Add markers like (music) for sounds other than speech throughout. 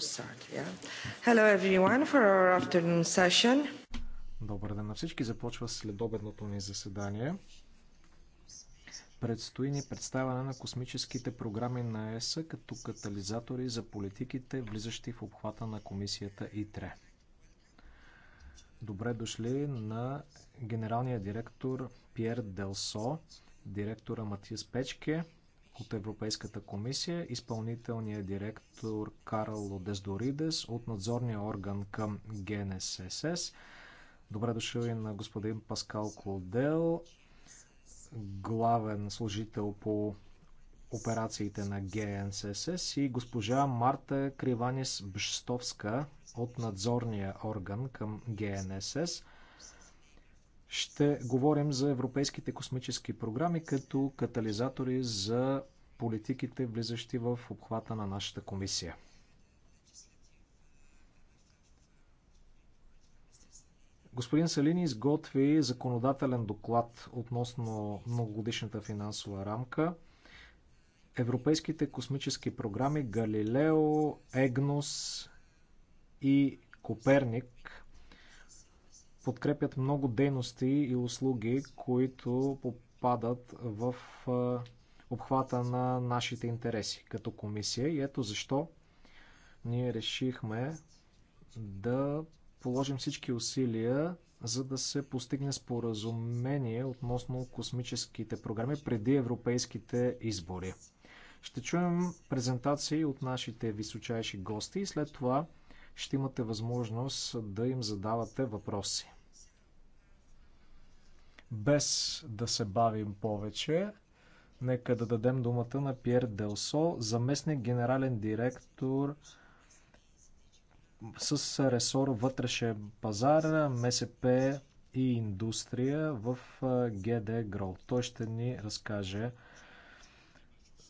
start, yeah? Hello everyone for our afternoon session. Добър ден на всички. Започва следобедното ни заседание. Предстои ни представяне на космическите програми на ЕСА като катализатори за политиките, влизащи в обхвата на комисията ИТРЕ. Добре дошли на генералния директор Пьер Делсо, директора Матиас Печке, от Европейската комисия, изпълнителният директор Карл Дездоридес от надзорния орган към ГНСС. Добре дошъл и на господин Паскал Клодел, главен служител по операциите на ГНСС и госпожа Марта Криванис Бжстовска от надзорния орган към ГНСС. Ще говорим за европейските космически програми като катализатори за политиките, влизащи в обхвата на нашата комисия. Господин Салини изготви законодателен доклад относно многогодишната финансова рамка. Европейските космически програми Галилео, Егнос и Коперник подкрепят много дейности и услуги, които попадат в обхвата на нашите интереси като комисия. И ето защо ние решихме да положим всички усилия, за да се постигне споразумение относно космическите програми преди европейските избори. Ще чуем презентации от нашите височайши гости и след това ще имате възможност да им задавате въпроси. Без да се бавим повече, Нека да дадем думата на Пьер Делсо, заместник генерален директор с ресор вътрешен пазар, МСП и индустрия в ГД Гроу. Той ще ни разкаже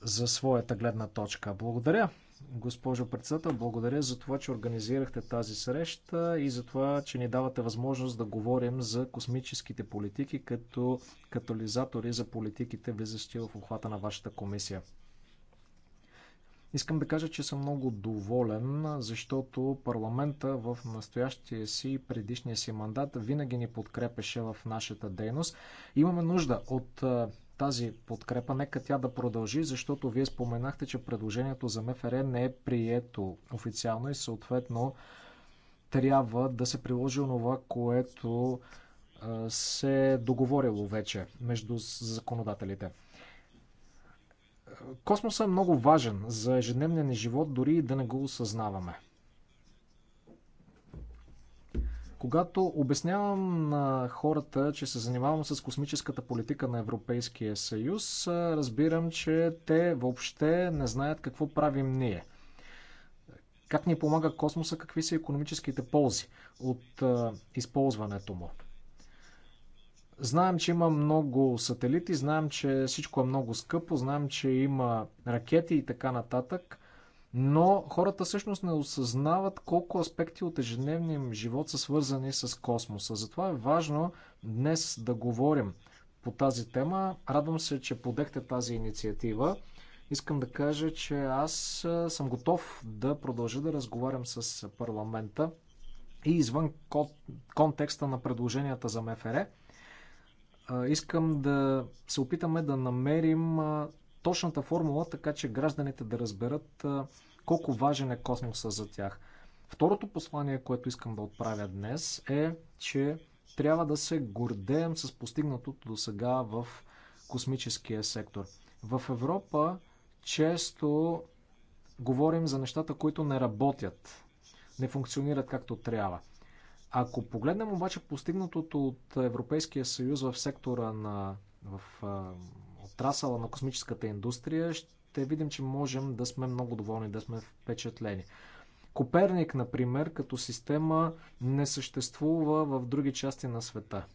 за своята гледна точка. Благодаря, госпожо председател. Благодаря за това, че организирахте тази среща и за това, че ни давате възможност да говорим за космическите политики като катализатори за политиките, влизащи в обхвата на вашата комисия. Искам да кажа, че съм много доволен, защото парламента в настоящия си и предишния си мандат винаги ни подкрепеше в нашата дейност. Имаме нужда от тази подкрепа, нека тя да продължи, защото вие споменахте, че предложението за МФР не е прието официално и съответно трябва да се приложи онова, което се е договорило вече между законодателите. Космосът е много важен за ежедневния ни живот, дори и да не го осъзнаваме. Когато обяснявам на хората, че се занимавам с космическата политика на Европейския съюз, разбирам, че те въобще не знаят какво правим ние. Как ни помага космоса, какви са економическите ползи от използването му. Знаем, че има много сателити, знаем, че всичко е много скъпо, знаем, че има ракети и така нататък – но хората всъщност не осъзнават колко аспекти от ежедневния им живот са свързани с космоса. Затова е важно днес да говорим по тази тема. Радвам се, че подехте тази инициатива. Искам да кажа, че аз съм готов да продължа да разговарям с парламента и извън контекста на предложенията за МФР. Искам да се опитаме да намерим точната формула, така че гражданите да разберат колко важен е космоса за тях. Второто послание, което искам да отправя днес е, че трябва да се гордеем с постигнатото до сега в космическия сектор. В Европа често говорим за нещата, които не работят, не функционират както трябва. Ако погледнем обаче постигнатото от Европейския съюз в сектора на в отрасъла на космическата индустрия, ще видим, че можем да сме много доволни, да сме впечатлени. Коперник, например, като система не съществува в други части на света.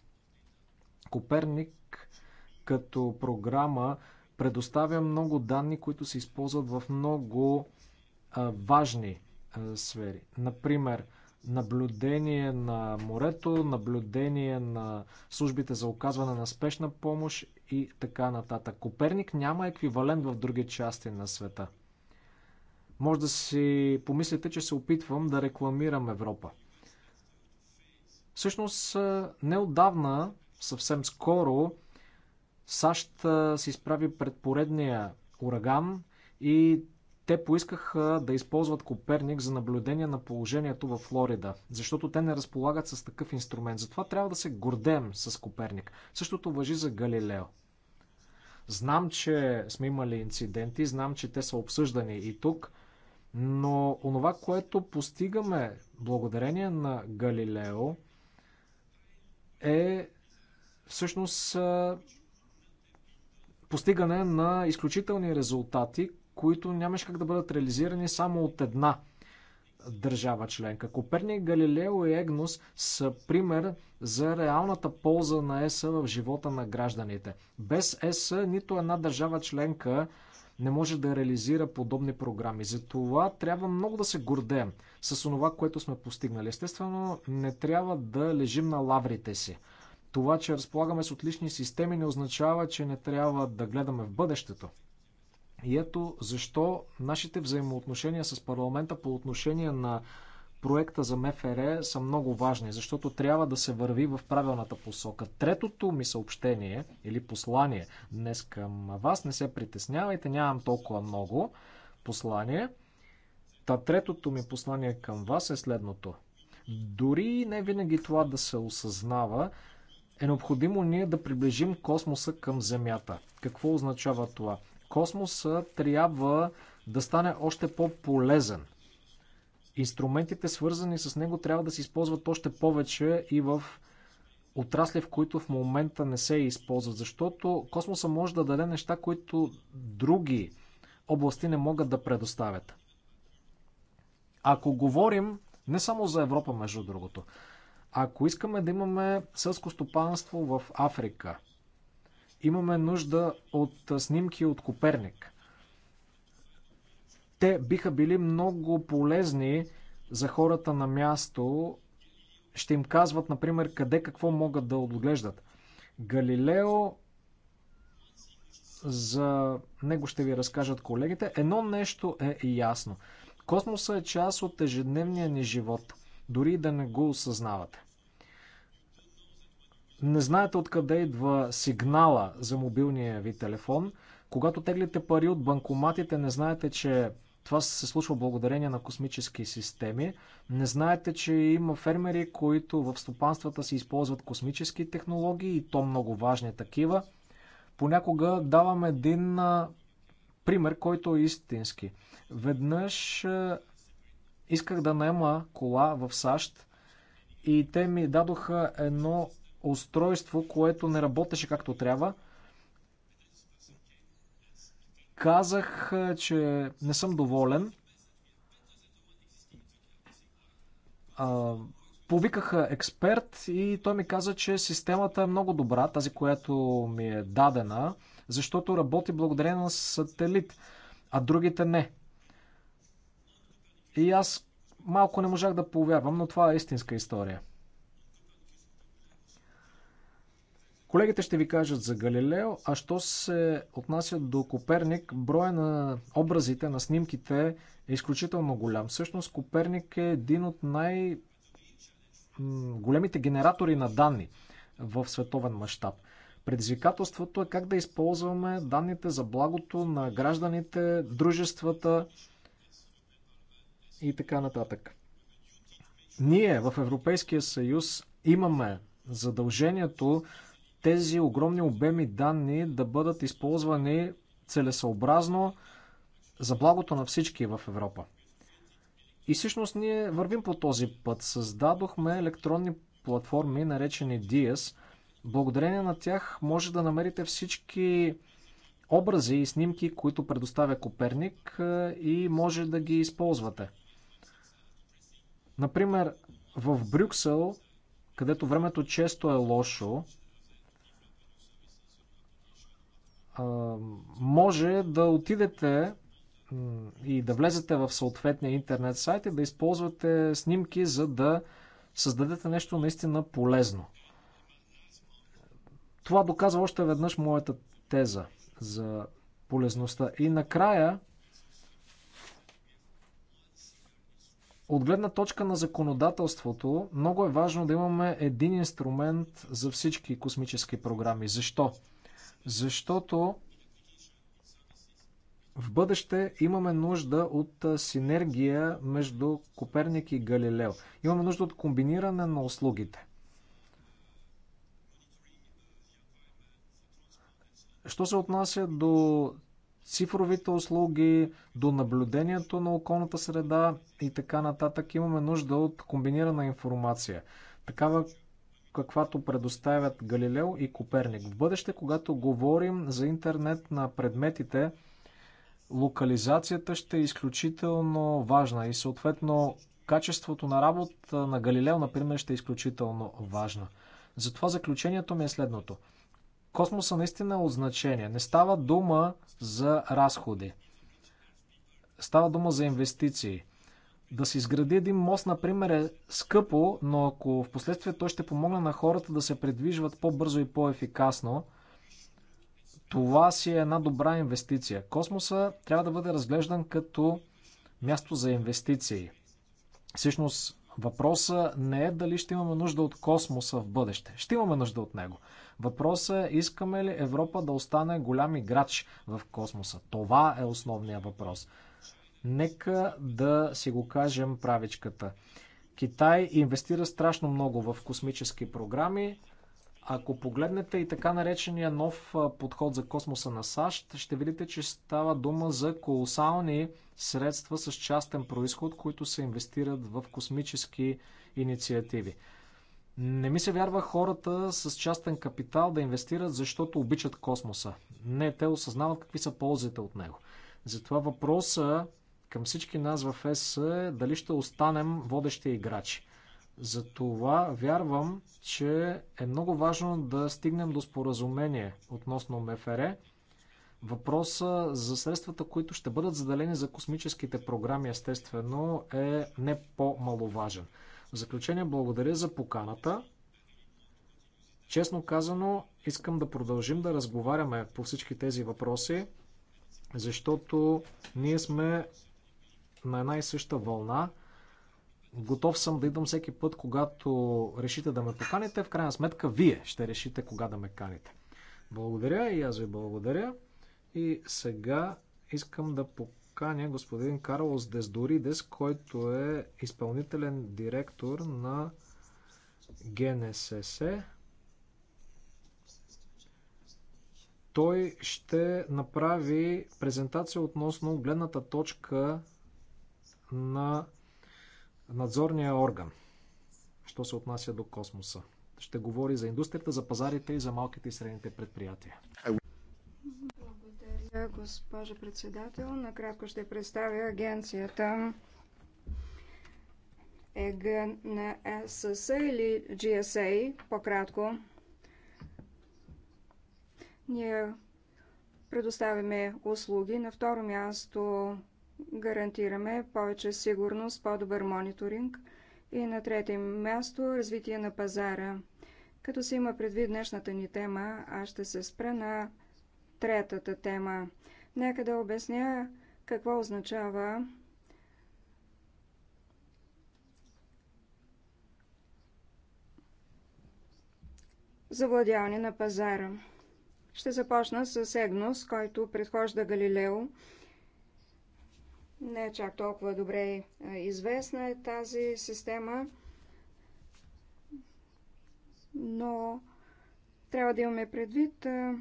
Коперник като програма предоставя много данни, които се използват в много а, важни а, сфери. Например, наблюдение на морето, наблюдение на службите за оказване на спешна помощ и така нататък. Коперник няма еквивалент в други части на света. Може да си помислите, че се опитвам да рекламирам Европа. Всъщност, неодавна, съвсем скоро, САЩ се изправи пред поредния ураган и те поискаха да използват Коперник за наблюдение на положението във Флорида, защото те не разполагат с такъв инструмент. Затова трябва да се гордеем с Коперник. Същото въжи за Галилео. Знам, че сме имали инциденти, знам, че те са обсъждани и тук, но онова, което постигаме благодарение на Галилео, е всъщност постигане на изключителни резултати, които нямаше как да бъдат реализирани само от една държава членка. Коперник, Галилео и Егнос са пример за реалната полза на ЕСА в живота на гражданите. Без ЕС, нито една държава членка не може да реализира подобни програми. Затова трябва много да се гордеем с това, което сме постигнали. Естествено, не трябва да лежим на лаврите си. Това, че разполагаме с отлични системи, не означава, че не трябва да гледаме в бъдещето. И ето защо нашите взаимоотношения с парламента по отношение на проекта за МФР са много важни, защото трябва да се върви в правилната посока. Третото ми съобщение или послание днес към вас, не се притеснявайте, нямам толкова много послание. Та третото ми послание към вас е следното. Дори не винаги това да се осъзнава, е необходимо ние да приближим космоса към Земята. Какво означава това? Космоса трябва да стане още по-полезен. Инструментите, свързани с него, трябва да се използват още повече и в отрасли, в които в момента не се използват. Защото космоса може да даде неща, които други области не могат да предоставят. Ако говорим не само за Европа, между другото, ако искаме да имаме сълско стопанство в Африка – Имаме нужда от снимки от Коперник. Те биха били много полезни за хората на място. Ще им казват, например, къде какво могат да отглеждат. Галилео за него ще ви разкажат колегите. Едно нещо е ясно. Космоса е част от ежедневния ни живот, дори да не го осъзнавате не знаете откъде идва сигнала за мобилния ви телефон. Когато теглите пари от банкоматите, не знаете, че това се случва благодарение на космически системи. Не знаете, че има фермери, които в стопанствата си използват космически технологии и то много важни такива. Понякога давам един пример, който е истински. Веднъж исках да наема кола в САЩ и те ми дадоха едно устройство, което не работеше както трябва. Казах, е, че не съм доволен. повикаха експерт и той ми каза, че системата е много добра, тази, която ми е дадена, защото работи благодарение на сателит, а другите не. И аз малко не можах да повярвам, но това е истинска история. Колегите ще ви кажат за Галилео, а що се отнася до Коперник, броя на образите, на снимките е изключително голям. Всъщност Коперник е един от най- големите генератори на данни в световен мащаб. Предизвикателството е как да използваме данните за благото на гражданите, дружествата и така нататък. Ние в Европейския съюз имаме задължението тези огромни обеми данни да бъдат използвани целесъобразно за благото на всички в Европа. И всъщност ние вървим по този път. Създадохме електронни платформи, наречени DIAS. Благодарение на тях може да намерите всички образи и снимки, които предоставя Коперник и може да ги използвате. Например, в Брюксел, където времето често е лошо, може да отидете и да влезете в съответния интернет сайт и да използвате снимки, за да създадете нещо наистина полезно. Това доказва още веднъж моята теза за полезността. И накрая, от гледна точка на законодателството, много е важно да имаме един инструмент за всички космически програми. Защо? защото в бъдеще имаме нужда от синергия между Коперник и Галилео. Имаме нужда от комбиниране на услугите. Що се отнася до цифровите услуги, до наблюдението на околната среда и така нататък, имаме нужда от комбинирана информация. Такава каквато предоставят Галилео и Коперник. В бъдеще, когато говорим за интернет на предметите, локализацията ще е изключително важна и съответно качеството на работа на Галилео, например, ще е изключително важна. Затова заключението ми е следното. Космоса наистина е от значение. Не става дума за разходи. Става дума за инвестиции. Да се изгради един мост, например, е скъпо, но ако в последствие той ще помогне на хората да се придвижват по-бързо и по-ефикасно, това си е една добра инвестиция. Космоса трябва да бъде разглеждан като място за инвестиции. Всъщност, въпросът не е дали ще имаме нужда от космоса в бъдеще. Ще имаме нужда от него. Въпросът е, искаме ли Европа да остане голям играч в космоса? Това е основният въпрос. Нека да си го кажем правичката. Китай инвестира страшно много в космически програми. Ако погледнете и така наречения нов подход за космоса на САЩ, ще видите, че става дума за колосални средства с частен происход, които се инвестират в космически инициативи. Не ми се вярва хората с частен капитал да инвестират, защото обичат космоса. Не, те осъзнават какви са ползите от него. Затова въпроса към всички нас в ЕС е дали ще останем водещи играчи. Затова вярвам, че е много важно да стигнем до споразумение относно МФР. Въпроса за средствата, които ще бъдат заделени за космическите програми, естествено, е не по-маловажен. В заключение, благодаря за поканата. Честно казано, искам да продължим да разговаряме по всички тези въпроси, защото ние сме на една и съща вълна. Готов съм да идвам всеки път, когато решите да ме поканите. В крайна сметка, вие ще решите кога да ме каните. Благодаря и аз ви благодаря. И сега искам да поканя господин Карлос Дездоридес, който е изпълнителен директор на ГНСС. Той ще направи презентация относно гледната точка на надзорния орган, що се отнася до космоса. Ще говори за индустрията, за пазарите и за малките и средните предприятия. Благодаря, госпожа председател. Накратко ще представя агенцията ЕГНСС на или GSA, по-кратко. Ние предоставяме услуги. На второ място гарантираме повече сигурност, по-добър мониторинг и на трето място развитие на пазара. Като се има предвид днешната ни тема, аз ще се спра на третата тема. Нека да обясня какво означава завладяване на пазара. Ще започна с Егнос, който предхожда Галилео – не е чак толкова добре е, известна е тази система, но трябва да имаме предвид, е,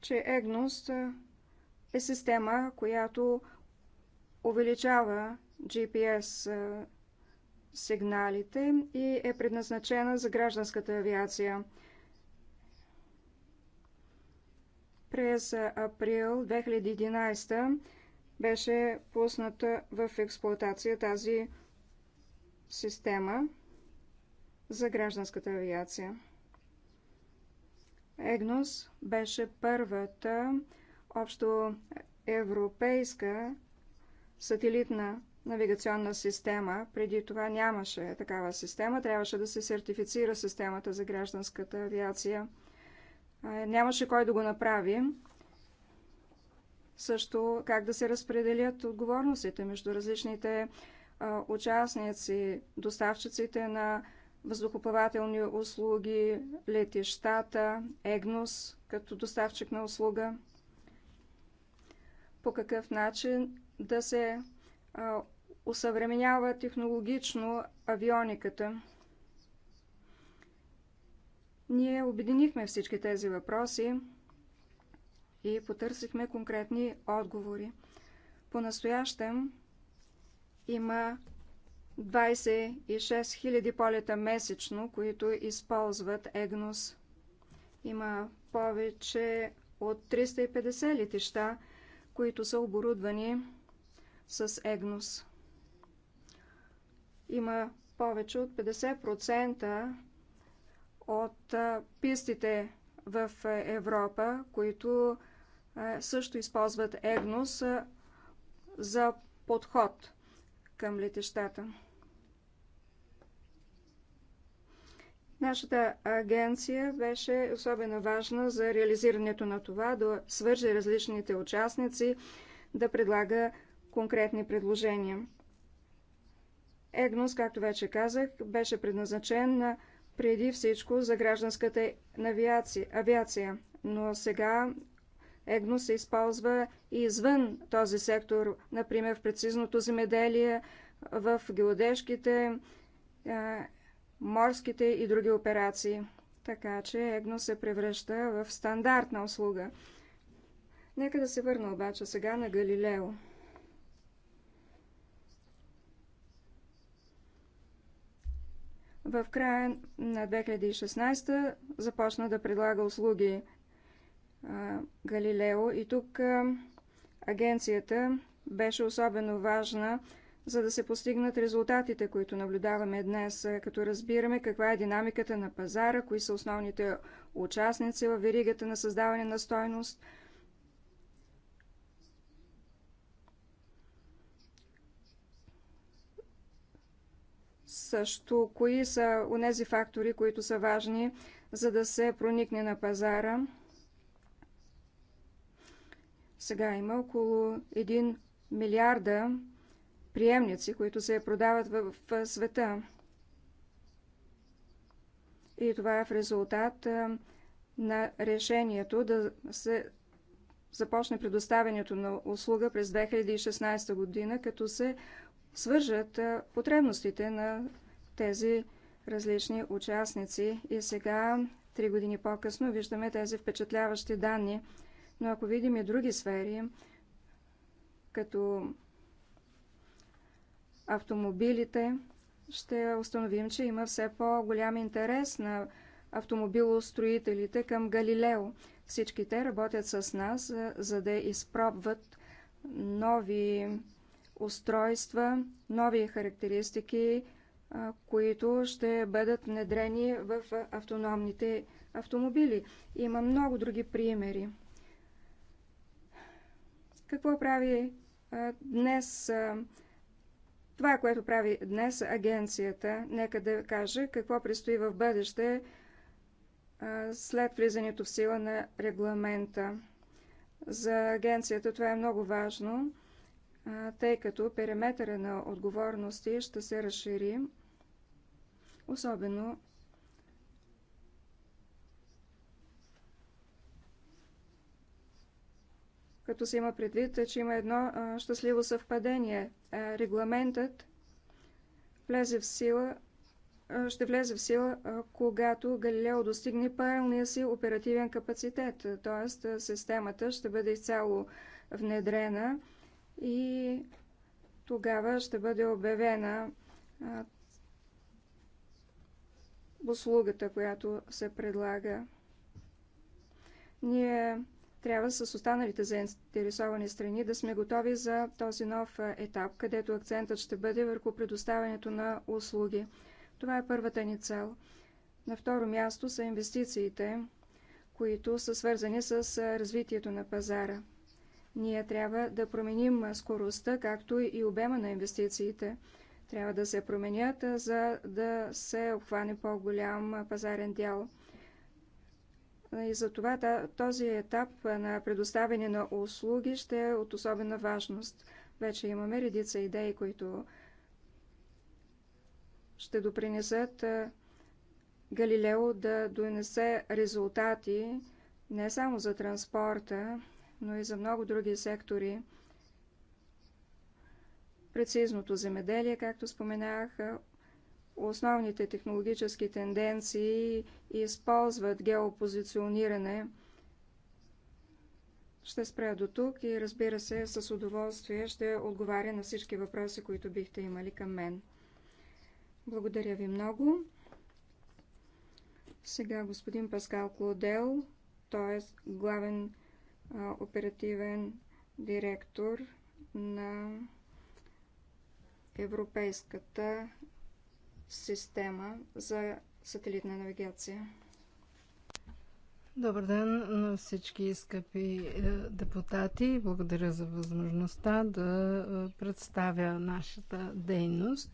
че EGNOS е, е система, която увеличава GPS сигналите и е предназначена за гражданската авиация. През април 2011 беше пусната в експлоатация тази система за гражданската авиация. ЕГНОС беше първата общо европейска сателитна навигационна система. Преди това нямаше такава система. Трябваше да се сертифицира системата за гражданската авиация. Нямаше кой да го направи също как да се разпределят отговорностите между различните участници, доставчиците на въздухоплавателни услуги, летищата, ЕГНОС като доставчик на услуга, по какъв начин да се усъвременява технологично авиониката. Ние обединихме всички тези въпроси и потърсихме конкретни отговори. По-настоящем има 26 000 полета месечно, които използват ЕГНОС. Има повече от 350 летища, които са оборудвани с ЕГНОС. Има повече от 50% от пистите в Европа, които е, също използват ЕГНОС е, за подход към летищата. Нашата агенция беше особено важна за реализирането на това, да свърже различните участници, да предлага конкретни предложения. ЕГНОС, както вече казах, беше предназначен на преди всичко за гражданската авиация, но сега ЕГНО се използва и извън този сектор, например в прецизното земеделие, в геодежките, е, морските и други операции. Така че ЕГНО се превръща в стандартна услуга. Нека да се върна обаче сега на Галилео. В края на 2016 започна да предлага услуги Галилео. И тук агенцията беше особено важна, за да се постигнат резултатите, които наблюдаваме днес, като разбираме каква е динамиката на пазара, кои са основните участници в веригата на създаване на стойност. Също, кои са онези фактори, които са важни, за да се проникне на пазара. Сега има около 1 милиарда приемници, които се продават в света. И това е в резултат на решението да се започне предоставянето на услуга през 2016 година, като се свържат потребностите на тези различни участници. И сега, три години по-късно, виждаме тези впечатляващи данни – но ако видим и други сфери, като автомобилите, ще установим, че има все по-голям интерес на автомобилостроителите към Галилео. Всички те работят с нас, за, за да изпробват нови устройства, нови характеристики, които ще бъдат внедрени в автономните автомобили. Има много други примери. Какво прави а, днес? А, това, е което прави днес агенцията, нека да каже какво предстои в бъдеще а, след влизането в сила на регламента. За агенцията това е много важно, а, тъй като периметъра на отговорности ще се разшири, особено като се има предвид, че има едно щастливо съвпадение. Регламентът влезе в сила, ще влезе в сила, когато Галилео достигне пълния си оперативен капацитет, т.е. системата ще бъде изцяло внедрена и тогава ще бъде обявена услугата, която се предлага. Ние трябва с останалите заинтересовани страни да сме готови за този нов етап, където акцентът ще бъде върху предоставянето на услуги. Това е първата ни цел. На второ място са инвестициите, които са свързани с развитието на пазара. Ние трябва да променим скоростта, както и обема на инвестициите. Трябва да се променят, за да се обхване по-голям пазарен дял – и затова този етап на предоставяне на услуги ще е от особена важност. Вече имаме редица идеи, които ще допринесат Галилео да донесе резултати не само за транспорта, но и за много други сектори. Прецизното земеделие, както споменах, основните технологически тенденции и използват геопозициониране. Ще спря до тук и разбира се, с удоволствие ще отговаря на всички въпроси, които бихте имали към мен. Благодаря ви много. Сега господин Паскал Клодел, т.е. главен а, оперативен директор на Европейската система за сателитна навигация. Добър ден на всички скъпи е, депутати. Благодаря за възможността да е, представя нашата дейност,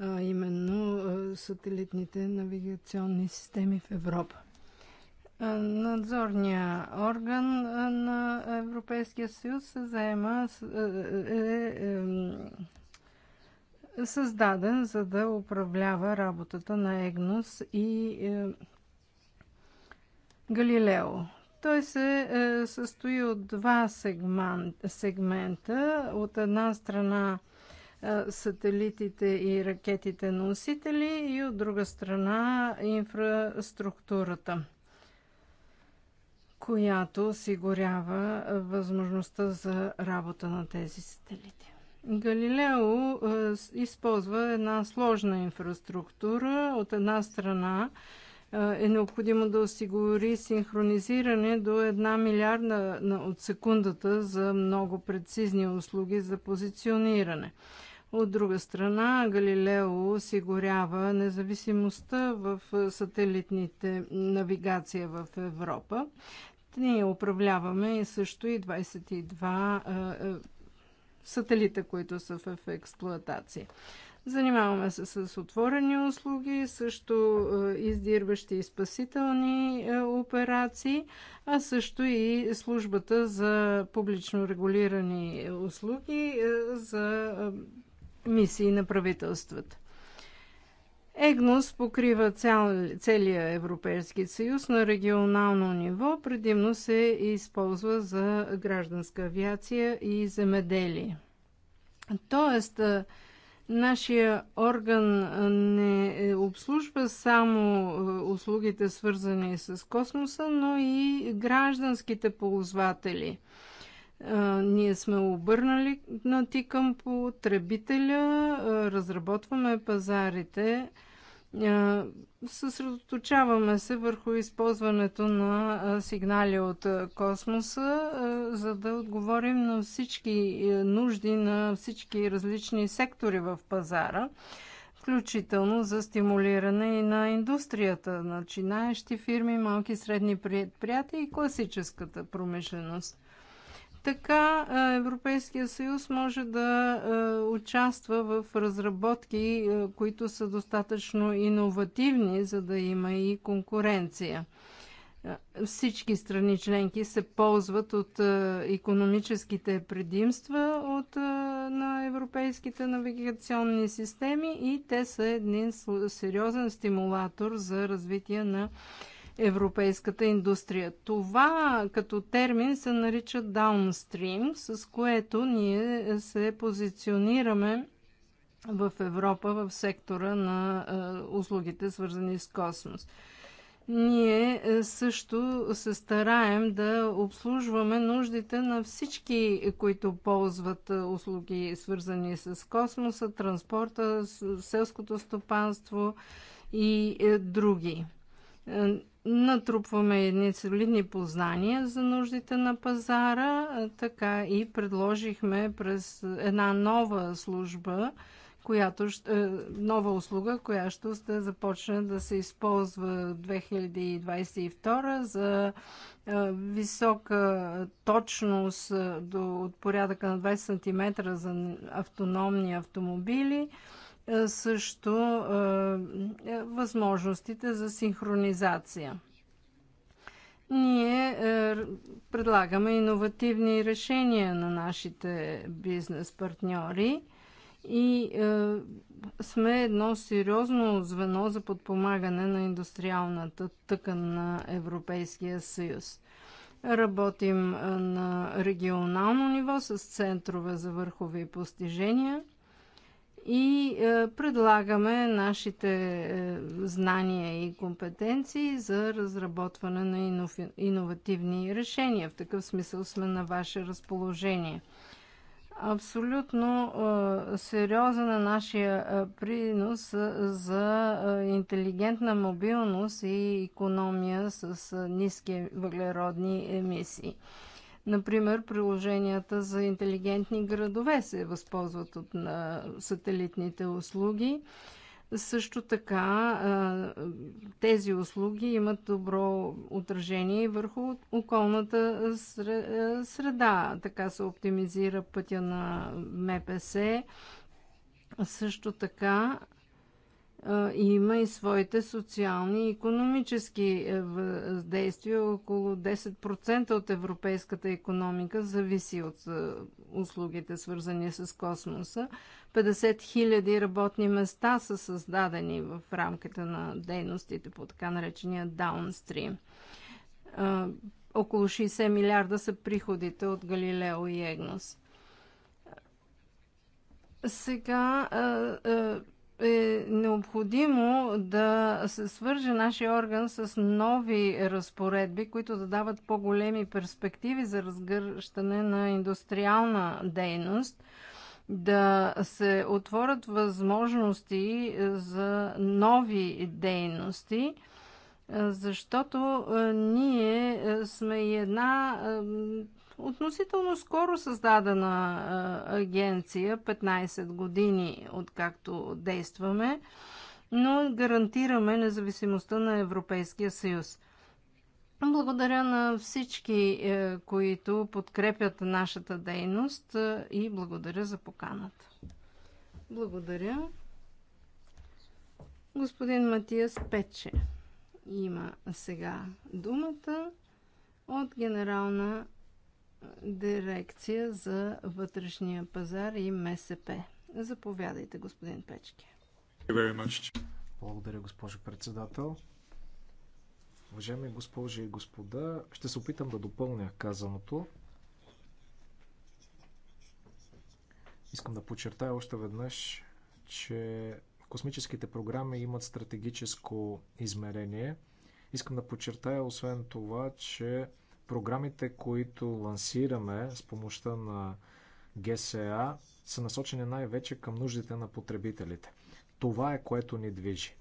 е, именно сателитните навигационни системи в Европа. Надзорния орган на Европейския съюз се заема е, е, създаден за да управлява работата на Егнос и е, Галилео. Той се е, състои от два сегмент, сегмента. От една страна е, сателитите и ракетите носители и от друга страна инфраструктурата, която осигурява възможността за работа на тези сателити. Галилео е, използва една сложна инфраструктура. От една страна е, е необходимо да осигури синхронизиране до една милиарда от секундата за много прецизни услуги за позициониране. От друга страна, Галилео осигурява независимостта в е, сателитните навигация в Европа. Ние управляваме и също и 22 Сателита, които са в експлоатация. Занимаваме се с отворени услуги, също е, издирващи и спасителни е, операции, а също и службата за публично регулирани услуги е, за мисии на правителствата. ЕГНОС покрива цял, целия Европейски съюз на регионално ниво. Предимно се използва за гражданска авиация и земеделие. Тоест, нашия орган не обслужва само услугите свързани с космоса, но и гражданските ползватели – ние сме обърнали на тикъм по потребителя, разработваме пазарите Съсредоточаваме се върху използването на сигнали от космоса, за да отговорим на всички нужди на всички различни сектори в пазара, включително за стимулиране и на индустрията, начинаещи фирми, малки и средни предприятия и класическата промишленост. Така Европейския съюз може да участва в разработки, които са достатъчно иновативни, за да има и конкуренция. Всички страни членки се ползват от економическите предимства от, на европейските навигационни системи и те са един сериозен стимулатор за развитие на европейската индустрия. Това като термин се нарича downstream, с което ние се позиционираме в Европа в сектора на е, услугите, свързани с космос. Ние е, също се стараем да обслужваме нуждите на всички, които ползват е, услуги, свързани с космоса, транспорта, селското стопанство и други. Е, натрупваме едни солидни познания за нуждите на пазара, е, така и предложихме през една нова служба, която ще, нова услуга, която ще започне да се използва 2022 за е, висока точност до, от порядъка на 20 см за автономни автомобили, е, също е, е, възможностите за синхронизация. Ние предлагаме иновативни решения на нашите бизнес партньори и сме едно сериозно звено за подпомагане на индустриалната тъкан на Европейския съюз. Работим на регионално ниво с центрове за върхови постижения – и е, предлагаме нашите е, знания и компетенции за разработване на иновативни решения. В такъв смисъл сме на ваше разположение. Абсолютно е, сериозен е нашия принос за интелигентна мобилност и економия с ниски въглеродни емисии. Например, приложенията за интелигентни градове се възползват от на сателитните услуги. Също така тези услуги имат добро отражение върху околната среда. Така се оптимизира пътя на МПС. Също така има и своите социални и економически е, въздействия. Около 10% от европейската економика зависи от е, услугите, свързани с космоса. 50 000 работни места са създадени в рамките на дейностите по така наречения даунстрим. Е, около 60 милиарда са приходите от Галилео и Егнос. Сега е необходимо да се свърже нашия орган с нови разпоредби, които да дават по-големи перспективи за разгръщане на индустриална дейност, да се отворят възможности е, за нови дейности, е, защото е, ние сме и една относително скоро създадена агенция, 15 години откакто действаме, но гарантираме независимостта на Европейския съюз. Благодаря на всички, е, които подкрепят нашата дейност е, и благодаря за поканата. Благодаря. Господин Матиас Пече има сега думата от Генерална дирекция за вътрешния пазар и МСП. Заповядайте, господин Печки. Благодаря, госпожо председател. Уважаеми госпожи и господа, ще се опитам да допълня казаното. Искам да подчертая още веднъж, че космическите програми имат стратегическо измерение. Искам да подчертая освен това, че Програмите, които лансираме с помощта на ГСА, са насочени най-вече към нуждите на потребителите. Това е което ни движи.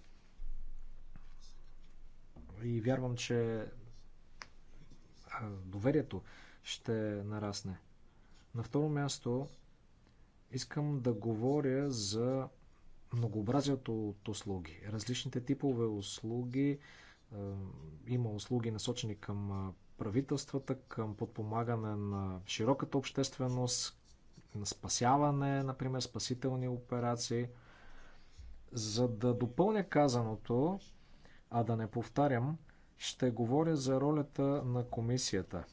И вярвам, че доверието ще нарасне. На второ място искам да говоря за многообразието от услуги. Различните типове услуги. Има услуги насочени към правителствата, към подпомагане на широката общественост, на спасяване, например, спасителни операции. За да допълня казаното, а да не повтарям, ще говоря за ролята на комисията.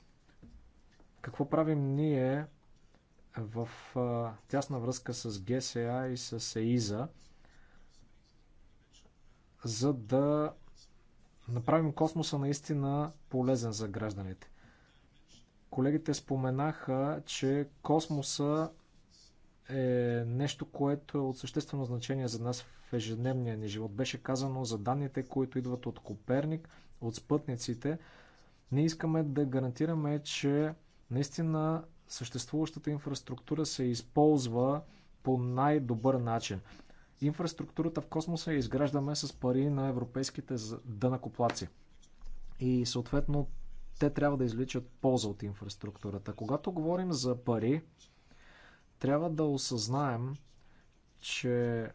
Какво правим ние в тясна връзка с ГСА и с ЕИЗА, за да направим космоса наистина полезен за гражданите. Колегите споменаха, че космоса е нещо, което е от съществено значение за нас в ежедневния ни живот. Беше казано за данните, които идват от Коперник, от спътниците. Ние искаме да гарантираме, че наистина съществуващата инфраструктура се използва по най-добър начин инфраструктурата в космоса я изграждаме с пари на европейските дънакоплаци. И съответно те трябва да изличат полза от инфраструктурата. Когато говорим за пари, трябва да осъзнаем, че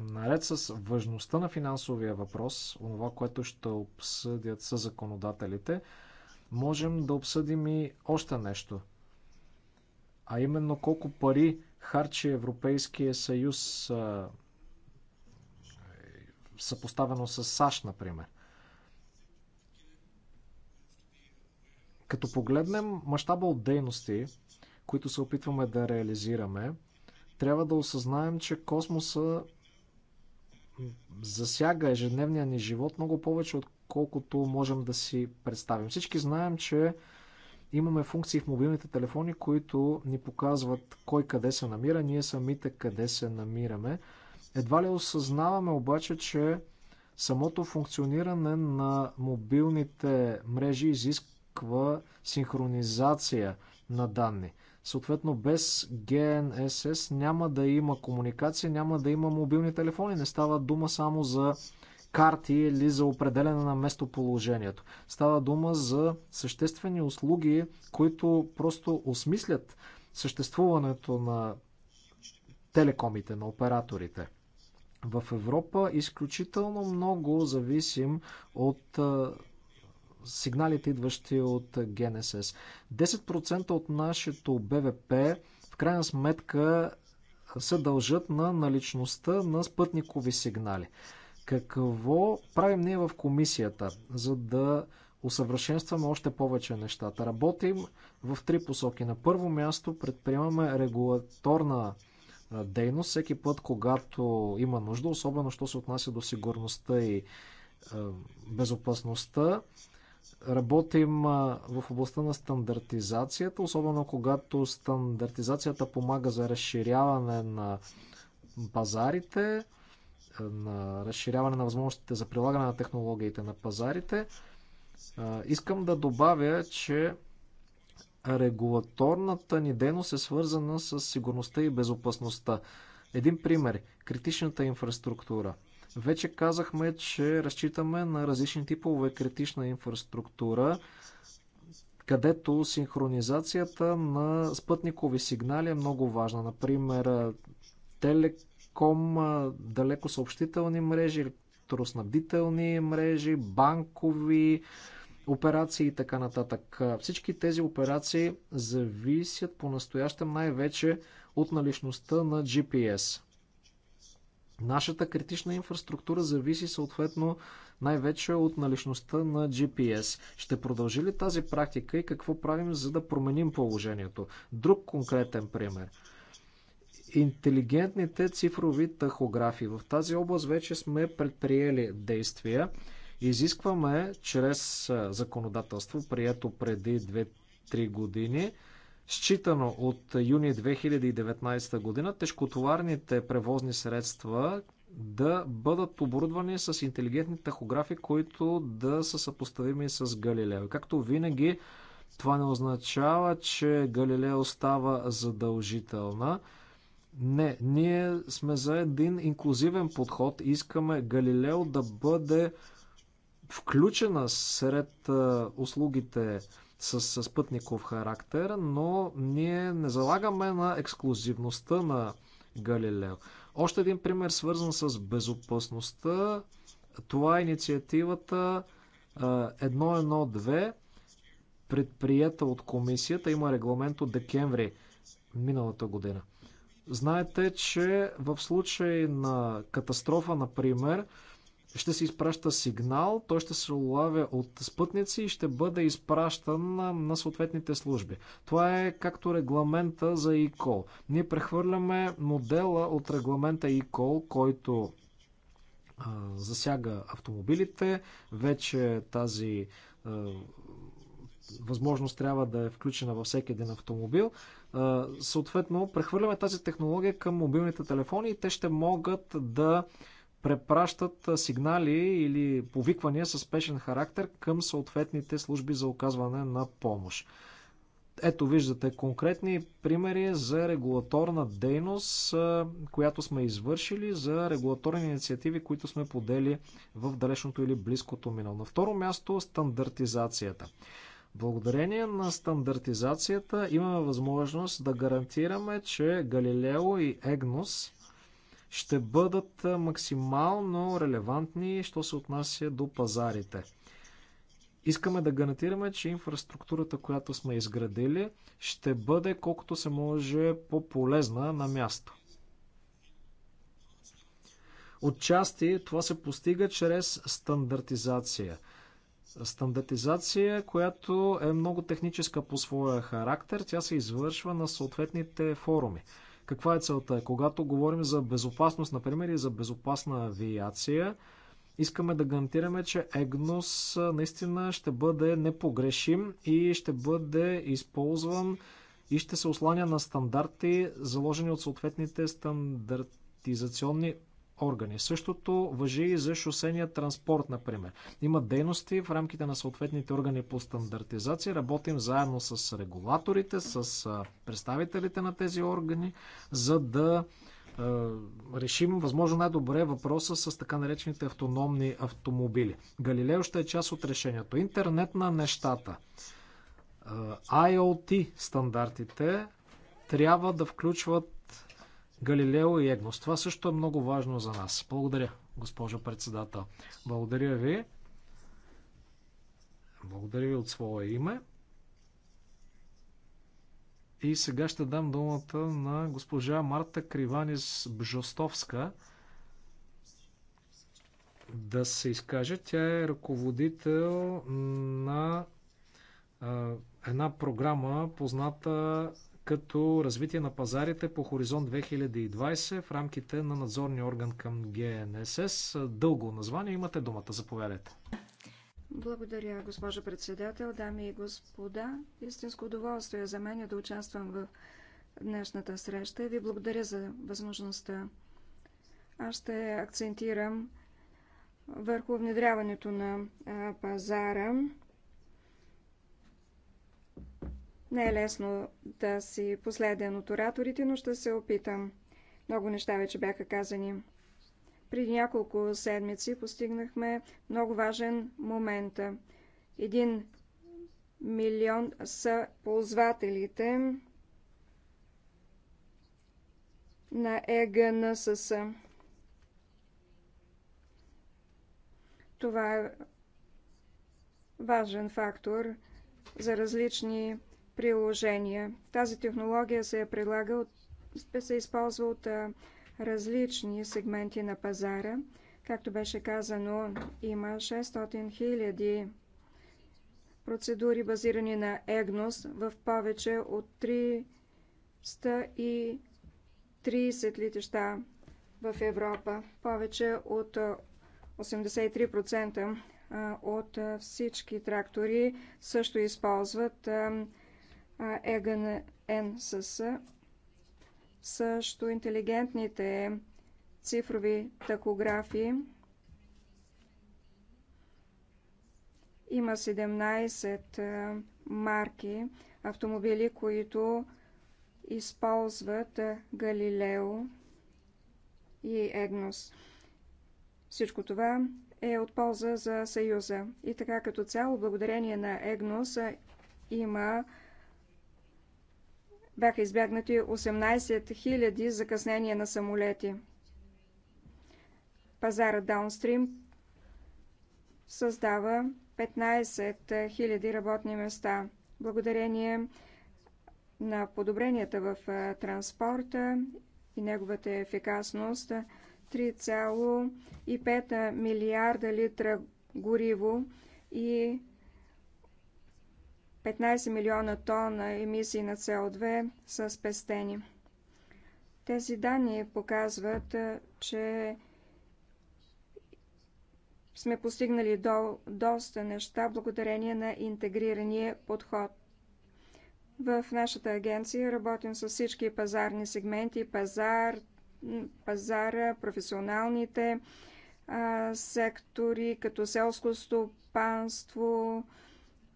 наред с важността на финансовия въпрос, онова, което ще обсъдят с законодателите, можем да обсъдим и още нещо. А именно колко пари харчи Европейския съюз съпоставено с САЩ, например. Като погледнем мащаба от дейности, които се опитваме да реализираме, трябва да осъзнаем, че космоса засяга ежедневния ни живот много повече, отколкото можем да си представим. Всички знаем, че имаме функции в мобилните телефони, които ни показват кой къде се намира, ние самите къде се намираме. Едва ли осъзнаваме обаче, че самото функциониране на мобилните мрежи изисква синхронизация на данни. Съответно, без GNSS няма да има комуникация, няма да има мобилни телефони. Не става дума само за карти или за определене на местоположението. Става дума за съществени услуги, които просто осмислят съществуването на телекомите, на операторите. В Европа изключително много зависим от сигналите, идващи от ГНСС. 10% от нашето БВП в крайна сметка се дължат на наличността на спътникови сигнали. Какво правим ние в комисията, за да усъвършенстваме още повече нещата? Работим в три посоки. На първо място предприемаме регулаторна дейност всеки път, когато има нужда, особено що се отнася до сигурността и безопасността. Работим в областта на стандартизацията, особено когато стандартизацията помага за разширяване на пазарите на разширяване на възможностите за прилагане на технологиите на пазарите, искам да добавя, че регулаторната ни дейност е свързана с сигурността и безопасността. Един пример критичната инфраструктура. Вече казахме, че разчитаме на различни типове критична инфраструктура, където синхронизацията на спътникови сигнали е много важна. Например, телек телеком, далеко съобщителни мрежи, електроснабдителни мрежи, банкови операции и така нататък. Всички тези операции зависят по-настоящем най-вече от наличността на GPS. Нашата критична инфраструктура зависи съответно най-вече от наличността на GPS. Ще продължи ли тази практика и какво правим, за да променим положението? Друг конкретен пример – интелигентните цифрови тахографи. В тази област вече сме предприели действия. Изискваме чрез законодателство, прието преди 2-3 години, Считано от юни 2019 година, тежкотоварните превозни средства да бъдат оборудвани с интелигентни тахографи, които да са съпоставими с Галилео. Както винаги, това не означава, че Галилео става задължителна. Не, ние сме за един инклюзивен подход. Искаме Галилео да бъде включена сред услугите с, с пътников характер, но ние не залагаме на ексклюзивността на Галилео. Още един пример, свързан с безопасността. Това е инициативата 112, предприета от комисията. Има регламент от декември миналата година. Знаете, че в случай на катастрофа, например, ще се изпраща сигнал, той ще се улавя от спътници и ще бъде изпращан на съответните служби. Това е както регламента за eCall. Ние прехвърляме модела от регламента eCall, който а, засяга автомобилите. Вече тази а, възможност трябва да е включена във всеки един автомобил. Съответно, прехвърляме тази технология към мобилните телефони и те ще могат да препращат сигнали или повиквания с спешен характер към съответните служби за оказване на помощ. Ето виждате конкретни примери за регулаторна дейност, която сме извършили, за регулаторни инициативи, които сме подели в далечното или близкото минало. На второ място стандартизацията. Благодарение на стандартизацията имаме възможност да гарантираме, че Галилео и Егнос ще бъдат максимално релевантни, що се отнася до пазарите. Искаме да гарантираме, че инфраструктурата, която сме изградили, ще бъде колкото се може по-полезна на място. Отчасти това се постига чрез стандартизация – стандартизация, която е много техническа по своя характер. Тя се извършва на съответните форуми. Каква е целта? Когато говорим за безопасност, например, и за безопасна авиация, искаме да гарантираме, че ЕГНОС наистина ще бъде непогрешим и ще бъде използван и ще се осланя на стандарти, заложени от съответните стандартизационни органи. Същото въжи и за шосения транспорт, например. Има дейности в рамките на съответните органи по стандартизация. Работим заедно с регулаторите, с представителите на тези органи, за да решим възможно най-добре въпроса с така наречените автономни автомобили. Галилео ще е част от решението. Интернет на нещата. IoT стандартите трябва да включват Галилео и Егнос. Това също е много важно за нас. Благодаря, госпожо председател. Благодаря ви. Благодаря ви от своя име. И сега ще дам думата на госпожа Марта Криванис Бжостовска да се изкаже. Тя е ръководител на една програма, позната като развитие на пазарите по Хоризонт 2020 в рамките на надзорния орган към ГНСС. Дълго название имате думата. Заповядайте. Благодаря, госпожо председател, дами и господа. Истинско удоволствие за мен е да участвам в днешната среща и ви благодаря за възможността. Аз ще акцентирам върху внедряването на пазара Не е лесно да си последен от ораторите, но ще се опитам. Много неща вече бяха казани. Преди няколко седмици постигнахме много важен момент. Един милион са ползвателите на ЕГНСС. Това е важен фактор за различни приложения. Тази технология се е предлага от, се използва от различни сегменти на пазара. Както беше казано, има 600 000 процедури базирани на EGNOS в повече от 330 летища в Европа. Повече от 83% от всички трактори също използват ЕГН с също интелигентните цифрови такографи. Има 17 марки автомобили, които използват Галилео и Егнос. Всичко това е от полза за Съюза. И така като цяло, благодарение на Егнос има бяха избягнати 18 000 закъснения на самолети. Пазара Даунстрим създава 15 000 работни места. Благодарение на подобренията в транспорта и неговата ефикасност, 3,5 милиарда литра гориво и 15 милиона тона емисии на СО2 са спестени. Тези данни показват, че сме постигнали до, доста неща благодарение на интегрирания подход. В нашата агенция работим с всички пазарни сегменти, пазар, пазара, професионалните а, сектори, като селско стопанство,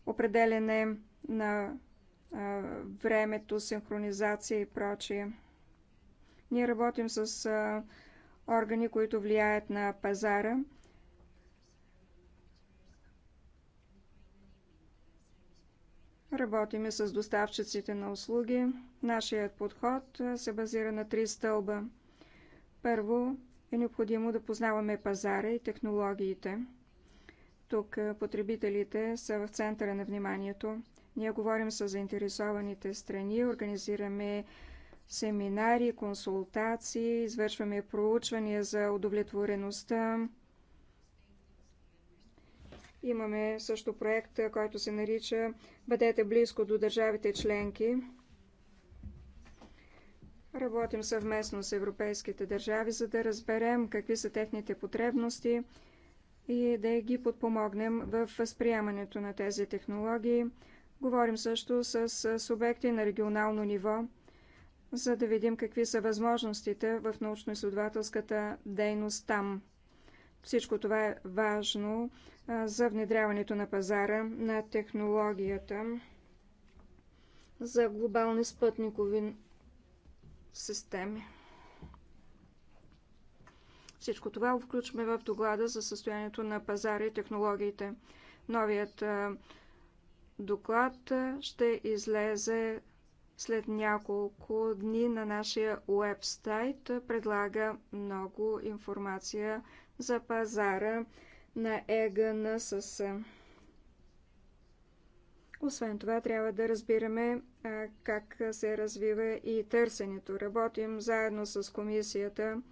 определене на времето, синхронизация и прочие. Ние работим с органи, които влияят на пазара. Работиме с доставчиците на услуги. Нашият подход се базира на три стълба. Първо е необходимо да познаваме пазара и технологиите. Тук е, потребителите са в центъра на вниманието. Ние говорим с заинтересованите страни, организираме семинари, консултации, извършваме проучвания за удовлетвореността. Имаме също проект, който се нарича Бъдете близко до държавите членки. Работим съвместно с европейските държави, за да разберем какви са техните потребности – и да ги подпомогнем в възприемането на тези технологии. Говорим също с субекти на регионално ниво, за да видим какви са възможностите в научно-изследователската дейност там. Всичко това е важно за внедряването на пазара на технологията за глобални спътникови системи. Всичко това включваме в доклада за състоянието на пазара и технологиите. Новият доклад ще излезе след няколко дни на нашия уебсайт. Предлага много информация за пазара на С. Освен това, трябва да разбираме как се развива и търсенето. Работим заедно с комисията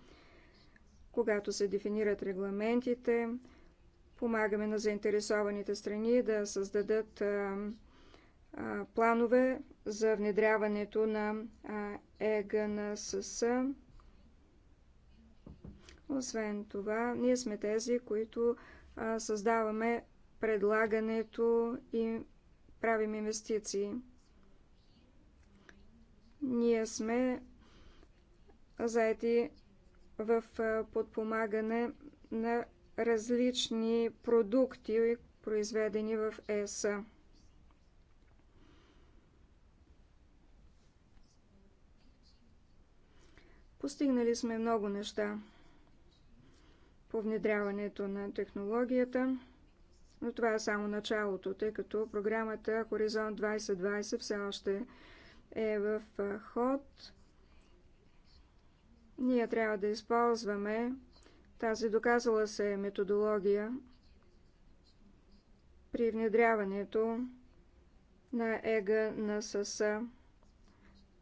когато се дефинират регламентите, помагаме на заинтересованите страни да създадат а, а, планове за внедряването на ЕГНСС. Освен това, ние сме тези, които а, създаваме предлагането и правим инвестиции. Ние сме заети в подпомагане на различни продукти, произведени в ЕС. Постигнали сме много неща по внедряването на технологията, но това е само началото, тъй като програмата Хоризонт 2020 все още е в ход. Ние трябва да използваме тази доказала се методология при внедряването на ЕГА на СС,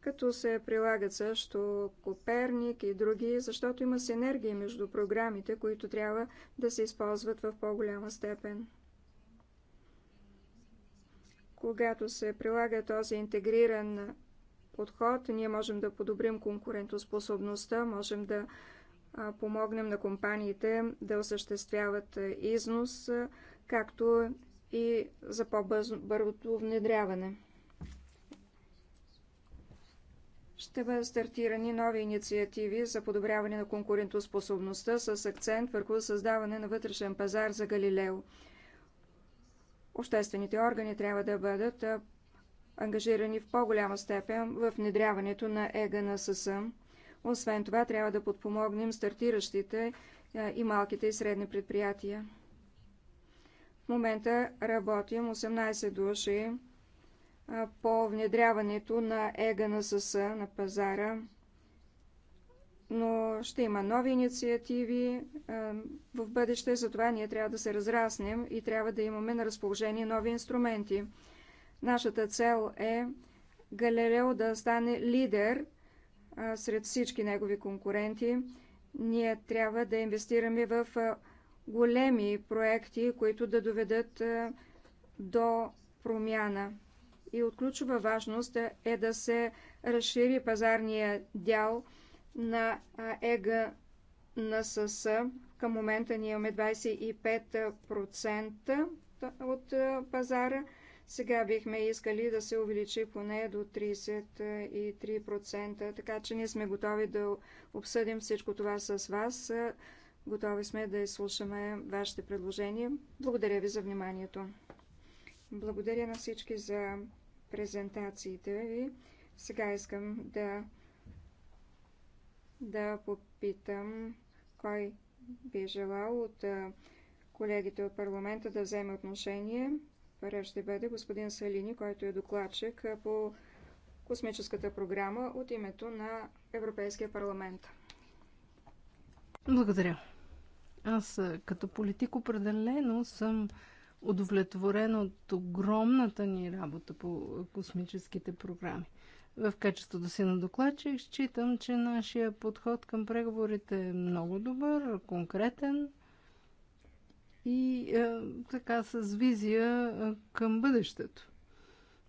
като се прилагат също Коперник и други, защото има синергии между програмите, които трябва да се използват в по-голяма степен. Когато се прилага този интегриран подход. Ние можем да подобрим конкурентоспособността, можем да помогнем на компаниите да осъществяват износ, както и за по-бързото внедряване. Ще бъдат стартирани нови инициативи за подобряване на конкурентоспособността с акцент върху създаване на вътрешен пазар за Галилео. Обществените органи трябва да бъдат ангажирани в по-голяма степен в внедряването на ЕГНСС. Освен това, трябва да подпомогнем стартиращите е, и малките и средни предприятия. В момента работим 18 души е, по внедряването на ЕГНСС на пазара, но ще има нови инициативи е, в бъдеще, затова ние трябва да се разраснем и трябва да имаме на разположение нови инструменти. Нашата цел е Галерео да стане лидер а, сред всички негови конкуренти. Ние трябва да инвестираме в а, големи проекти, които да доведат а, до промяна. И от ключова важност е да се разшири пазарния дял на ЕГА на СС. Към момента ние имаме 25% от пазара. Сега бихме искали да се увеличи поне до 33%, така че ние сме готови да обсъдим всичко това с вас. Готови сме да изслушаме вашите предложения. Благодаря ви за вниманието. Благодаря на всички за презентациите ви. Сега искам да, да попитам кой би желал от колегите от парламента да вземе отношение реч ще бъде господин Салини, който е докладчик по космическата програма от името на Европейския парламент. Благодаря. Аз като политик определено съм удовлетворен от огромната ни работа по космическите програми. В качеството си на докладчик считам, че нашия подход към преговорите е много добър, конкретен, и е, така с визия е, към бъдещето,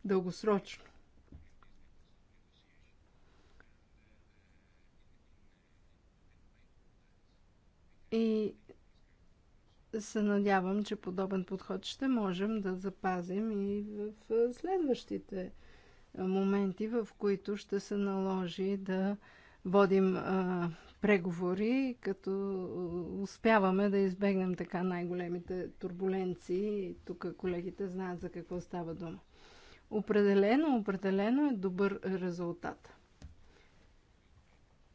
дългосрочно. И се надявам, че подобен подход ще можем да запазим и в следващите е, моменти, в които ще се наложи да водим а, е, преговори, като успяваме да избегнем така най-големите турбуленции. Тук колегите знаят за какво става дума. Определено, определено е добър резултат.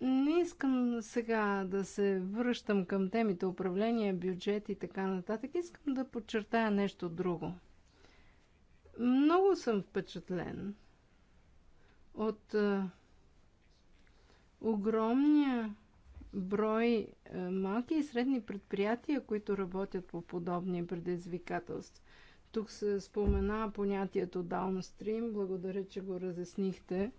Не искам сега да се връщам към темите управление, бюджет и така нататък. Искам да подчертая нещо друго. Много съм впечатлен от огромния брой е, малки и средни предприятия, които работят по подобни предизвикателства. Тук се спомена понятието downstream. Благодаря, че го разяснихте.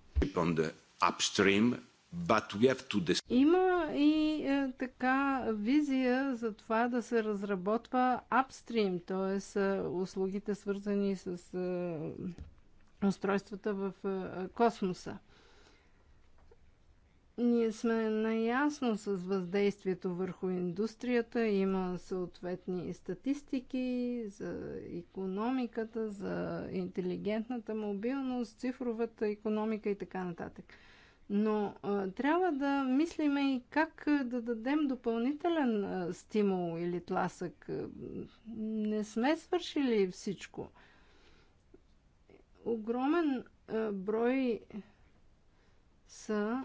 Upstream, this... Има и е, така визия за това да се разработва апстрим, т.е. услугите свързани с е, устройствата в е, космоса. Ние сме наясно с въздействието върху индустрията. Има съответни статистики за економиката, за интелигентната мобилност, цифровата економика и така нататък. Но а, трябва да мислиме и как да дадем допълнителен а, стимул или тласък. Не сме свършили всичко. Огромен а, брой са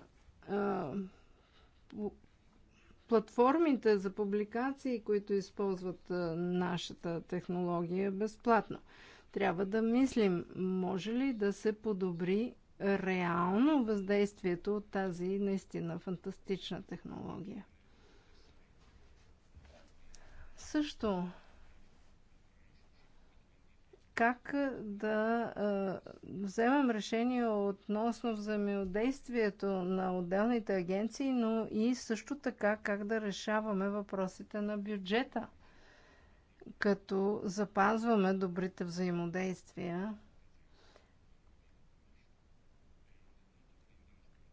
платформите за публикации, които използват нашата технология е безплатно. Трябва да мислим, може ли да се подобри реално въздействието от тази наистина фантастична технология. Също как да вземем решение относно взаимодействието на отделните агенции, но и също така как да решаваме въпросите на бюджета, като запазваме добрите взаимодействия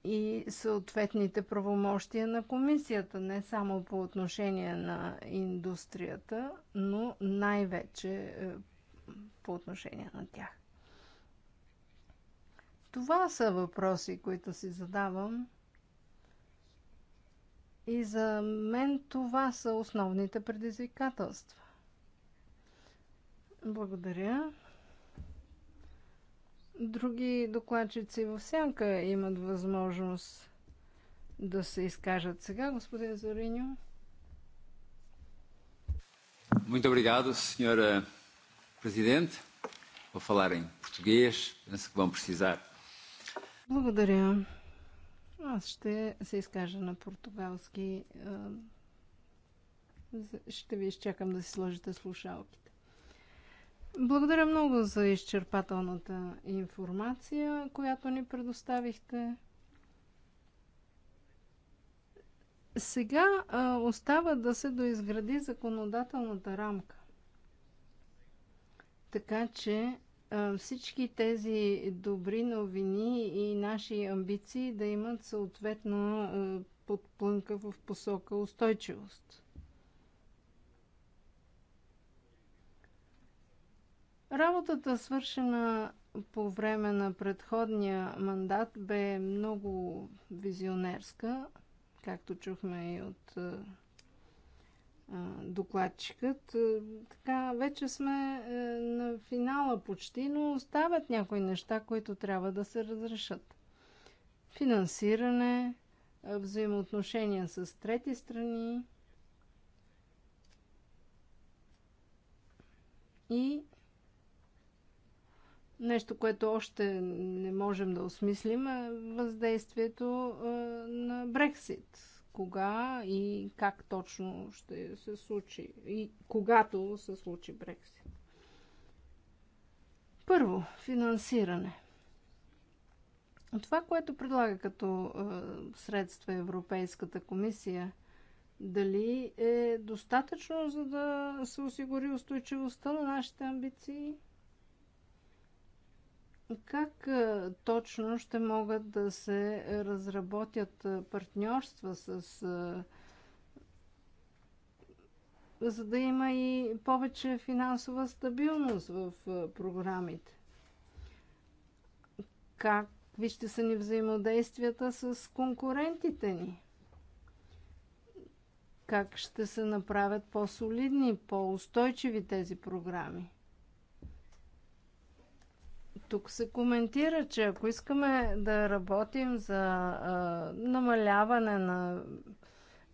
и съответните правомощия на комисията, не само по отношение на индустрията, но най-вече е, по отношение на тях. Това са въпроси, които си задавам. И за мен това са основните предизвикателства. Благодаря. Други докладчици в сянка имат възможност да се изкажат сега, господин Зориньо. Muito obrigado, senhora Президент, Vou falar em português, вам que Благодаря. Аз ще се изкажа на португалски. Ще ви изчакам да си сложите слушалките. Благодаря много за изчерпателната информация, която ни предоставихте. Сега остава да се доизгради законодателната рамка. Така че всички тези добри новини и наши амбиции да имат съответно подплънка в посока устойчивост. Работата, свършена по време на предходния мандат, бе много визионерска, както чухме и от докладчикът. Така, вече сме е, на финала почти, но остават някои неща, които трябва да се разрешат. Финансиране, е, взаимоотношения с трети страни и нещо, което още не можем да осмислим, е въздействието е, на Брексит кога и как точно ще се случи и когато се случи Брексит. Първо, финансиране. Това, което предлага като средства Европейската комисия, дали е достатъчно, за да се осигури устойчивостта на нашите амбиции? Как е, точно ще могат да се разработят е, партньорства с е, за да има и повече финансова стабилност в програмите? Как какви ще са ни взаимодействията с конкурентите ни? Как ще се направят по-солидни, по-устойчиви тези програми? Тук се коментира, че ако искаме да работим за а, намаляване на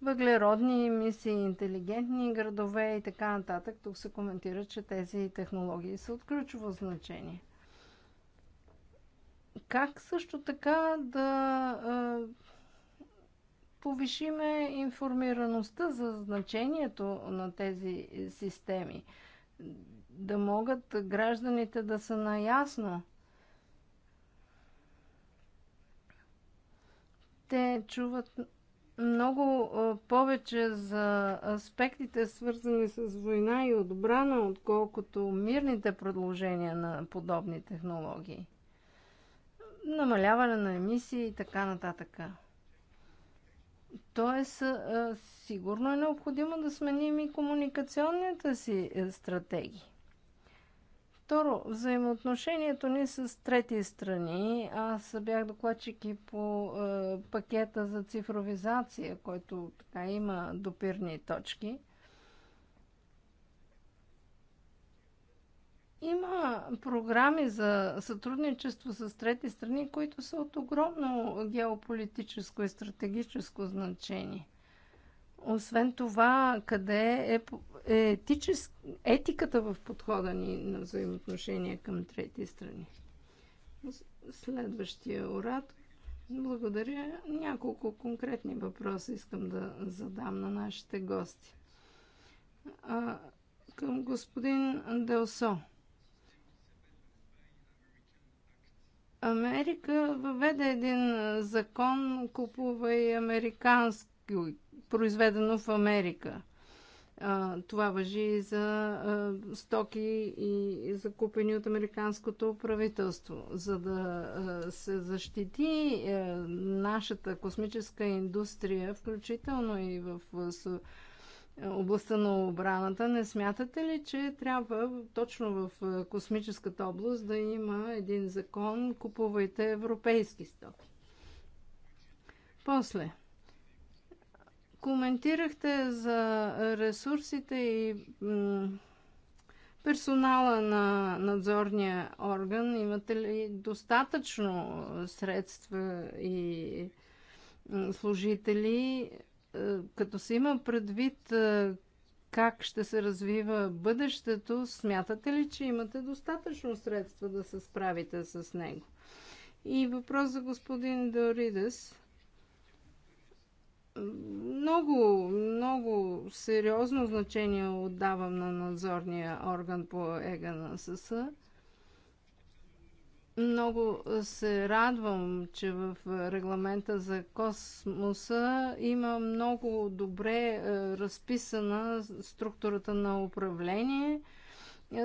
въглеродни емисии, интелигентни градове и така нататък, тук се коментира, че тези технологии са от ключово значение. Как също така да а, повишиме информираността за значението на тези системи? да могат гражданите да са наясно. Те чуват много повече за аспектите, свързани с война и отбрана, отколкото мирните предложения на подобни технологии. Намаляване на емисии и така нататък. Тоест, сигурно е необходимо да сменим и комуникационните си стратегии. Второ, взаимоотношението ни с трети страни. Аз бях докладчик и по е, пакета за цифровизация, който така има допирни точки. Има програми за сътрудничество с трети страни, които са от огромно геополитическо и стратегическо значение. Освен това, къде е етичес... етиката в подхода ни на взаимоотношения към трети страни? Следващия урад. Благодаря. Няколко конкретни въпроса искам да задам на нашите гости. А, към господин Делсо. Америка въведе един закон, купува и американски произведено в Америка. Това въжи и за стоки и закупени от американското правителство. За да се защити нашата космическа индустрия, включително и в областта на обраната, не смятате ли, че трябва точно в космическата област да има един закон купувайте европейски стоки? После – Коментирахте за ресурсите и персонала на надзорния орган. Имате ли достатъчно средства и служители, е, като се има предвид е, как ще се развива бъдещето, смятате ли, че имате достатъчно средства да се справите с него? И въпрос за господин Доридес много, много сериозно значение отдавам на надзорния орган по ЕГА на СС. Много се радвам, че в регламента за космоса има много добре е, разписана структурата на управление –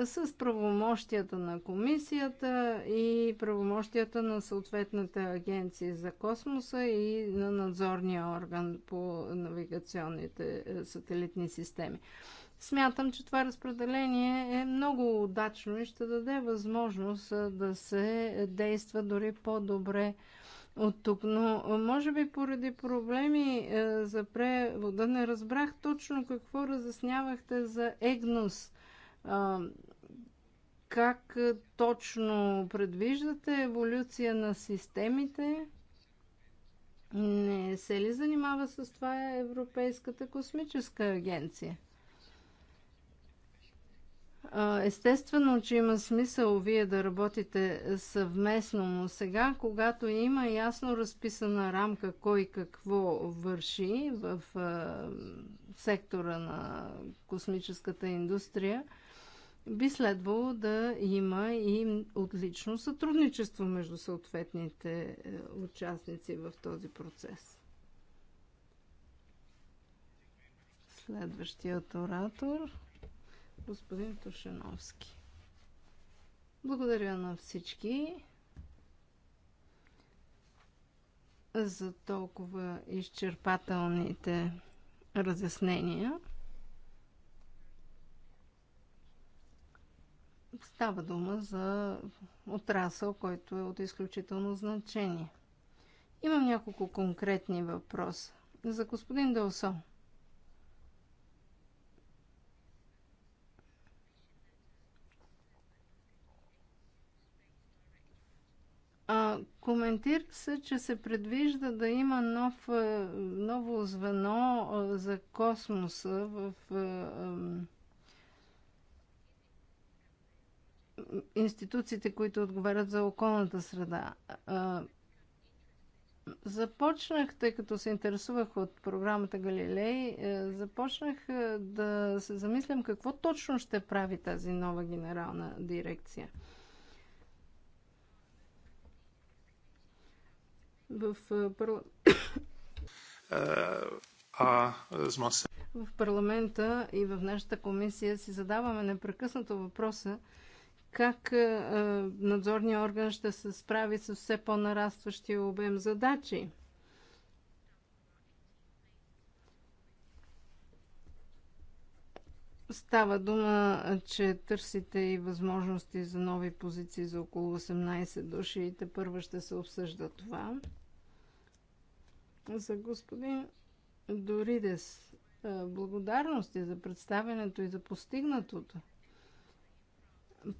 с правомощията на комисията и правомощията на съответната агенция за космоса и на надзорния орган по навигационните е, сателитни системи. Смятам, че това разпределение е много удачно и ще даде възможност е, да се действа дори по-добре от тук. Но е, може би поради проблеми за превода не разбрах точно какво разяснявахте за ЕГНОС как точно предвиждате еволюция на системите? Не се ли занимава с това Европейската космическа агенция? Естествено, че има смисъл вие да работите съвместно, но сега, когато има ясно разписана рамка кой какво върши в сектора на космическата индустрия, би следвало да има и отлично сътрудничество между съответните е, участници в този процес. Следващият оратор господин Тушеновски. Благодаря на всички за толкова изчерпателните разяснения. Става дума за отрасъл, който е от изключително значение. Имам няколко конкретни въпроса. За господин Делсо. А, коментира се, че се предвижда да има нов, е, ново звено е, за космоса в е, институциите, които отговарят за околната среда. Започнах, тъй като се интересувах от програмата Галилей, започнах да се замислям какво точно ще прави тази нова генерална дирекция. В, парла... в парламента и в нашата комисия си задаваме непрекъснато въпроса как е, е, надзорния орган ще се справи с все по-нарастващия обем задачи. Става дума, че търсите и възможности за нови позиции за около 18 души и те първо ще се обсъжда това. За господин Доридес е, благодарности за представенето и за постигнатото –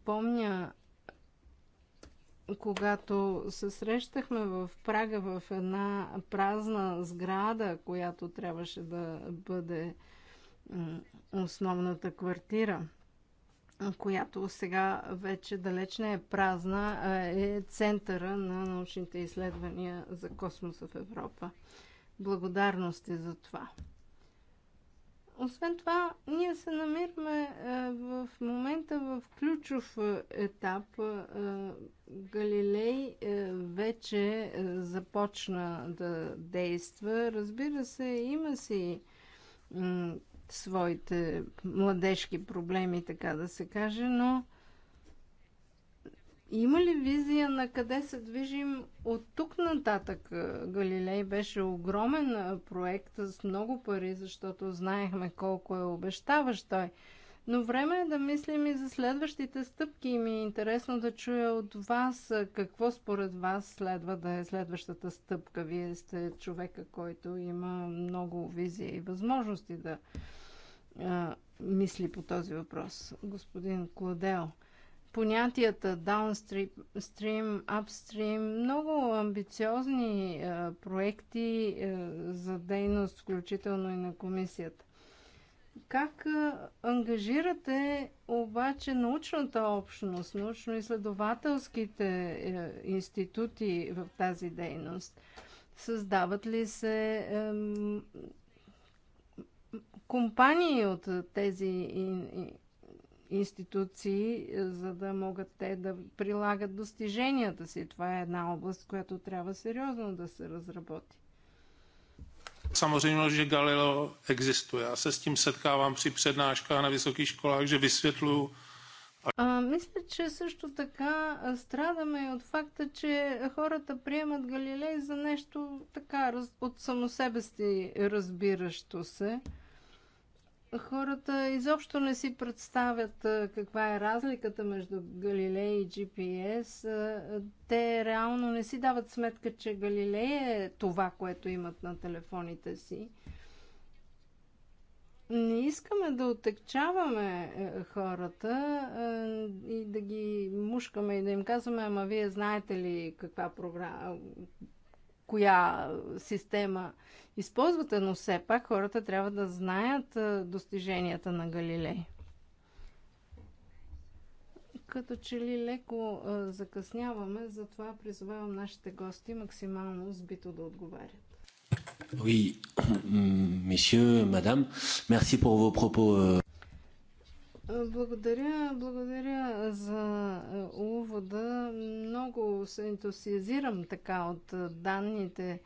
Помня, когато се срещахме в Прага в една празна сграда, която трябваше да бъде основната квартира, която сега вече далеч не е празна, а е центъра на научните изследвания за космоса в Европа. Благодарности за това. Освен това, ние се намираме е, в момента в ключов е, етап. Е, Галилей вече започна да действа. Разбира се, има си своите младежки проблеми, така да се каже, но има ли визия на къде се движим от тук нататък? Галилей беше огромен проект с много пари, защото знаехме колко е обещаващ той. Но време е да мислим и за следващите стъпки и ми е интересно да чуя от вас какво според вас следва да е следващата стъпка. Вие сте човека, който има много визия и възможности да а, мисли по този въпрос. Господин Кладел понятията downstream, upstream, много амбициозни е, проекти е, за дейност, включително и на комисията. Как е, ангажирате обаче научната общност, научно-изследователските институти в тази дейност? Създават ли се компании от тези институции, е, за да могат те да прилагат достиженията си. Това е една област, която трябва сериозно да се разработи. Samozřejmě, že Galileo existuje. Já se s tím setkávám při přednáškách na vysokých školách, že vysvětluju. А, мисля, че също така страдаме и от факта, че хората приемат Галилей за нещо така от само себе си разбиращо се хората изобщо не си представят каква е разликата между Галилей и GPS. Те реално не си дават сметка, че Галилей е това, което имат на телефоните си. Не искаме да отекчаваме е, хората и да ги мушкаме и да им казваме, ама вие знаете ли каква програма, коя система използвате, но все пак хората трябва да знаят достиженията на Галилей. Като че ли леко закъсняваме, затова призовавам нашите гости максимално сбито да отговарят. Oui, (coughs) monsieur, madame, merci pour vos propos. Euh, благодаря, благодаря за е, увода. Много се ентусиазирам така от е, данните,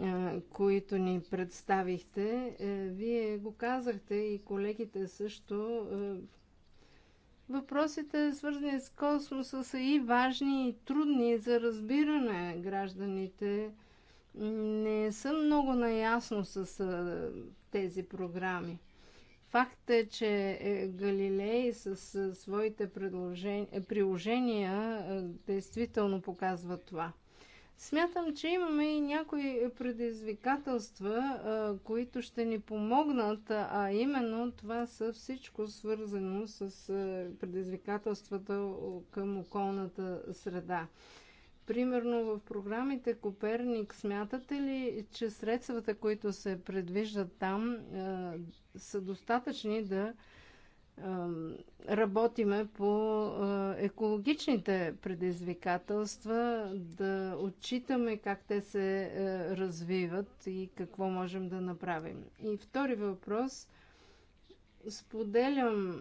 е, които ни представихте. Вие го казахте и колегите също. Въпросите, свързани с космоса, са и важни и трудни за разбиране. Гражданите не са много наясно с тези програми. Факт е, че е, Галилей с своите е, приложения е, действително показва това. Смятам, че имаме и някои предизвикателства, които ще ни помогнат, а именно това са всичко свързано с предизвикателствата към околната среда. Примерно в програмите Коперник смятате ли, че средствата, които се предвиждат там, е, са достатъчни да е, работиме по е, екологичните предизвикателства, да отчитаме как те се развиват и какво можем да направим. И втори въпрос – Споделям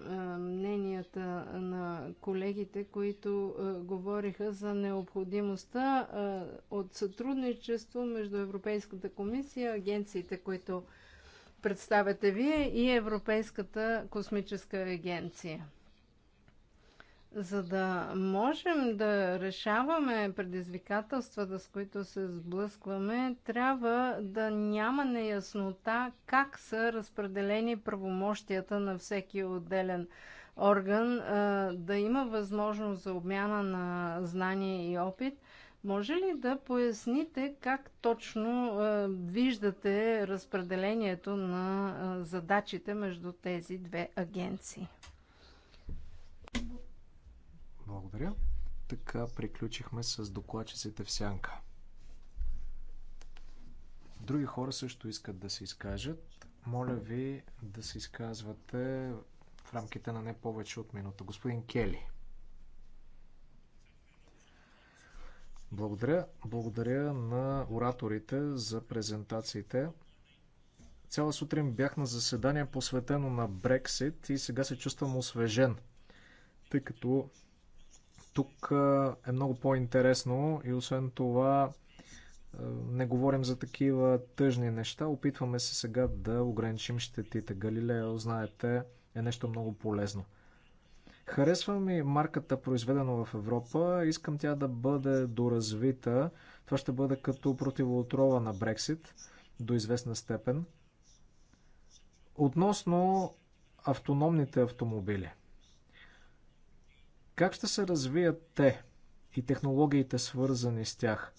мненията на колегите, които говориха за необходимостта от сътрудничество между Европейската комисия, агенциите, които представяте вие и Европейската космическа агенция. За да можем да решаваме предизвикателствата, с които се сблъскваме, трябва да няма неяснота как са разпределени правомощията на всеки отделен орган, да има възможност за обмяна на знание и опит. Може ли да поясните как точно виждате разпределението на задачите между тези две агенции? Благодаря. Така приключихме с докладчиците в сянка. Други хора също искат да се изкажат. Моля ви да се изказвате в рамките на не повече от минута. Господин Кели. Благодаря. Благодаря на ораторите за презентациите. Цяла сутрин бях на заседание посветено на Брексит и сега се чувствам освежен, тъй като тук е много по-интересно и освен това не говорим за такива тъжни неща. Опитваме се сега да ограничим щетите. Галилео, знаете, е нещо много полезно. Харесва ми марката, произведена в Европа. Искам тя да бъде доразвита. Това ще бъде като противоотрова на Брексит до известна степен. Относно автономните автомобили – как ще се развият те и технологиите свързани с тях?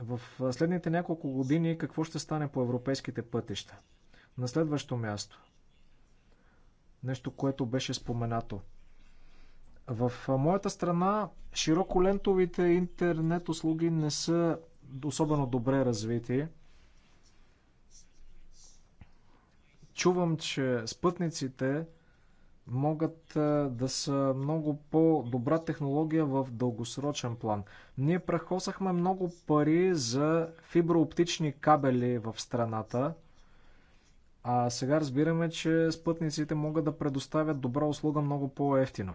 В следните няколко години какво ще стане по европейските пътища? На следващо място. Нещо, което беше споменато. В моята страна широколентовите интернет услуги не са особено добре развити. Чувам, че спътниците могат да са много по-добра технология в дългосрочен план. Ние прахосахме много пари за фиброоптични кабели в страната, а сега разбираме, че спътниците могат да предоставят добра услуга много по-ефтино.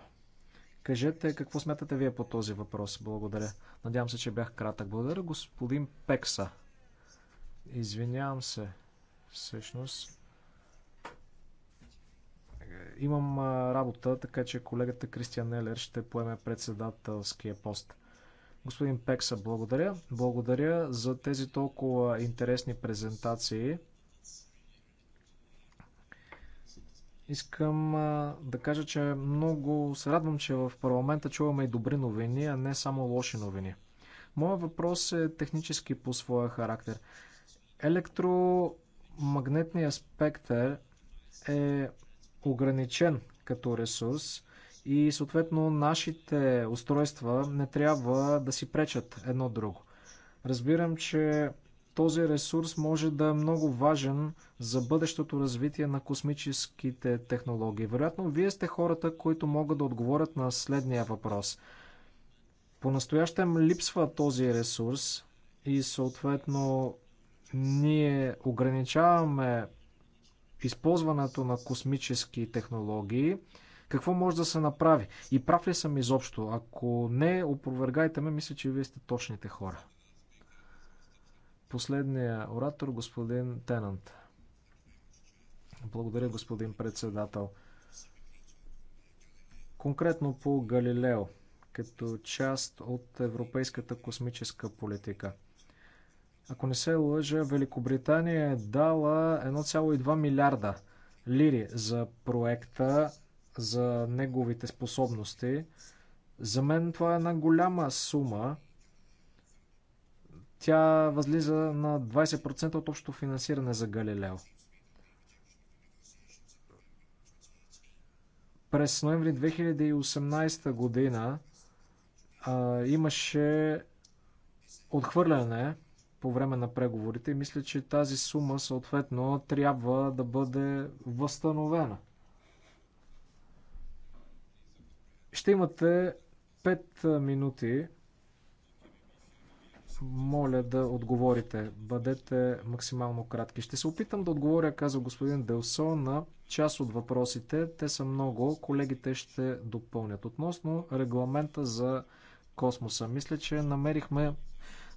Кажете какво смятате вие по този въпрос. Благодаря. Надявам се, че бях кратък. Благодаря, господин Пекса. Извинявам се. Всъщност, имам работа, така че колегата Кристиан Елер ще поеме председателския пост. Господин Пекса, благодаря. Благодаря за тези толкова интересни презентации. Искам да кажа, че много се радвам, че в парламента чуваме и добри новини, а не само лоши новини. Моят въпрос е технически по своя характер. Електромагнетният спектър е ограничен като ресурс и съответно нашите устройства не трябва да си пречат едно друго. Разбирам, че този ресурс може да е много важен за бъдещото развитие на космическите технологии. Вероятно, вие сте хората, които могат да отговорят на следния въпрос. По-настоящем липсва този ресурс и съответно ние ограничаваме използването на космически технологии, какво може да се направи? И прав ли съм изобщо? Ако не, опровергайте ме, мисля, че вие сте точните хора. Последния оратор, господин Тенант. Благодаря, господин председател. Конкретно по Галилео, като част от европейската космическа политика – ако не се лъжа, Великобритания е дала 1,2 милиарда лири за проекта, за неговите способности. За мен това е една голяма сума. Тя възлиза на 20% от общото финансиране за Галилео. През ноември 2018 година а, имаше отхвърляне по време на преговорите. и Мисля, че тази сума съответно трябва да бъде възстановена. Ще имате 5 минути. Моля да отговорите. Бъдете максимално кратки. Ще се опитам да отговоря, каза господин Делсо, на част от въпросите. Те са много. Колегите ще допълнят. Относно регламента за космоса. Мисля, че намерихме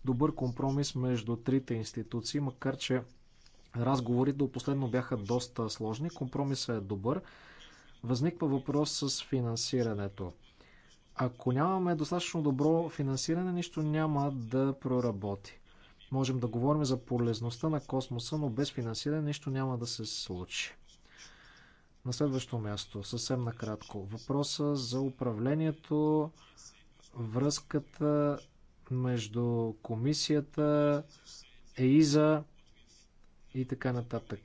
добър компромис между трите институции, макар че разговорите до последно бяха доста сложни. Компромисът е добър. Възниква въпрос с финансирането. Ако нямаме достатъчно добро финансиране, нищо няма да проработи. Можем да говорим за полезността на космоса, но без финансиране нищо няма да се случи. На следващо място, съвсем накратко, въпроса за управлението, връзката между комисията, ЕИЗА и така нататък.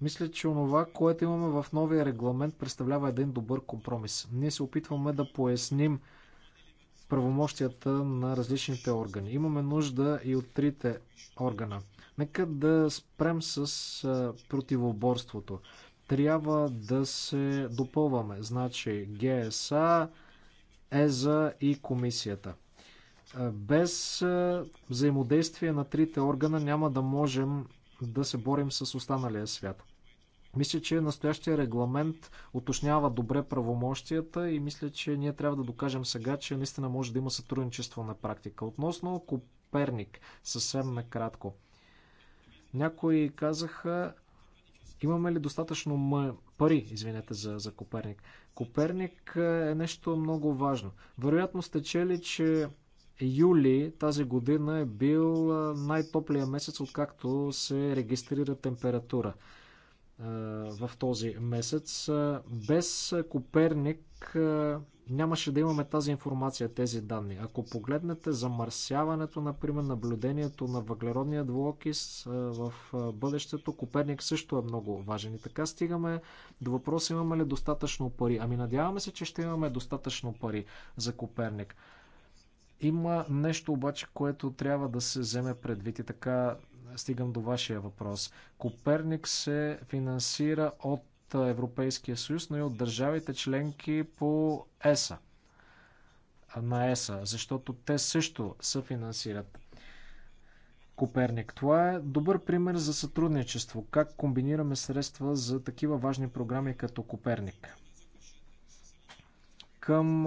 Мисля, че онова, което имаме в новия регламент, представлява един добър компромис. Ние се опитваме да поясним правомощията на различните органи. Имаме нужда и от трите органа. Нека да спрем с противоборството. Трябва да се допълваме. Значи ГСА, ЕЗА и комисията. Е, без е, взаимодействие на трите органа няма да можем да се борим с останалия свят. Мисля, че настоящия регламент уточнява добре правомощията и мисля, че ние трябва да докажем сега, че наистина може да има сътрудничество на практика. Относно Коперник, съвсем накратко. Някои казаха, имаме ли достатъчно м... пари, извинете, за, за Коперник. Коперник е, е нещо много важно. Вероятно сте чели, че юли тази година е бил най-топлия месец, откакто се регистрира температура в този месец. Без Коперник нямаше да имаме тази информация, тези данни. Ако погледнете замърсяването, например, наблюдението на въглеродния двуокис в бъдещето, Коперник също е много важен. И така стигаме до въпроса имаме ли достатъчно пари. Ами надяваме се, че ще имаме достатъчно пари за Коперник. Има нещо обаче, което трябва да се вземе предвид и така стигам до вашия въпрос. Коперник се финансира от Европейския съюз, но и от държавите членки по ЕСА. На ЕСА, защото те също се финансират Коперник. Това е добър пример за сътрудничество. Как комбинираме средства за такива важни програми като Коперник. Към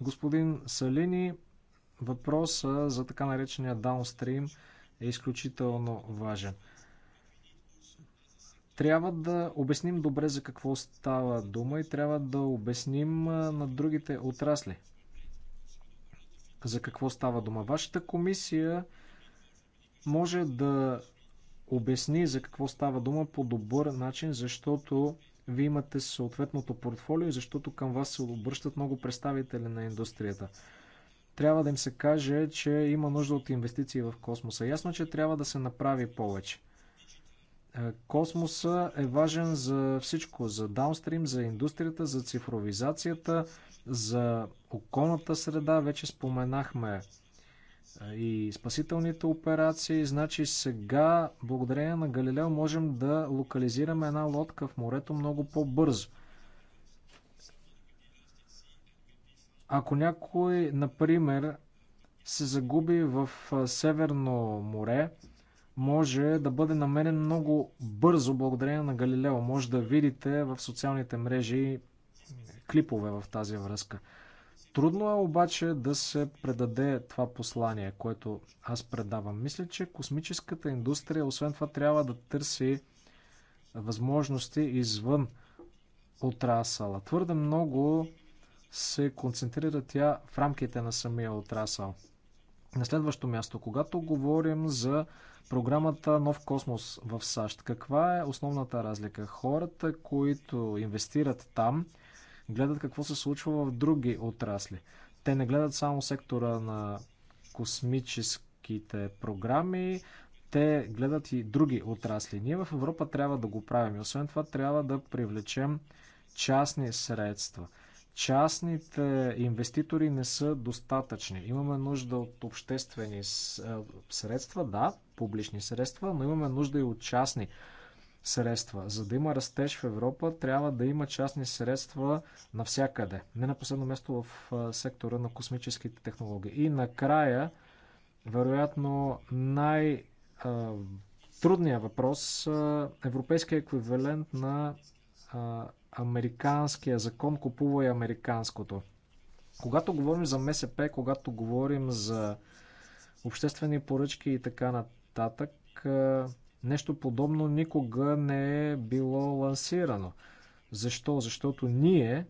Господин Салини, въпроса за така наречения даунстрим е изключително важен. Трябва да обясним добре за какво става дума и трябва да обясним на другите отрасли за какво става дума. Вашата комисия може да обясни за какво става дума по добър начин, защото вие имате съответното портфолио, защото към вас се обръщат много представители на индустрията. Трябва да им се каже, че има нужда от инвестиции в космоса. Ясно, че трябва да се направи повече. Е, космоса е важен за всичко, за даунстрим, за индустрията, за цифровизацията, за околната среда. Вече споменахме и спасителните операции. Значи сега, благодарение на Галилео, можем да локализираме една лодка в морето много по-бързо. Ако някой, например, се загуби в Северно море, може да бъде намерен много бързо благодарение на Галилео. Може да видите в социалните мрежи клипове в тази връзка. Трудно е обаче да се предаде това послание, което аз предавам. Мисля, че космическата индустрия, освен това, трябва да търси възможности извън отрасъла. Твърде много се концентрира тя в рамките на самия отрасъл. На следващо място, когато говорим за програмата Нов космос в САЩ, каква е основната разлика? Хората, които инвестират там, гледат какво се случва в други отрасли. Те не гледат само сектора на космическите програми, те гледат и други отрасли. Ние в Европа трябва да го правим. И освен това трябва да привлечем частни средства. Частните инвеститори не са достатъчни. Имаме нужда от обществени е, средства, да, публични средства, но имаме нужда и от частни средства. За да има растеж в Европа, трябва да има частни средства навсякъде. Не на последно място в сектора на космическите технологии. И накрая, вероятно, най- трудният въпрос, европейския еквивалент на американския закон купува и американското. Когато говорим за МСП, когато говорим за обществени поръчки и така нататък, нататък. Нещо подобно никога не е било лансирано. Защо? Защото ние,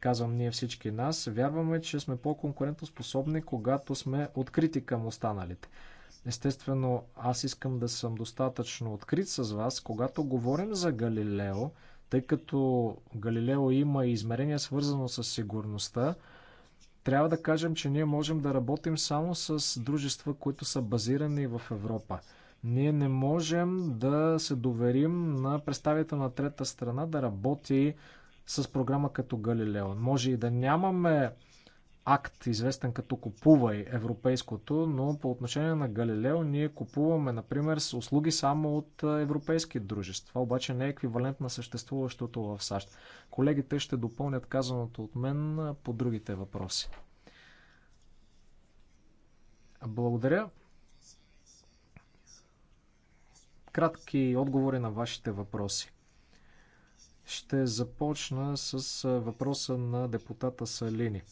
казвам ние всички нас, вярваме, че сме по-конкурентоспособни, когато сме открити към останалите. Естествено, аз искам да съм достатъчно открит с вас, когато говорим за Галилео, тъй като Галилео има и измерение свързано с сигурността, трябва да кажем, че ние можем да работим само с дружества, които са базирани в Европа. Ние не можем да се доверим на представител на трета страна да работи с програма като Галилео. Може и да нямаме акт, известен като купувай европейското, но по отношение на Галилео ние купуваме, например, с услуги само от европейски дружества. обаче не е еквивалент на съществуващото в САЩ. Колегите ще допълнят казаното от мен по другите въпроси. Благодаря. кратки отговори на вашите въпроси. Ще започна с въпроса на депутата Салини.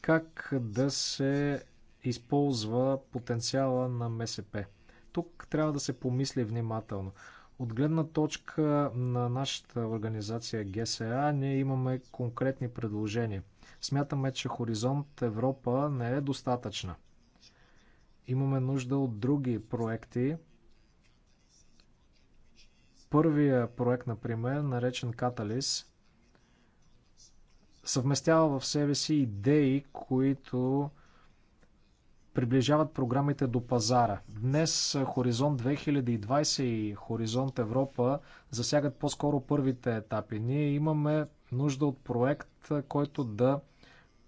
Как да се използва потенциала на МСП? Тук трябва да се помисли внимателно. От гледна точка на нашата организация ГСА, ние имаме конкретни предложения. Смятаме, че Хоризонт Европа не е достатъчна. Имаме нужда от други проекти, Първия проект, например, наречен Catalyst, съвместява в себе си идеи, които приближават програмите до пазара. Днес Хоризонт 2020 и Хоризонт Европа засягат по-скоро първите етапи. Ние имаме нужда от проект, който да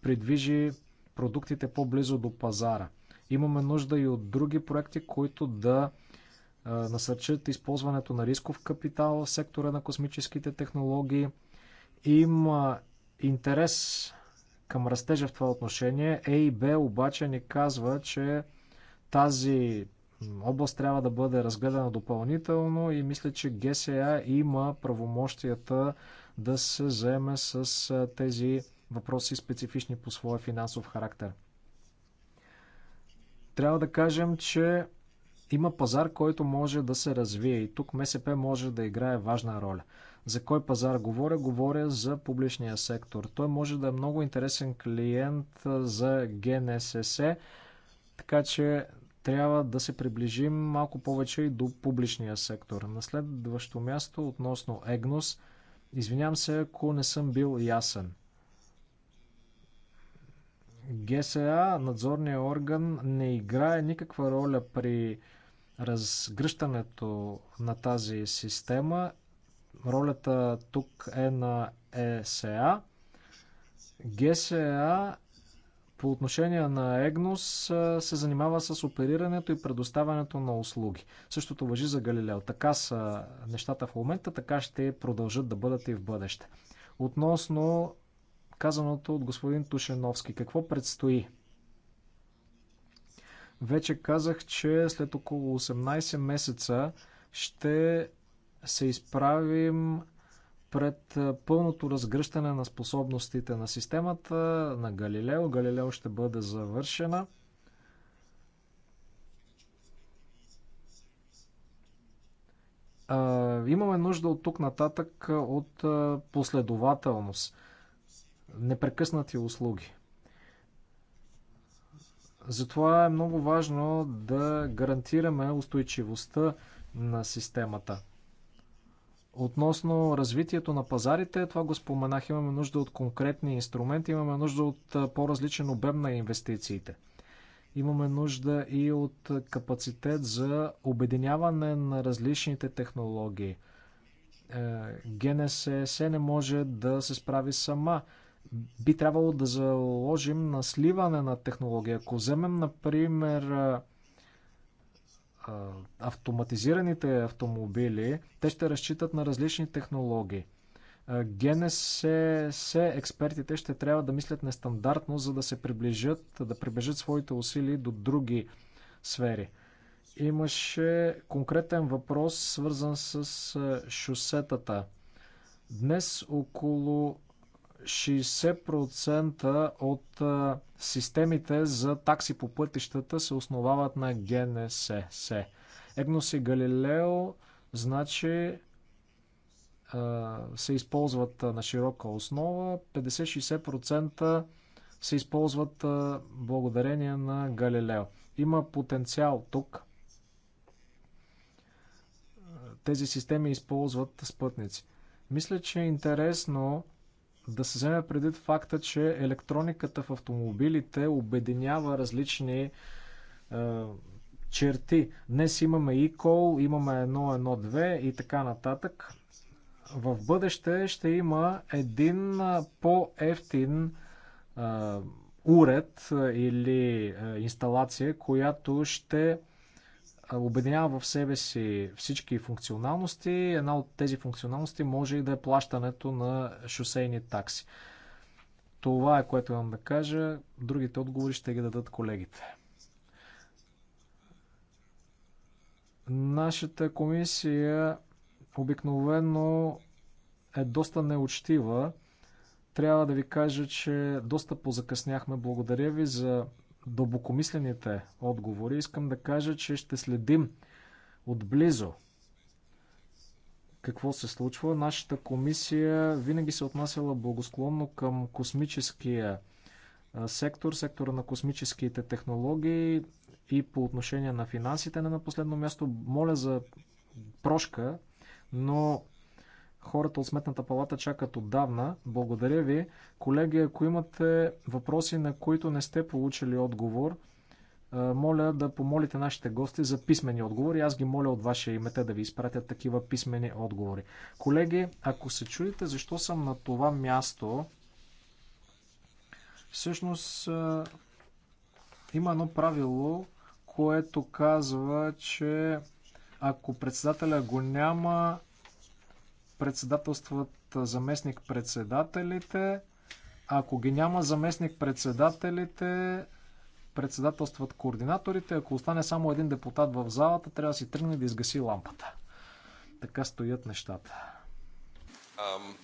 придвижи продуктите по-близо до пазара. Имаме нужда и от други проекти, които да насърчат използването на рисков капитал в сектора на космическите технологии. Има интерес към растежа в това отношение. Е и Б обаче ни казва, че тази област трябва да бъде разгледана допълнително и мисля, че ГСА има правомощията да се заеме с тези въпроси специфични по своя финансов характер. Трябва да кажем, че има пазар, който може да се развие и тук МСП може да играе важна роля. За кой пазар говоря? Говоря за публичния сектор. Той може да е много интересен клиент за ГНСС, така че трябва да се приближим малко повече и до публичния сектор. На следващо място относно ЕГНОС, извинявам се, ако не съм бил ясен. ГСА, надзорния орган, не играе никаква роля при разгръщането на тази система. Ролята тук е на ЕСА. ГСА по отношение на ЕГНОС се занимава с оперирането и предоставянето на услуги. Същото въжи за Галилео. Така са нещата в момента, така ще продължат да бъдат и в бъдеще. Относно казаното от господин Тушеновски, какво предстои? Вече казах, че след около 18 месеца ще се изправим пред пълното разгръщане на способностите на системата на Галилео. Галилео ще бъде завършена. имаме нужда от тук нататък от последователност, непрекъснати услуги. Затова е много важно да гарантираме устойчивостта на системата. Относно развитието на пазарите, това го споменах, имаме нужда от конкретни инструменти, имаме нужда от по-различен обем на инвестициите. Имаме нужда и от капацитет за обединяване на различните технологии. Е, ГНСС не може да се справи сама би трябвало да заложим на сливане на технология. Ако вземем, например, автоматизираните автомобили, те ще разчитат на различни технологии. ГНСС експертите ще трябва да мислят нестандартно, за да се приближат, да приближат своите усилия до други сфери. Имаше конкретен въпрос, свързан с шосетата. Днес около 60% от системите за такси по пътищата се основават на ГНСС. Егнос и Галилео значи се използват на широка основа. 50-60% се използват благодарение на Галилео. Има потенциал тук. Тези системи използват спътници. Мисля, че е интересно да се вземе предвид факта, че електрониката в автомобилите обединява различни е, черти. Днес имаме e-call, имаме 112 и така нататък. В бъдеще ще има един по-ефтин е, уред или е, инсталация, която ще обединява в себе си всички функционалности. Една от тези функционалности може и да е плащането на шосейни такси. Това е което имам да кажа. Другите отговори ще ги дадат колегите. Нашата комисия обикновено е доста неучтива. Трябва да ви кажа, че доста позакъсняхме. Благодаря ви за дълбокомислените отговори. Искам да кажа, че ще следим отблизо какво се случва. Нашата комисия винаги се отнасяла благосклонно към космическия сектор, сектора на космическите технологии и по отношение на финансите. Не на последно място, моля за прошка, но Хората от Сметната палата чакат отдавна. Благодаря ви. Колеги, ако имате въпроси, на които не сте получили отговор, моля да помолите нашите гости за писмени отговори. Аз ги моля от ваше име те да ви изпратят такива писмени отговори. Колеги, ако се чудите защо съм на това място, всъщност има едно правило, което казва, че ако председателя го няма, председателстват заместник-председателите. Ако ги няма заместник-председателите, председателстват координаторите. Ако остане само един депутат в залата, трябва да си тръгне да изгаси лампата. Така стоят нещата. Um,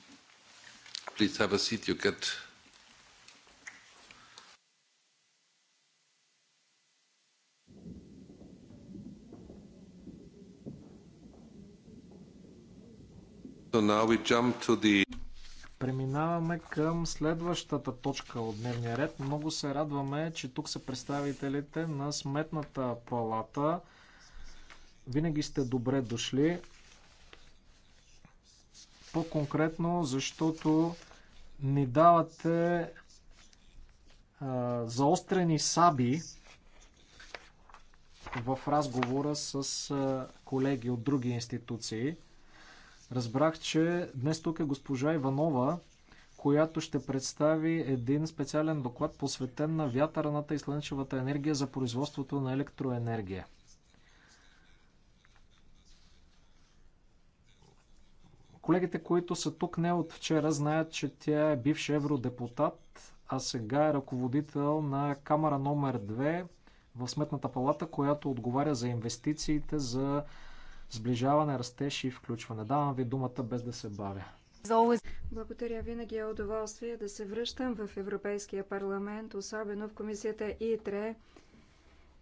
Преминаваме към следващата точка от дневния ред. Много се радваме, че тук са представителите на Сметната палата. Винаги сте добре дошли. По-конкретно, защото ни давате а, заострени саби в разговора с а, колеги от други институции. Разбрах, че днес тук е госпожа Иванова, която ще представи един специален доклад, посветен на вятърната и слънчевата енергия за производството на електроенергия. Колегите, които са тук не от вчера, знаят, че тя е бивш евродепутат, а сега е ръководител на Камера номер 2 в Сметната палата, която отговаря за инвестициите, за Сближаване, растеж и включване. Давам ви думата без да се бавя. Благодаря. Винаги е удоволствие да се връщам в Европейския парламент, особено в комисията ИТРЕ.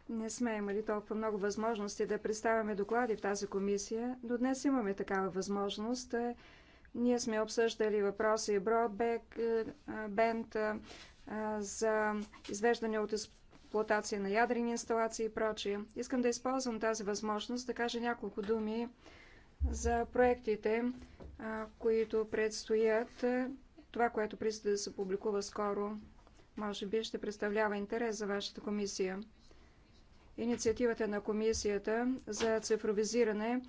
Не сме имали толкова много възможности да представяме доклади в тази комисия, но днес имаме такава възможност. Ние сме обсъждали въпроси Бродбек, Бент за извеждане от изпълнението експлуатация на ядрени инсталации и прочие. Искам да използвам тази възможност да кажа няколко думи за проектите, които предстоят. Това, което предстои да се публикува скоро, може би ще представлява интерес за вашата комисия. Инициативата на комисията за цифровизиране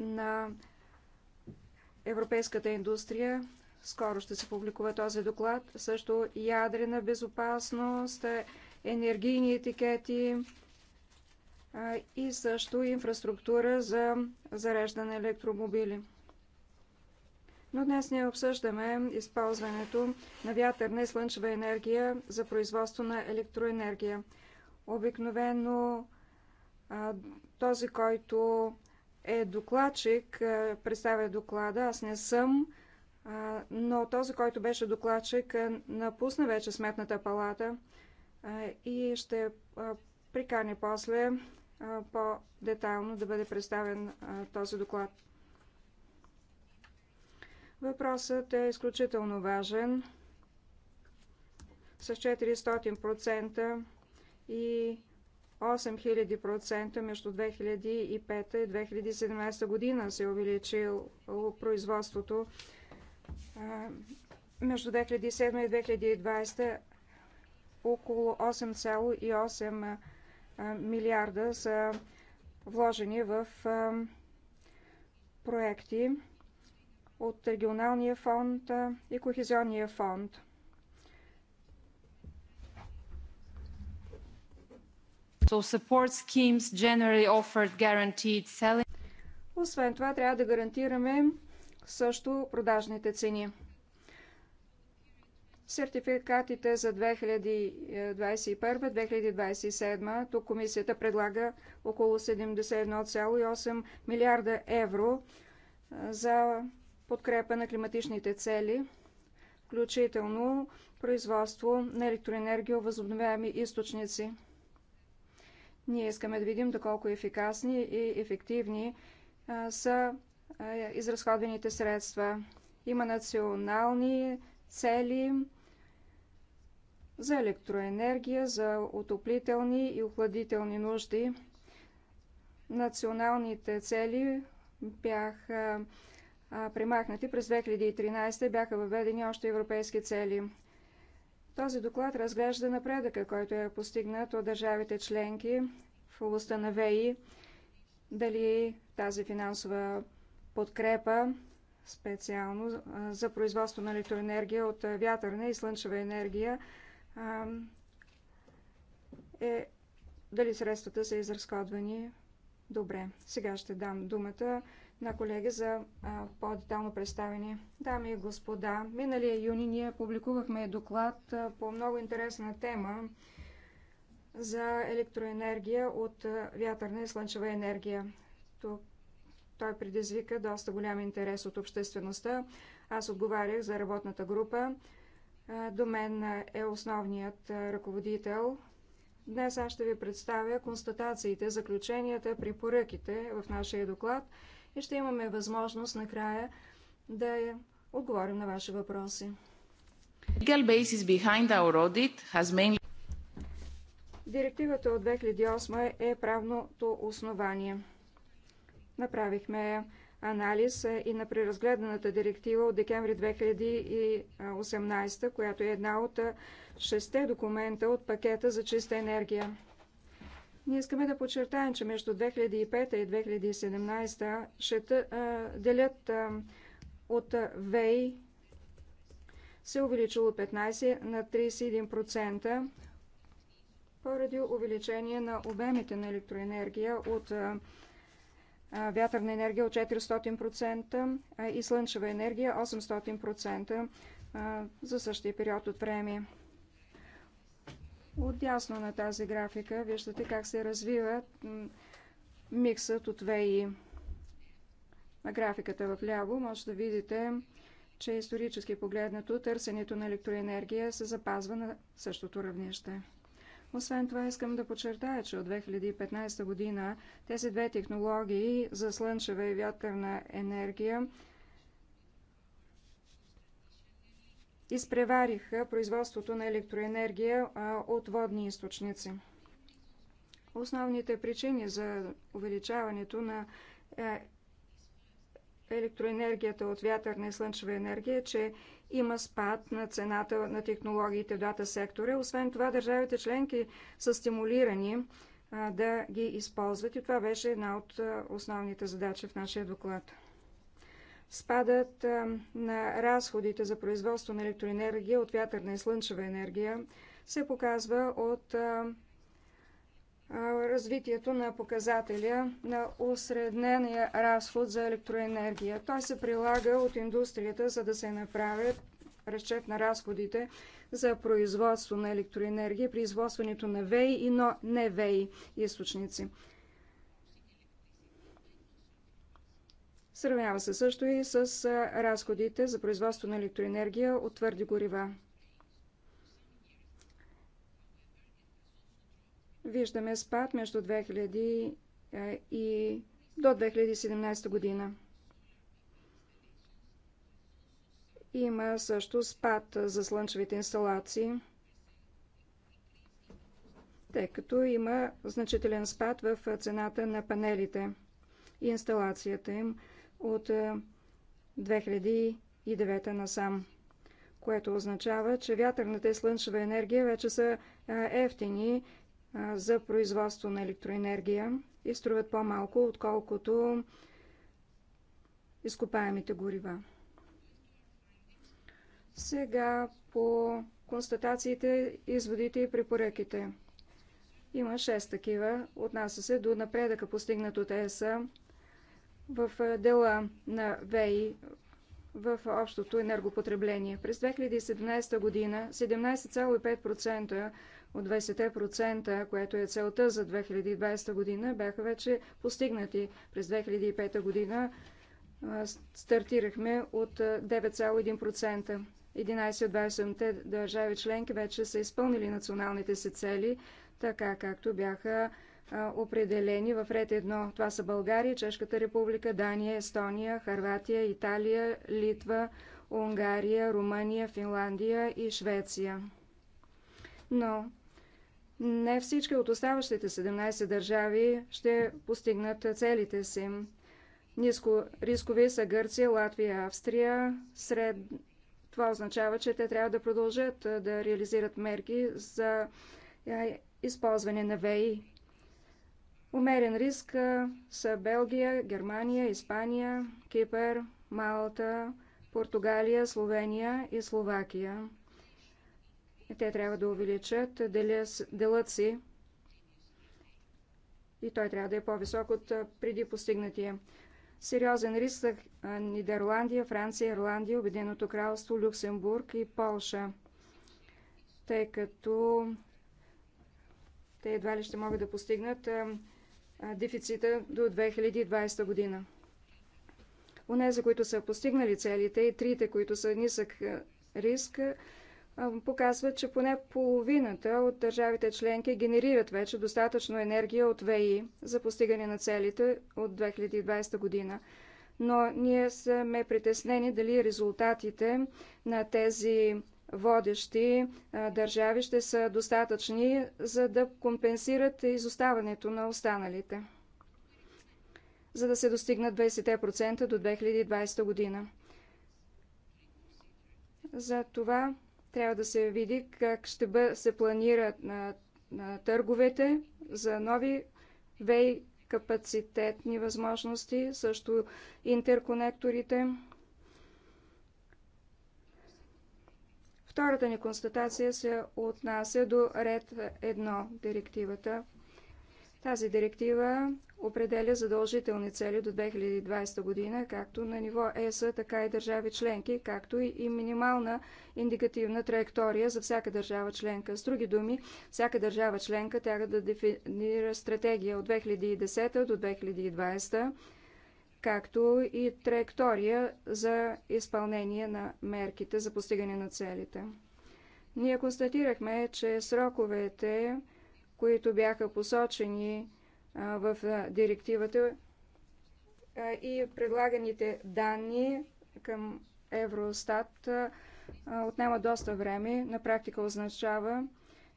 на европейската индустрия скоро ще се публикува този доклад. Също ядрена безопасност, енергийни етикети и също инфраструктура за зареждане електромобили. Но днес ние обсъждаме използването на вятърна и слънчева енергия за производство на електроенергия. Обикновено този, който е докладчик, представя доклада. Аз не съм, но този, който беше докладчик, напусна вече сметната палата и ще прикани после по-детайлно да бъде представен този доклад. Въпросът е изключително важен с 400% и 8000% между 2005 и 2017 година се е увеличило производството. Между 2007 и 2020 около 8,8 милиарда са вложени в проекти от регионалния фонд и кохезионния фонд. Освен това, трябва да гарантираме също продажните цени. Сертификатите за 2021-2027, тук комисията предлага около 71,8 милиарда евро за подкрепа на климатичните цели, включително производство на електроенергия, възобновяеми източници. Ние искаме да видим доколко ефикасни и ефективни са изразходените средства. Има национални цели, за електроенергия, за отоплителни и охладителни нужди. Националните цели бяха премахнати през 2013 бяха въведени още европейски цели. Този доклад разглежда напредъка, който е постигнат от държавите членки в областта на ВЕИ. дали тази финансова подкрепа специално за производство на електроенергия от вятърна и слънчева енергия е дали средствата са изразходвани добре. Сега ще дам думата на колеги за по-детално представение. Дами и господа, миналия юни ние публикувахме доклад по много интересна тема за електроенергия от вятърна и слънчева енергия. Тук той предизвика доста голям интерес от обществеността. Аз отговарях за работната група. До мен е основният ръководител. Днес аз ще ви представя констатациите, заключенията, препоръките в нашия доклад и ще имаме възможност накрая да отговорим на ваши въпроси. Директивата от 2008 е правното основание. Направихме анализ и на преразгледаната директива от декември 2018, която е една от шесте документа от пакета за чиста енергия. Ние искаме да подчертаем, че между 2005 и 2017 ще делят от ВЕИ се увеличило от 15 на 31% поради увеличение на обемите на електроенергия от вятърна енергия от 400% и слънчева енергия 800% за същия период от време. Отясно на тази графика виждате как се развива миксът от ВИ. На графиката в ляво може да видите, че исторически погледнато търсенето на електроенергия се запазва на същото равнище. Освен това искам да подчертая, че от 2015 година тези две технологии за слънчева и вятърна енергия изпревариха производството на електроенергия от водни източници. Основните причини за увеличаването на е, електроенергията от вятърна и слънчева енергия, че има спад на цената на технологиите в двата сектора. Освен това, държавите членки са стимулирани да ги използват и това беше една от основните задачи в нашия доклад. Спадът на разходите за производство на електроенергия от вятърна и слънчева енергия се показва от развитието на показателя на осреднения разход за електроенергия. Той се прилага от индустрията, за да се направят разчет на разходите за производство на електроенергия, производството на ВЕИ и но не ВЕИ източници. Сравнява се също и с разходите за производство на електроенергия от твърди горива. виждаме спад между 2000 е, и до 2017 година. Има също спад за слънчевите инсталации, тъй като има значителен спад в цената на панелите и инсталацията им от 2009 е, насам, което означава, че вятърната и слънчева енергия вече са е, ефтини за производство на електроенергия и струват по-малко, отколкото изкопаемите горива. Сега по констатациите, изводите и препоръките. Има 6 такива. Отнася се до напредъка постигнат от ЕСА в дела на ВЕИ в общото енергопотребление. През 2017 година 17,5% от 20%, което е целта за 2020 година, бяха вече постигнати. През 2005 година стартирахме от 9,1%. 11 от 20-те държави членки вече са изпълнили националните си цели, така както бяха определени в ред 1. Това са България, Чешката република, Дания, Естония, Харватия, Италия, Литва, Унгария, Румъния, Финландия и Швеция. Но не всички от оставащите 17 държави ще постигнат целите си. Ниско рискови са Гърция, Латвия, Австрия. Сред... Това означава, че те трябва да продължат да реализират мерки за използване на ВИ. Умерен риск са Белгия, Германия, Испания, Кипър, Малта, Португалия, Словения и Словакия. И те трябва да увеличат делът си и той трябва да е по-висок от преди постигнатия. Сериозен риск са Нидерландия, Франция, Ирландия, Обединеното кралство, Люксембург и Полша, тъй като те едва ли ще могат да постигнат дефицита до 2020 година. Унези, които са постигнали целите и трите, които са нисък риск, показват, че поне половината от държавите членки генерират вече достатъчно енергия от ВИ за постигане на целите от 2020 година. Но ние сме притеснени дали резултатите на тези водещи държави ще са достатъчни, за да компенсират изоставането на останалите, за да се достигнат 20% до 2020 година. За това трябва да се види как ще бъ... се планират на, на търговете за нови ВЕИ капацитетни възможности, също интерконекторите. Втората ни констатация се отнася до ред 1 директивата тази директива определя задължителни цели до 2020 година, както на ниво ЕС, така и държави членки, както и минимална индикативна траектория за всяка държава членка. С други думи, всяка държава членка трябва да дефинира стратегия от 2010 до 2020 както и траектория за изпълнение на мерките за постигане на целите. Ние констатирахме, че сроковете които бяха посочени в директивата и предлаганите данни към Евростат отнема доста време. На практика означава,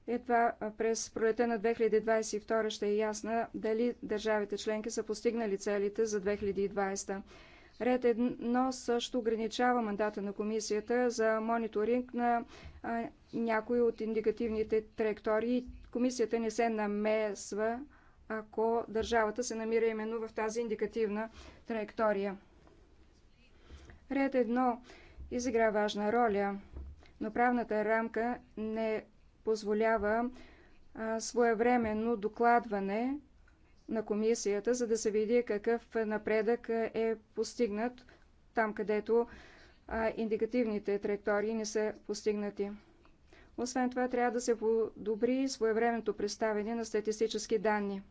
едва през пролета на 2022 ще е ясна дали държавите членки са постигнали целите за 2020. Ред едно също ограничава мандата на комисията за мониторинг на някои от индикативните траектории Комисията не се намесва, ако държавата се намира именно в тази индикативна траектория. Ред едно изигра важна роля, но правната рамка не позволява а, своевременно докладване на комисията, за да се види какъв напредък е постигнат там, където индикативните траектории не са постигнати. Освен това, трябва да се подобри своевременното представяне на статистически данни.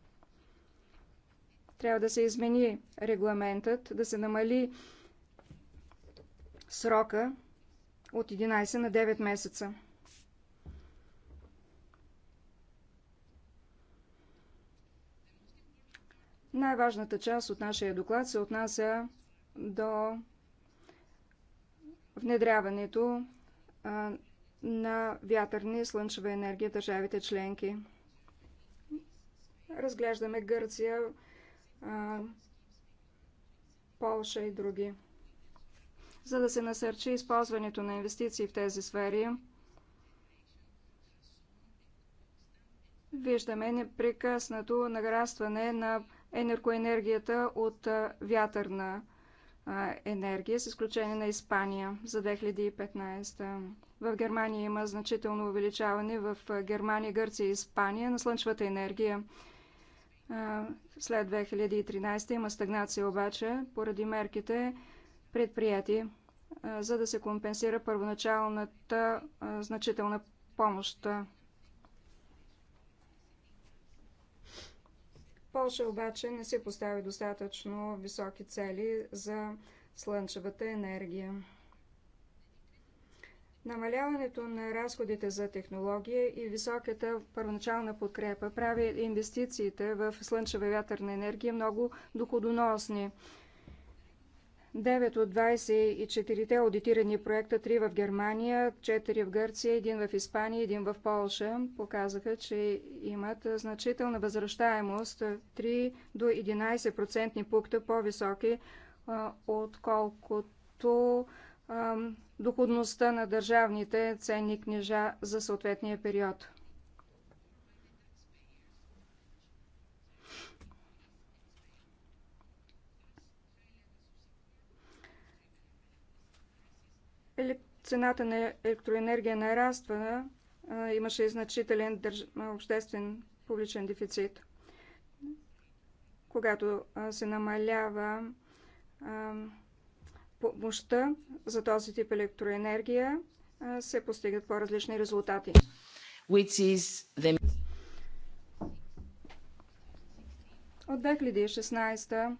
Трябва да се измени регламентът, да се намали срока от 11 на 9 месеца. Най-важната част от нашия доклад се отнася до внедряването на вятърни и слънчева енергия в държавите членки. Разглеждаме Гърция, Полша и други. За да се насърчи използването на инвестиции в тези сфери, виждаме непрекъснато нарастване на енергоенергията от вятърна енергия, с изключение на Испания за 2015. В Германия има значително увеличаване в Германия, Гърция и Испания на слънчевата енергия. След 2013 има стагнация обаче поради мерките предприяти, за да се компенсира първоначалната значителна помощ. Полша обаче не се постави достатъчно високи цели за слънчевата енергия. Намаляването на разходите за технология и високата първоначална подкрепа прави инвестициите в слънчева и вятърна енергия много доходоносни. 9 от 24-те аудитирани проекта, 3 в Германия, 4 в Гърция, 1 в Испания, 1 в Полша, показаха, че имат значителна възвръщаемост 3 до 11% пункта по-високи, отколкото доходността на държавните ценни книжа за съответния период. Цената на електроенергия нараства, имаше и значителен държ... обществен публичен дефицит. Когато се намалява помощта за този тип електроенергия се постигат по-различни резултати. The... От 2016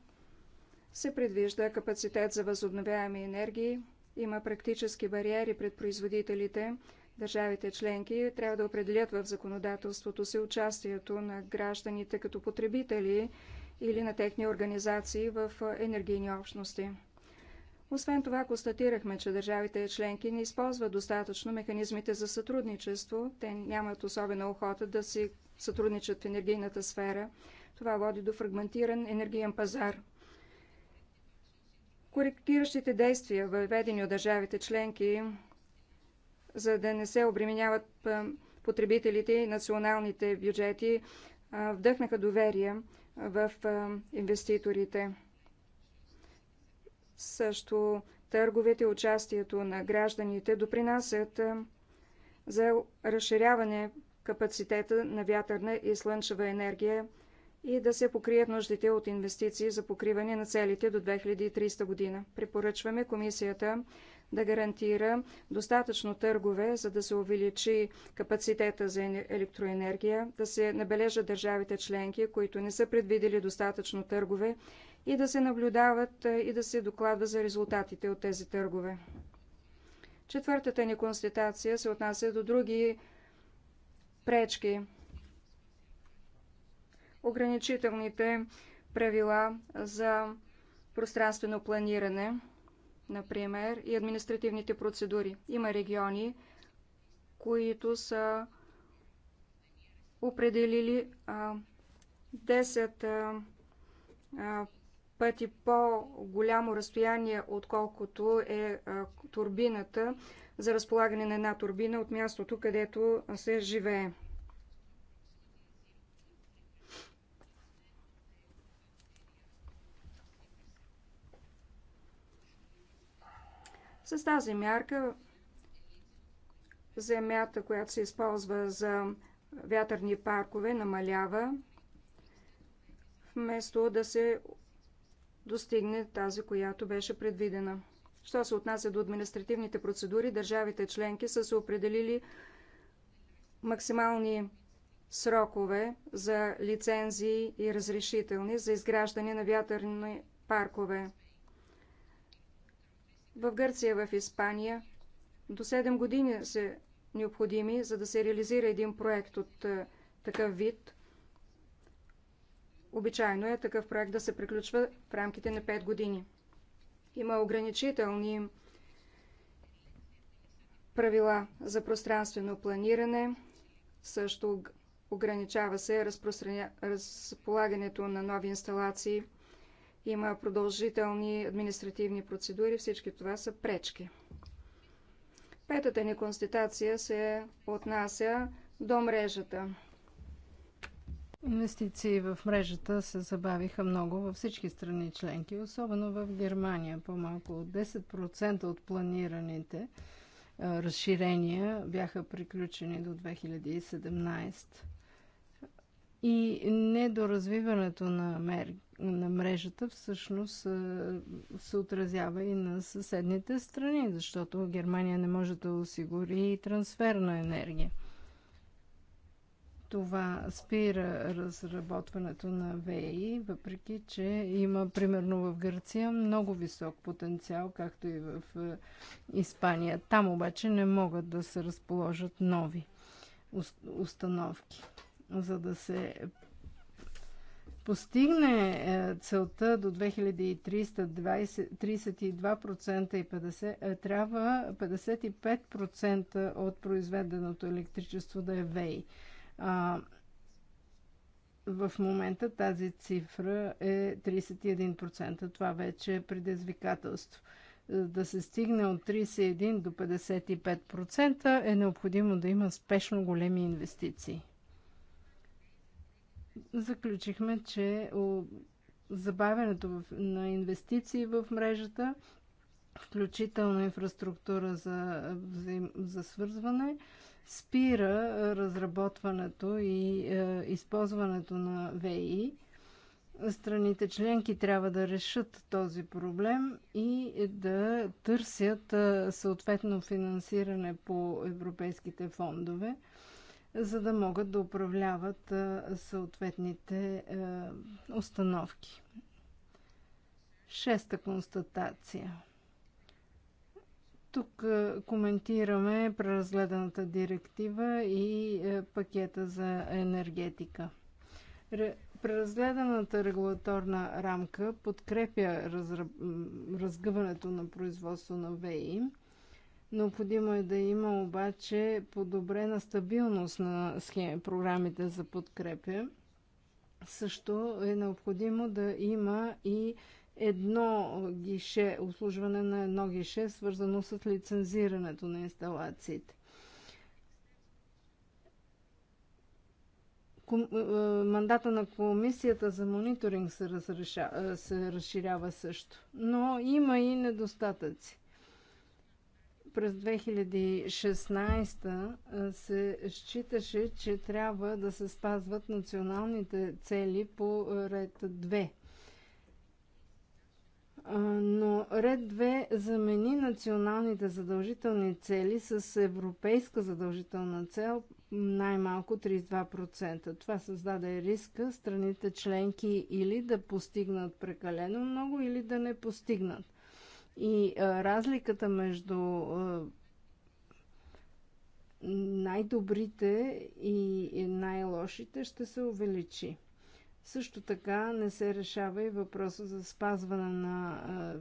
се предвижда капацитет за възобновяеми енергии. Има практически бариери пред производителите. Държавите членки трябва да определят в законодателството си участието на гражданите като потребители или на техни организации в енергийни общности. Освен това, констатирахме, че държавите членки не използват достатъчно механизмите за сътрудничество. Те нямат особена охота да си сътрудничат в енергийната сфера. Това води до фрагментиран енергиен пазар. Коректиращите действия, въведени от държавите членки, за да не се обременяват потребителите и националните бюджети, вдъхнаха доверие в инвеститорите. Също търговете участието на гражданите допринасят за разширяване капацитета на вятърна и слънчева енергия и да се покрият нуждите от инвестиции за покриване на целите до 2300 година. Препоръчваме комисията да гарантира достатъчно търгове, за да се увеличи капацитета за електроенергия, да се набележат държавите членки, които не са предвидели достатъчно търгове и да се наблюдават и да се докладва за резултатите от тези търгове. Четвъртата ни констатация се отнася до други пречки. Ограничителните правила за пространствено планиране, например, и административните процедури. Има региони, които са определили а, 10 а, пъти по-голямо разстояние, отколкото е турбината за разполагане на една турбина от мястото, където се живее. С тази мярка земята, която се използва за вятърни паркове, намалява, вместо да се достигне тази, която беше предвидена. Що се отнася до административните процедури, държавите членки са се определили максимални срокове за лицензии и разрешителни за изграждане на вятърни паркове. В Гърция, в Испания до 7 години са необходими, за да се реализира един проект от е, такъв вид. Обичайно е такъв проект да се приключва в рамките на 5 години. Има ограничителни правила за пространствено планиране, също ограничава се разпространя... разполагането на нови инсталации, има продължителни административни процедури, всички това са пречки. Петата ни констатация се отнася до мрежата. Инвестиции в мрежата се забавиха много във всички страни членки, особено в Германия. По-малко от 10% от планираните разширения бяха приключени до 2017. И недоразвиването на, мер... на мрежата всъщност се отразява и на съседните страни, защото Германия не може да осигури и трансферна енергия. Това спира разработването на ВЕИ, въпреки че има, примерно в Гърция, много висок потенциал, както и в е, Испания. Там обаче не могат да се разположат нови установки. За да се постигне е, целта до 2300 32% и 50, е, трябва 55% от произведеното електричество да е ВЕИ. А, в момента тази цифра е 31%. Това вече е предизвикателство. Е, да се стигне от 31 до 55% е необходимо да има спешно големи инвестиции. Заключихме, че забавянето на инвестиции в мрежата, включително инфраструктура за, за свързване, спира разработването и е, използването на ВИ. Страните членки трябва да решат този проблем и да търсят е, съответно финансиране по европейските фондове, за да могат да управляват е, съответните е, установки. Шеста констатация – тук е, коментираме преразгледаната директива и е, пакета за енергетика. Преразгледаната регулаторна рамка подкрепя разгъването на производство на ВИ. Необходимо е да има обаче подобрена стабилност на схеми, програмите за подкрепя. Също е необходимо да има и едно гише, услужване на едно гише, свързано с лицензирането на инсталациите. Е, мандата на комисията за мониторинг се, разреша, е, се разширява също. Но има и недостатъци. През 2016 е, се считаше, че трябва да се спазват националните цели по ред 2 но ред 2 замени националните задължителни цели с европейска задължителна цел най-малко 32%. Това създаде риска страните членки или да постигнат прекалено много, или да не постигнат. И а, разликата между а, най-добрите и най-лошите ще се увеличи. Също така не се решава и въпроса за спазване на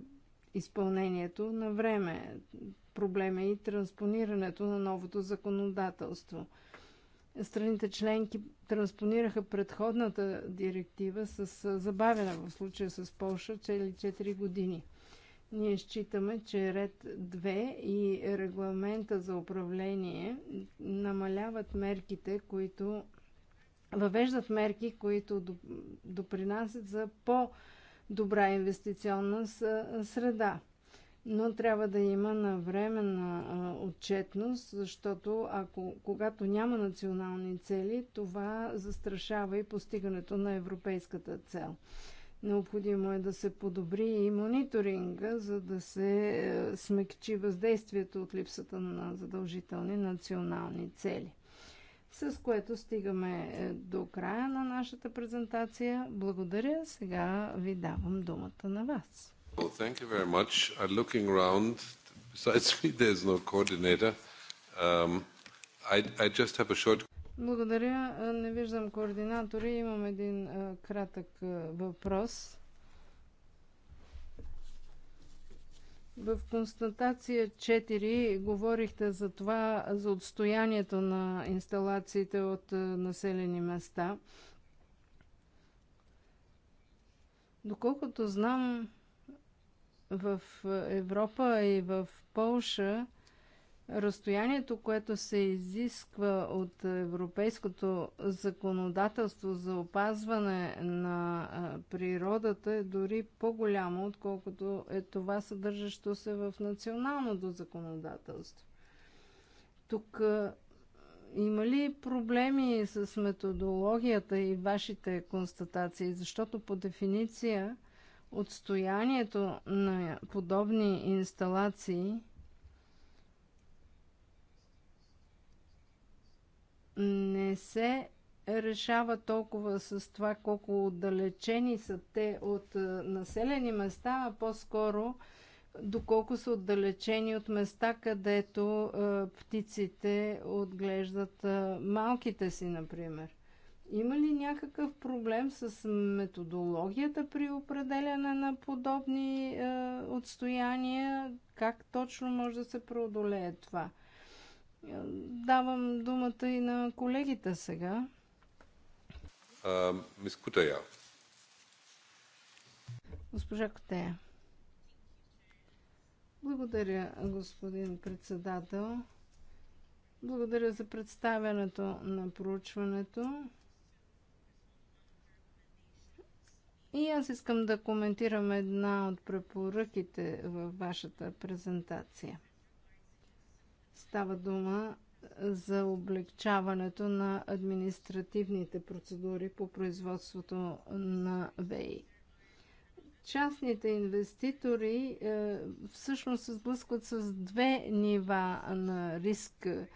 изпълнението на време. Проблем е и транспонирането на новото законодателство. Страните членки транспонираха предходната директива с забавена в случая с Польша, цели 4 години. Ние считаме, че ред 2 и регламента за управление намаляват мерките, които въвеждат мерки, които допринасят за по-добра инвестиционна среда. Но трябва да има навременна отчетност, защото ако, когато няма национални цели, това застрашава и постигането на европейската цел. Необходимо е да се подобри и мониторинга, за да се е, смекчи въздействието от липсата на задължителни национални цели с което стигаме е, до края на нашата презентация. Благодаря. Сега ви давам думата на вас. Well, thank you very much. I'm looking around. Besides (laughs) me, there's no coordinator. Um, I, I just have a short... Благодаря. Е, не виждам координатори. Имам един а, е, кратък а, въпрос. В констатация 4 говорихте за това, за отстоянието на инсталациите от е, населени места. Доколкото знам, в Европа и в Полша Разстоянието, което се изисква от европейското законодателство за опазване на природата е дори по-голямо, отколкото е това съдържащо се в националното законодателство. Тук има ли проблеми с методологията и вашите констатации? Защото по дефиниция отстоянието на подобни инсталации – не се решава толкова с това колко отдалечени са те от е, населени места, а по-скоро доколко са отдалечени от места, където е, птиците отглеждат е, малките си, например. Има ли някакъв проблем с методологията при определяне на подобни е, отстояния? Как точно може да се преодолее това? Давам думата и на колегите сега. Мис Кутея. Госпожа Кутея. Благодаря, господин председател. Благодаря за представянето на проучването. И аз искам да коментирам една от препоръките във вашата презентация – Става дума е, за облегчаването на административните процедури по производството на ВЕИ. Частните инвеститори е, всъщност се сблъскват с две нива на риск е,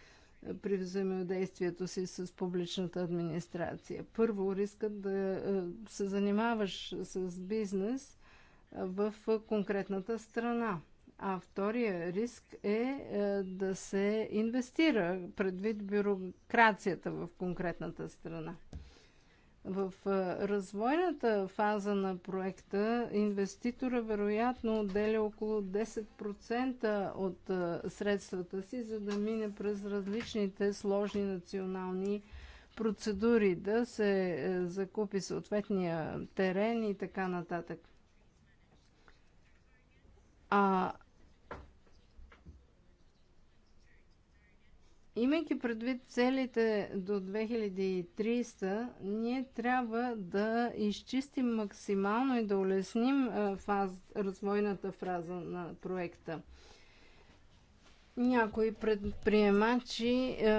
при взаимодействието си с публичната администрация. Първо, рискът да е, се занимаваш с бизнес в конкретната страна – а втория риск е, е да се инвестира предвид бюрокрацията в конкретната страна. В е, развойната фаза на проекта инвеститора вероятно отделя около 10% от е, средствата си, за да мине през различните сложни национални процедури, да се закупи съответния терен и така нататък. А Имайки предвид целите до 2300, ние трябва да изчистим максимално и да улесним фаз, развойната фраза на проекта. Някои предприемачи е,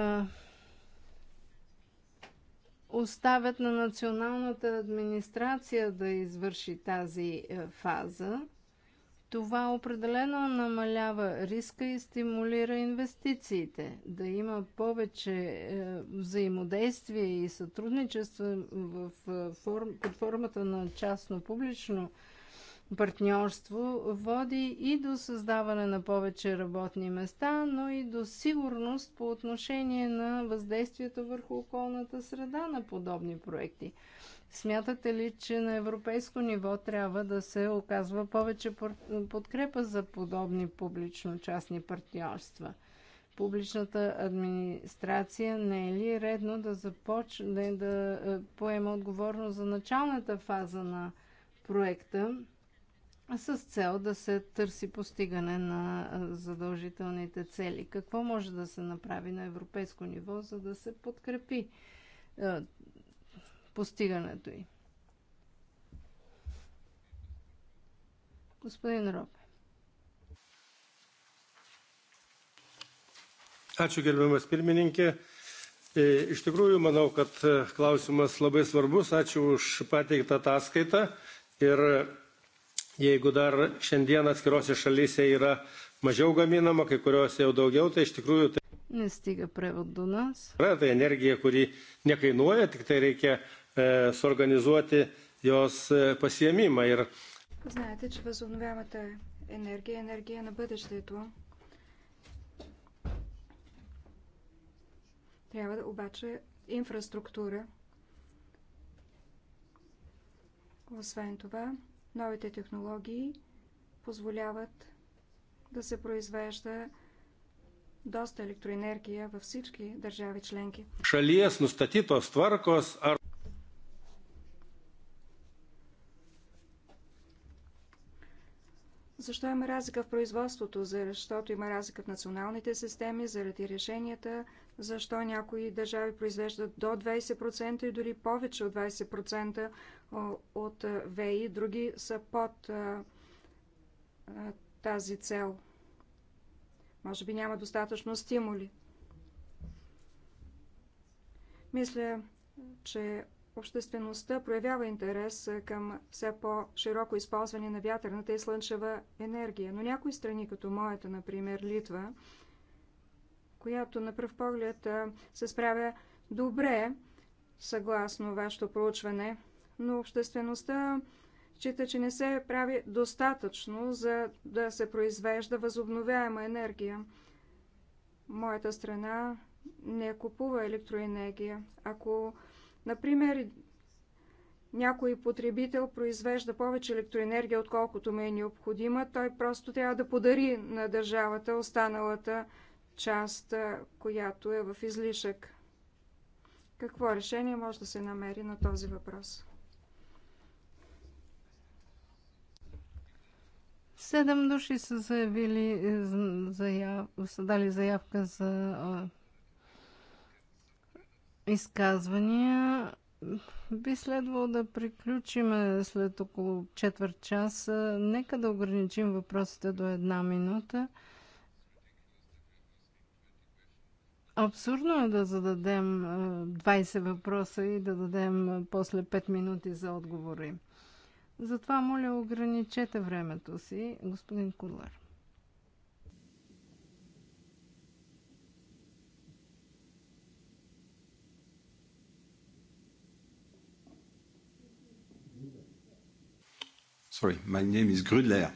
оставят на националната администрация да извърши тази фаза това определено намалява риска и стимулира инвестициите. Да има повече е, взаимодействие и сътрудничество в, е, форм, под формата на частно-публично партньорство води и до създаване на повече работни места, но и до сигурност по отношение на въздействието върху околната среда на подобни проекти. Смятате ли, че на европейско ниво трябва да се оказва повече подкрепа за подобни публично-частни партньорства? Публичната администрация не е ли редно да започне да е, поема отговорност за началната фаза на проекта с цел да се търси постигане на е, задължителните цели? Какво може да се направи на европейско ниво, за да се подкрепи е, постигането й. Господин Роб. Ačiū gerbiamas pirmininkė. Iš tikrųjų, manau, kad klausimas labai svarbus. Ačiū už pateiktą ataskaitą. Ir jeigu dar šiandien atskirose šalyse yra mažiau gaminama, kai kuriuose jau daugiau, tai iš tikrųjų tai. Nestiga prevod до нас. tai energija, kuri nekainuoja, tik tai reikia suorganizuoti jos pasiemimą. Ir... Знаете, че възобновяемата енергия е енергия на бъдещето. Трябва да обаче инфраструктура. Освен това, новите технологии позволяват да се произвежда доста електроенергия във всички държави членки. Шалиес, но статитос, а Защо има разлика в производството? Защото има разлика в националните системи, заради решенията, защо някои държави произвеждат до 20% и дори повече от 20% от ВИ, други са под тази цел. Може би няма достатъчно стимули. Мисля, че Обществеността проявява интерес към все по-широко използване на вятърната и слънчева енергия, но някои страни, като моята, например Литва, която на пръв поглед се справя добре, съгласно вашето проучване, но обществеността счита, че не се прави достатъчно, за да се произвежда възобновяема енергия. Моята страна не купува електроенергия. Ако Например, някой потребител произвежда повече електроенергия, отколкото му е необходима, той просто трябва да подари на държавата останалата част, която е в излишък. Какво решение може да се намери на този въпрос? 7 души са заявили, е, заяв, са дали заявка за изказвания. Би следвало да приключим след около четвърт час. Нека да ограничим въпросите до една минута. Абсурдно е да зададем 20 е, въпроса и да дадем е, после 5 минути за отговори. Затова, моля, ограничете времето си, господин Кудлар. Sorry, my name is Grudler.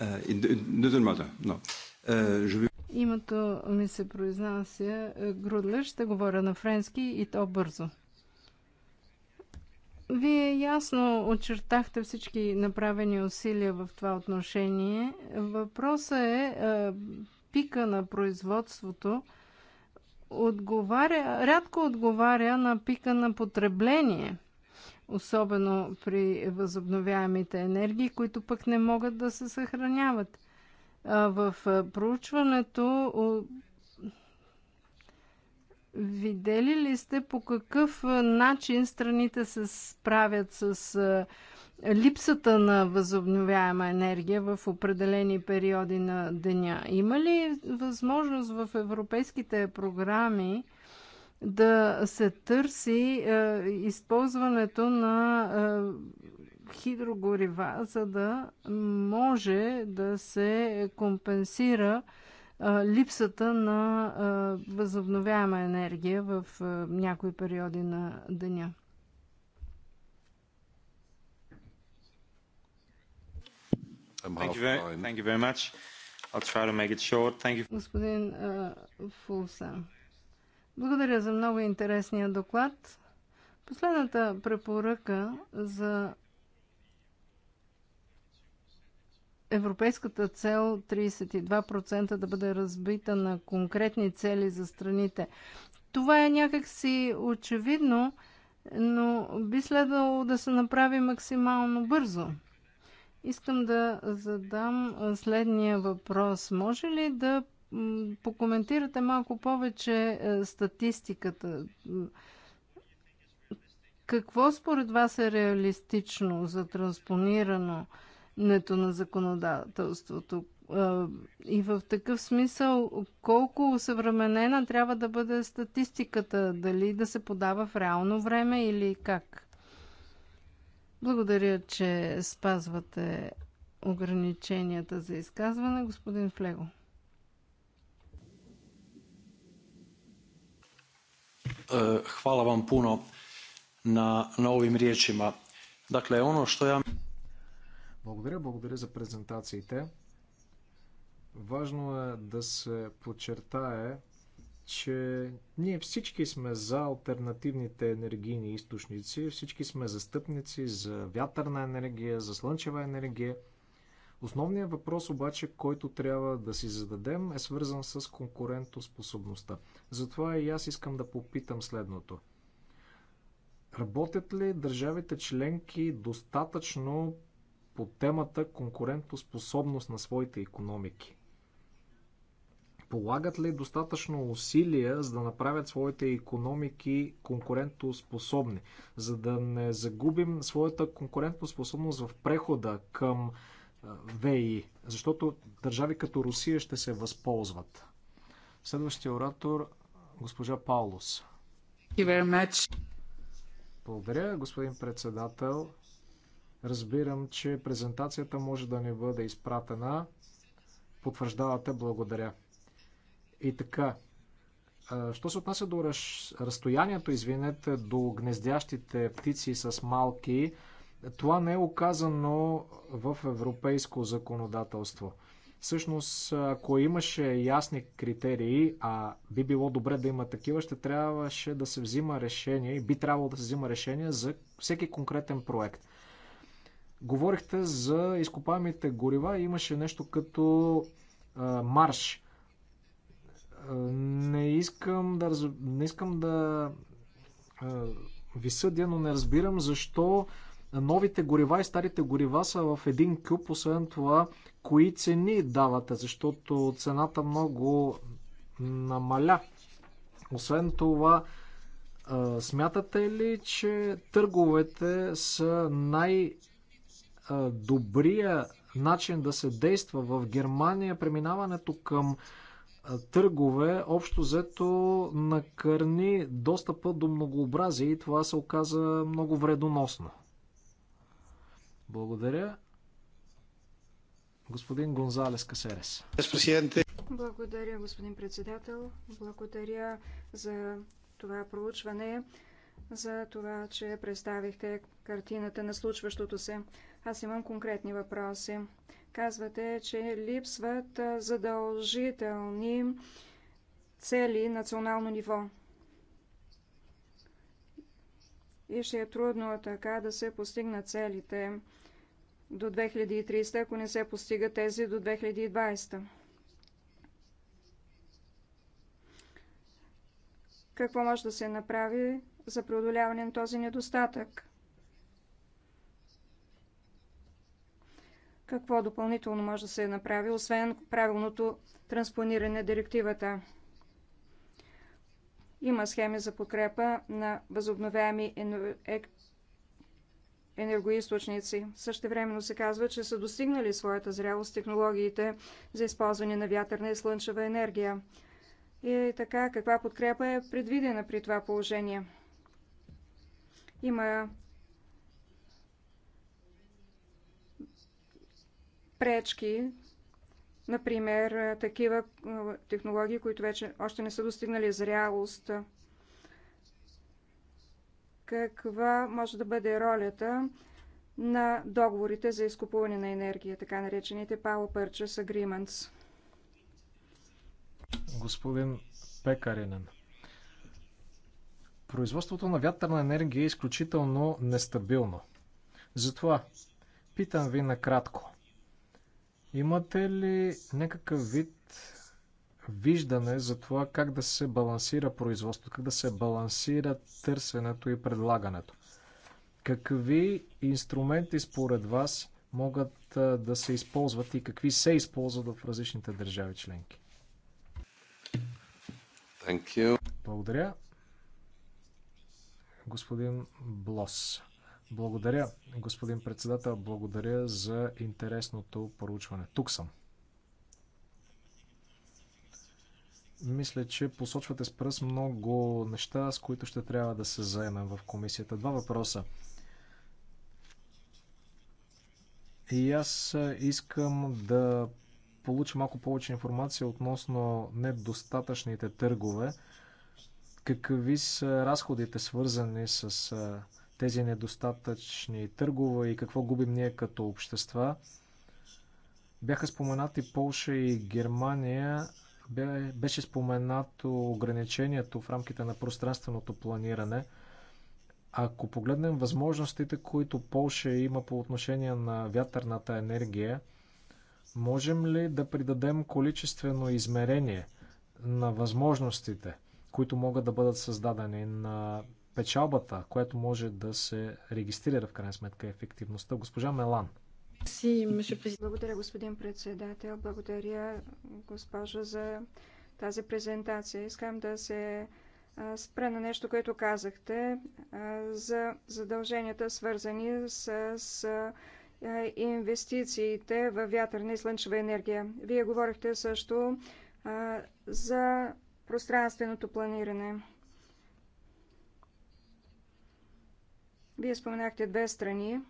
Uh, it doesn't matter. No. Uh, je... Името ми се произнася е, Грудлер. Ще говоря на френски и то бързо. Вие ясно очертахте всички направени усилия в това отношение. Въпросът е, е пика на производството отговаря, рядко отговаря на пика на потребление – особено при възобновяемите енергии, които пък не могат да се съхраняват. В проучването видели ли сте по какъв начин страните се справят с липсата на възобновяема енергия в определени периоди на деня? Има ли възможност в европейските програми да се търси е, използването на е, хидрогорива, за да може да се компенсира е, липсата на е, възобновяема енергия в е, някои периоди на деня. Господин Фулсан. Благодаря за много интересния доклад. Последната препоръка за европейската цел 32% да бъде разбита на конкретни цели за страните. Това е някакси очевидно, но би следвало да се направи максимално бързо. Искам да задам следния въпрос. Може ли да покоментирате малко повече е, статистиката. Какво според вас е реалистично за транспонирането на законодателството? Е, и в такъв смисъл, колко съвременена трябва да бъде статистиката? Дали да се подава в реално време или как? Благодаря, че спазвате ограниченията за изказване, господин Флего. Eh, hvala vam puno на, на овим riječima. Dakle, ono što ja... Благодаря, благодаря за презентациите. Важно е да се подчертае, че ние всички сме за альтернативните енергийни източници, всички сме застъпници за вятърна енергия, за слънчева енергия – Основният въпрос обаче, който трябва да си зададем е свързан с конкурентоспособността. Затова и аз искам да попитам следното. Работят ли държавите членки достатъчно по темата конкурентоспособност на своите економики? Полагат ли достатъчно усилия за да направят своите економики конкурентоспособни, за да не загубим своята конкурентоспособност в прехода към ВИ, защото държави като Русия ще се възползват. Следващия оратор, госпожа Паулус. Благодаря, господин председател. Разбирам, че презентацията може да не бъде изпратена. Потвърждавате, благодаря. И така, що се отнася до разстоянието, извинете, до гнездящите птици с малки, това не е оказано в европейско законодателство. Всъщност, ако имаше ясни критерии, а би било добре да има такива, ще трябваше да се взима решение и би трябвало да се взима решение за всеки конкретен проект. Говорихте за изкопаемите горива и имаше нещо като а, марш. А, не искам да, не искам да а, ви съдя, но не разбирам защо новите горива и старите горива са в един кюп, освен това, кои цени давате, защото цената много намаля. Освен това, смятате ли, че търговете са най-добрия начин да се действа в Германия? Преминаването към търгове общо взето накърни достъпа до многообразие и това се оказа много вредоносно. Благодаря. Господин Гонзалес Касерес. Благодаря, господин председател. Благодаря за това проучване, за това, че представихте картината на случващото се. Аз имам конкретни въпроси. Казвате, че липсват задължителни цели национално ниво. И ще е трудно така да се постигнат целите до 2030, ако не се постига тези до 2020. Какво може да се направи за преодоляване на този недостатък? Какво допълнително може да се направи, освен правилното транспониране на директивата? Има схеми за подкрепа на възобновяеми енергоисточници. Същевременно се казва, че са достигнали своята зрялост технологиите за използване на вятърна и слънчева енергия. И така, каква подкрепа е предвидена при това положение? Има пречки, например, такива технологии, които вече още не са достигнали зрялост каква може да бъде ролята на договорите за изкупуване на енергия, така наречените Power Purchase Agreements. Господин Пекаринен, производството на вятърна енергия е изключително нестабилно. Затова питам ви накратко. Имате ли някакъв вид виждане за това как да се балансира производството, как да се балансира търсенето и предлагането. Какви инструменти според вас могат да се използват и какви се използват в различните държави членки? Благодаря. Господин Блос. Благодаря, господин председател. Благодаря за интересното проучване. Тук съм. Мисля, че посочвате с пръст много неща, с които ще трябва да се заемем в комисията. Два въпроса. И аз искам да получа малко повече информация относно недостатъчните търгове. Какви са разходите свързани с тези недостатъчни търгове и какво губим ние като общества? Бяха споменати Полша и Германия беше споменато ограничението в рамките на пространственото планиране. Ако погледнем възможностите, които Полша има по отношение на вятърната енергия, можем ли да придадем количествено измерение на възможностите, които могат да бъдат създадени на печалбата, която може да се регистрира в крайна сметка ефективността? Госпожа Мелан. Благодаря, господин председател. Благодаря, госпожо, за тази презентация. Искам да се спра на нещо, което казахте за задълженията, свързани с инвестициите в вятърна и слънчева енергия. Вие говорихте също за пространственото планиране. Вие споменахте две страни.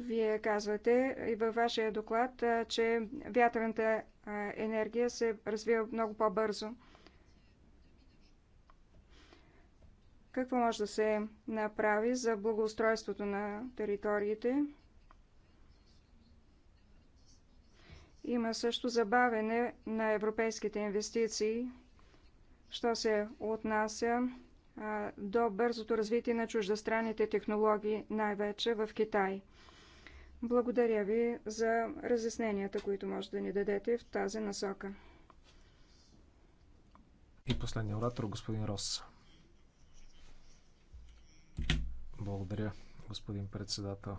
Вие казвате и във вашия доклад, че вятърната енергия се развива много по-бързо. Какво може да се направи за благоустройството на териториите? Има също забавене на европейските инвестиции, що се отнася до бързото развитие на чуждестранните технологии, най-вече в Китай – благодаря ви за разясненията, които може да ни дадете в тази насока. И последния оратор, господин Рос. Благодаря, господин председател.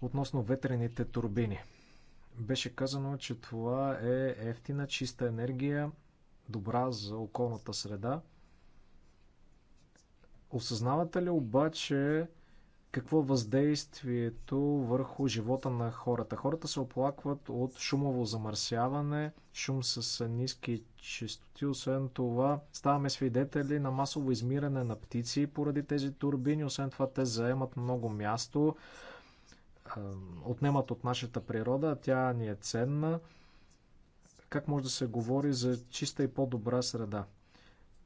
Относно ветрените турбини. Беше казано, че това е ефтина, чиста енергия, добра за околната среда. Осъзнавате ли обаче какво въздействието върху живота на хората. Хората се оплакват от шумово замърсяване, шум с ниски чистоти. Освен това, ставаме свидетели на масово измиране на птици поради тези турбини. Освен това, те заемат много място, отнемат от нашата природа, тя ни е ценна. Как може да се говори за чиста и по-добра среда?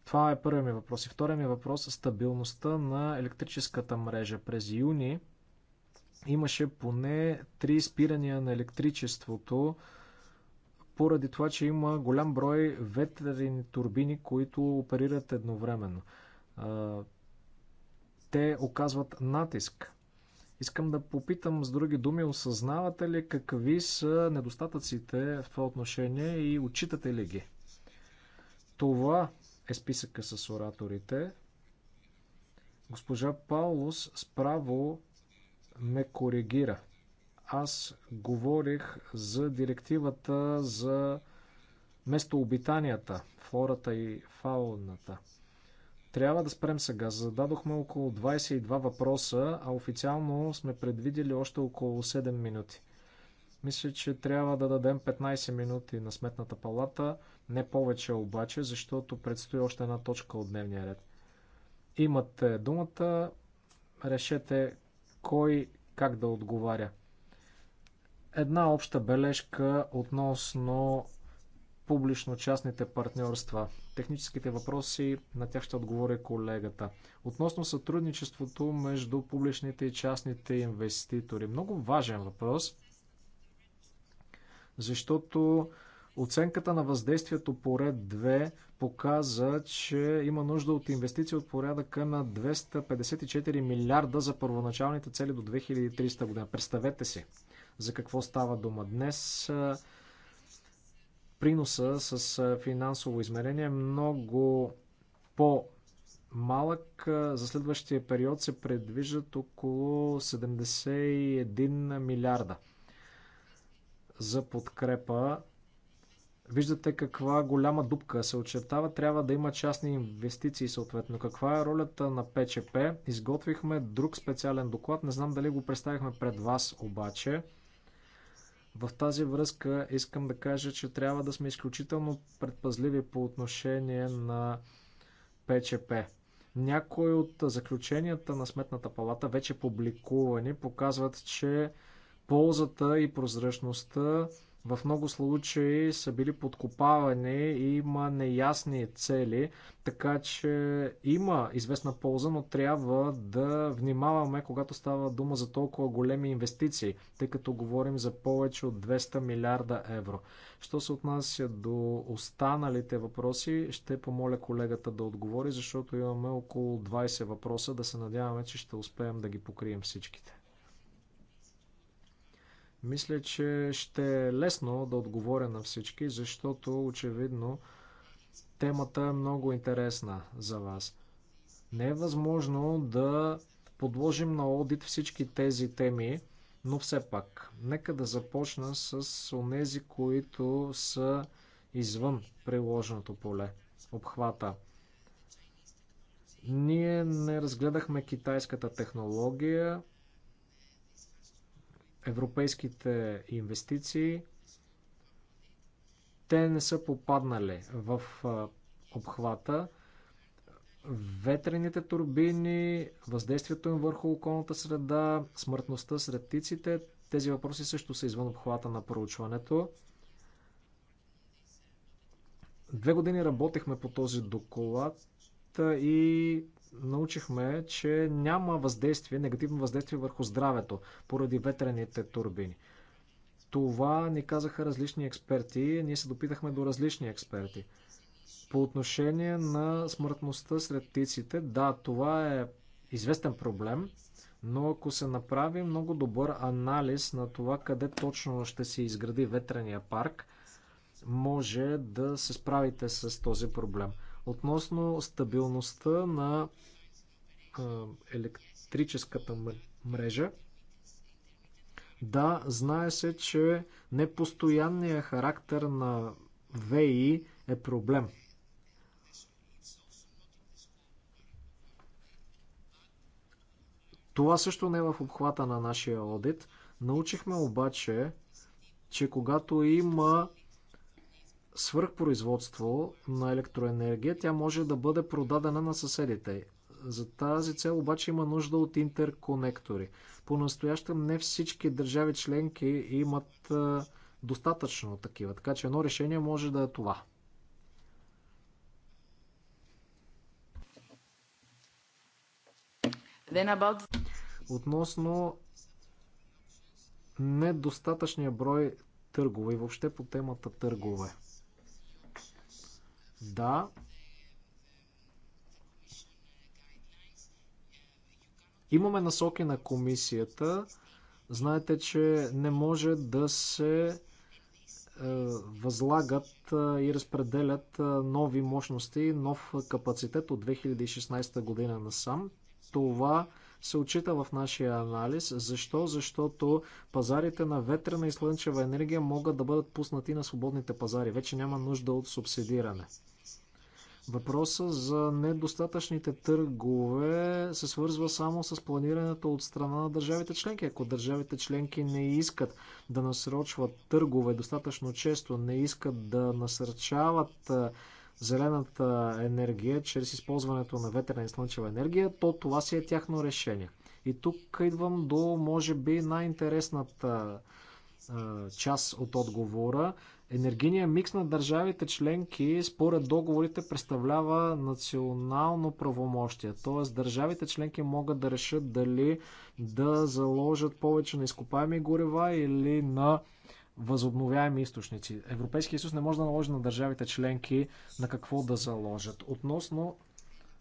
Това е първият ми въпрос. И вторият ми въпрос е стабилността на електрическата мрежа. През юни имаше поне три спирания на електричеството, поради това, че има голям брой ветрени турбини, които оперират едновременно. Те оказват натиск. Искам да попитам с други думи, осъзнавате ли какви са недостатъците в това отношение и отчитате ли ги? Това е списъка с ораторите. Госпожа Паулос справо ме коригира. Аз говорих за директивата за местообитанията, флората и фауната. Трябва да спрем сега. Зададохме около 22 въпроса, а официално сме предвидели още около 7 минути. Мисля, че трябва да дадем 15 минути на сметната палата, не повече обаче, защото предстои още една точка от дневния ред. Имате думата, решете кой как да отговаря. Една обща бележка относно публично-частните партньорства. Техническите въпроси на тях ще отговоря колегата. Относно сътрудничеството между публичните и частните инвеститори. Много важен въпрос защото оценката на въздействието по ред 2 показа, че има нужда от инвестиции от порядъка на 254 милиарда за първоначалните цели до 2300 година. Представете си за какво става дума. Днес приноса с финансово измерение е много по- малък. За следващия период се предвиждат около 71 милиарда за подкрепа. Виждате каква голяма дупка се очертава. Трябва да има частни инвестиции съответно. Каква е ролята на ПЧП? Изготвихме друг специален доклад. Не знам дали го представихме пред вас обаче. В тази връзка искам да кажа, че трябва да сме изключително предпазливи по отношение на ПЧП. Някои от заключенията на Сметната палата, вече публикувани, показват, че ползата и прозрачността в много случаи са били подкопавани и има неясни цели, така че има известна полза, но трябва да внимаваме, когато става дума за толкова големи инвестиции, тъй като говорим за повече от 200 милиарда евро. Що се отнася до останалите въпроси, ще помоля колегата да отговори, защото имаме около 20 въпроса, да се надяваме, че ще успеем да ги покрием всичките. Мисля, че ще е лесно да отговоря на всички, защото очевидно темата е много интересна за вас. Не е възможно да подложим на аудит всички тези теми, но все пак, нека да започна с онези, които са извън приложеното поле, обхвата. Ние не разгледахме китайската технология, европейските инвестиции, те не са попаднали в обхвата. Ветрените турбини, въздействието им върху околната среда, смъртността сред птиците, тези въпроси също са извън обхвата на проучването. Две години работехме по този доклад и научихме, че няма въздействие, негативно въздействие върху здравето поради ветрените турбини. Това ни казаха различни експерти. Ние се допитахме до различни експерти. По отношение на смъртността сред птиците, да, това е известен проблем, но ако се направи много добър анализ на това къде точно ще се изгради ветрения парк, може да се справите с този проблем. Относно стабилността на електрическата мрежа, да, знае се, че непостоянният характер на ВИ е проблем. Това също не е в обхвата на нашия одит. Научихме обаче, че когато има свръхпроизводство на електроенергия, тя може да бъде продадена на съседите. За тази цел обаче има нужда от интерконектори. По-настоящем не всички държави членки имат достатъчно такива, така че едно решение може да е това. About... Относно недостатъчния брой търгове и въобще по темата търгове. Да. Имаме насоки на комисията. Знаете, че не може да се е, възлагат е, и разпределят е, нови мощности, нов капацитет от 2016 година насам. Това се отчита в нашия анализ. Защо? Защото пазарите на ветрена и слънчева енергия могат да бъдат пуснати на свободните пазари. Вече няма нужда от субсидиране. Въпроса за недостатъчните търгове се свързва само с планирането от страна на държавите членки. Ако държавите членки не искат да насрочват търгове достатъчно често, не искат да насърчават зелената енергия чрез използването на ветрена и слънчева енергия, то това си е тяхно решение. И тук идвам до, може би, най-интересната част от отговора. Енергийният микс на държавите членки според договорите представлява национално правомощие. Т.е. държавите членки могат да решат дали да заложат повече на изкопаеми горива или на възобновяеми източници. Европейския съюз не може да наложи на държавите членки на какво да заложат. Относно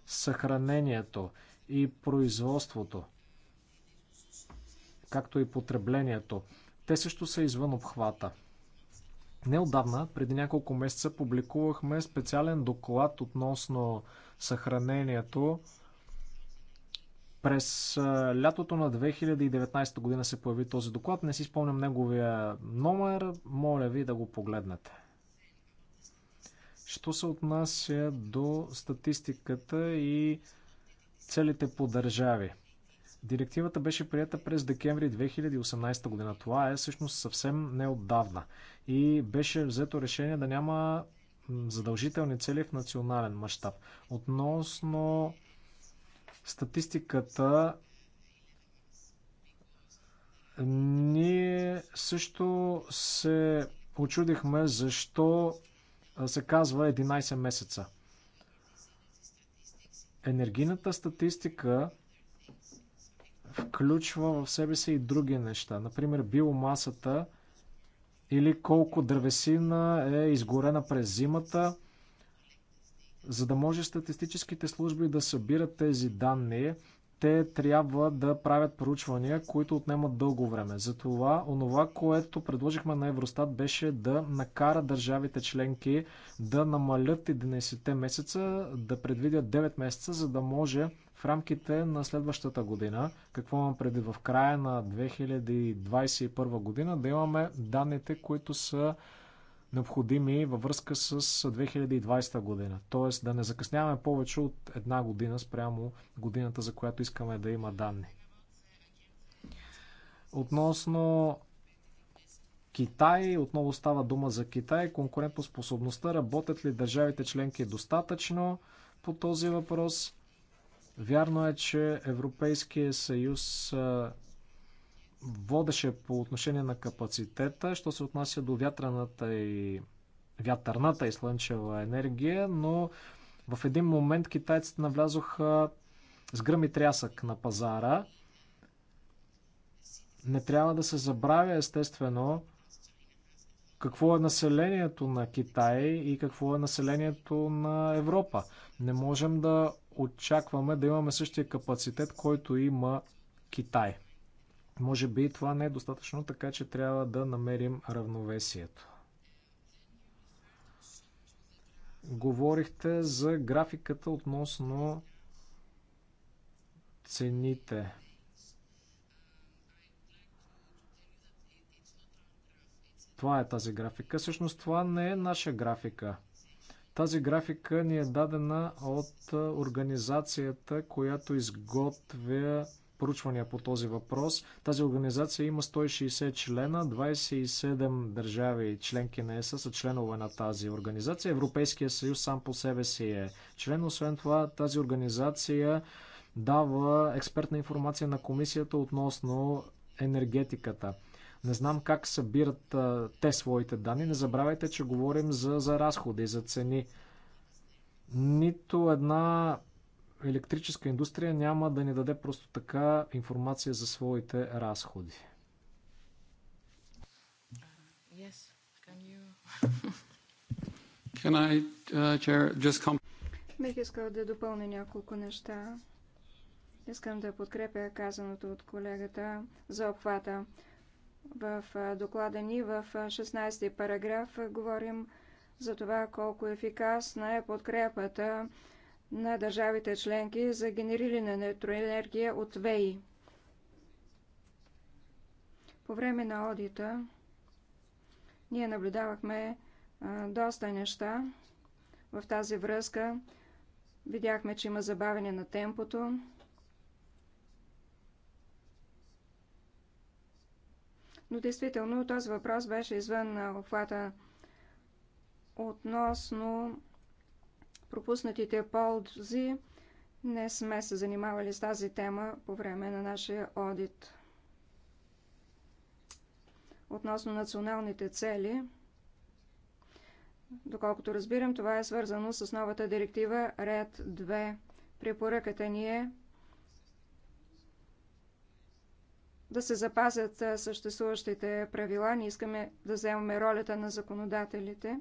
съхранението и производството, както и потреблението, те също са извън обхвата. Неодавна, преди няколко месеца, публикувахме специален доклад относно съхранението. През лятото на 2019 година се появи този доклад. Не си спомням неговия номер. Моля ви да го погледнете. Що се отнася до статистиката и целите по държави? Директивата беше прията през декември 2018 година. Това е всъщност съвсем неотдавна. И беше взето решение да няма задължителни цели в национален мащаб. Относно статистиката, ние също се очудихме защо се казва 11 месеца. Енергийната статистика включва в себе си и други неща. Например, биомасата или колко дървесина е изгорена през зимата, за да може статистическите служби да събират тези данни, те трябва да правят проучвания, които отнемат дълго време. Затова онова, което предложихме на Евростат беше да накара държавите членки да намалят 11 месеца, да предвидят 9 месеца, за да може в рамките на следващата година, какво имам преди в края на 2021 година, да имаме данните, които са необходими във връзка с 2020 година. Тоест да не закъсняваме повече от една година спрямо годината, за която искаме да има данни. Относно Китай, отново става дума за Китай, конкурентоспособността, работят ли държавите членки достатъчно по този въпрос? Вярно е, че Европейския съюз водеше по отношение на капацитета, що се отнася до вятърната и, вятърната и слънчева енергия, но в един момент китайците навлязоха с гръм и трясък на пазара. Не трябва да се забравя, естествено, какво е населението на Китай и какво е населението на Европа. Не можем да очакваме да имаме същия капацитет, който има Китай. Може би това не е достатъчно, така че трябва да намерим равновесието. Говорихте за графиката относно цените. Това е тази графика. Всъщност това не е наша графика. Тази графика ни е дадена от организацията, която изготвя проучвания по този въпрос. Тази организация има 160 члена, 27 държави членки на ЕСА са членове на тази организация. Европейския съюз сам по себе си е член. Освен това, тази организация дава експертна информация на комисията относно енергетиката. Не знам как събират а, те своите данни. Не забравяйте, че говорим за, за разходи, за цени. Нито една електрическа индустрия няма да ни даде просто така информация за своите разходи. Yes. Can (laughs) I, uh, chair, just come... Бих искал да допълня няколко неща. Искам да подкрепя казаното от колегата за обхвата. В доклада ни в 16 параграф говорим за това колко ефикасна е подкрепата на държавите членки за генериране на електроенергия от ВЕИ. По време на одита ние наблюдавахме доста неща в тази връзка. Видяхме, че има забавяне на темпото. но действително този въпрос беше извън обхвата относно пропуснатите ползи. Не сме се занимавали с тази тема по време на нашия одит. Относно националните цели, доколкото разбирам, това е свързано с новата директива Ред 2. Препоръката ни е да се запазят съществуващите правила. Не искаме да вземаме ролята на законодателите,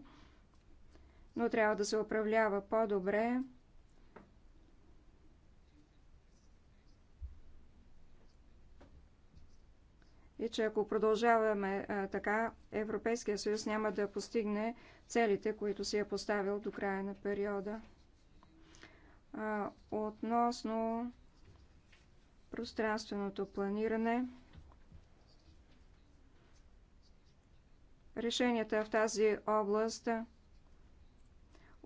но трябва да се управлява по-добре. И че ако продължаваме а, така, Европейския съюз няма да постигне целите, които си е поставил до края на периода. А, относно пространственото планиране. Решенията в тази област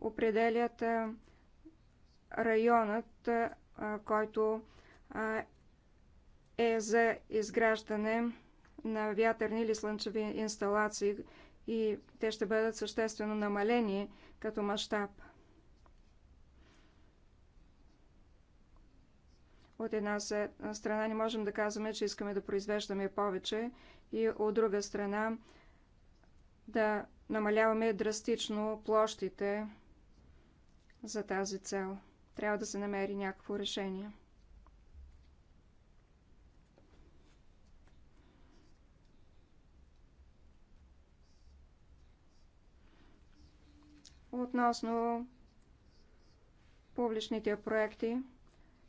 определят районът, който е за изграждане на вятърни или слънчеви инсталации и те ще бъдат съществено намалени като мащаб. От една страна не можем да казваме, че искаме да произвеждаме повече и от друга страна да намаляваме драстично площите за тази цел. Трябва да се намери някакво решение. Относно публичните проекти,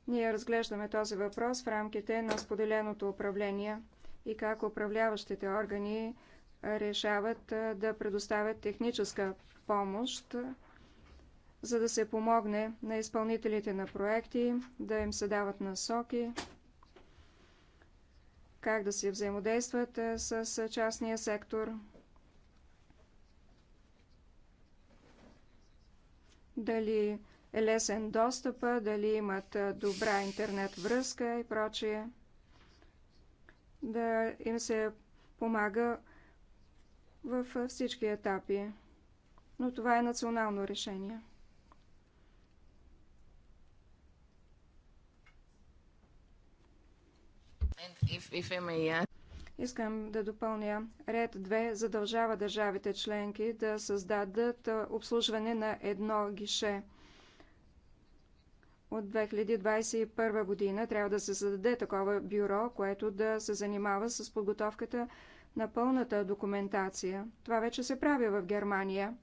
ние разглеждаме този въпрос в рамките на споделеното управление и как управляващите органи решават да предоставят техническа помощ, за да се помогне на изпълнителите на проекти, да им се дават насоки, как да се взаимодействат с частния сектор, дали е лесен достъп, дали имат добра интернет връзка и прочие. Да им се помага във всички етапи. Но това е национално решение. If, if may... Искам да допълня. Ред 2 задължава държавите членки да създадат обслужване на едно гише. От 2021 година трябва да се създаде такова бюро, което да се занимава с подготовката на на пълната документация. Това вече се прави в Германия.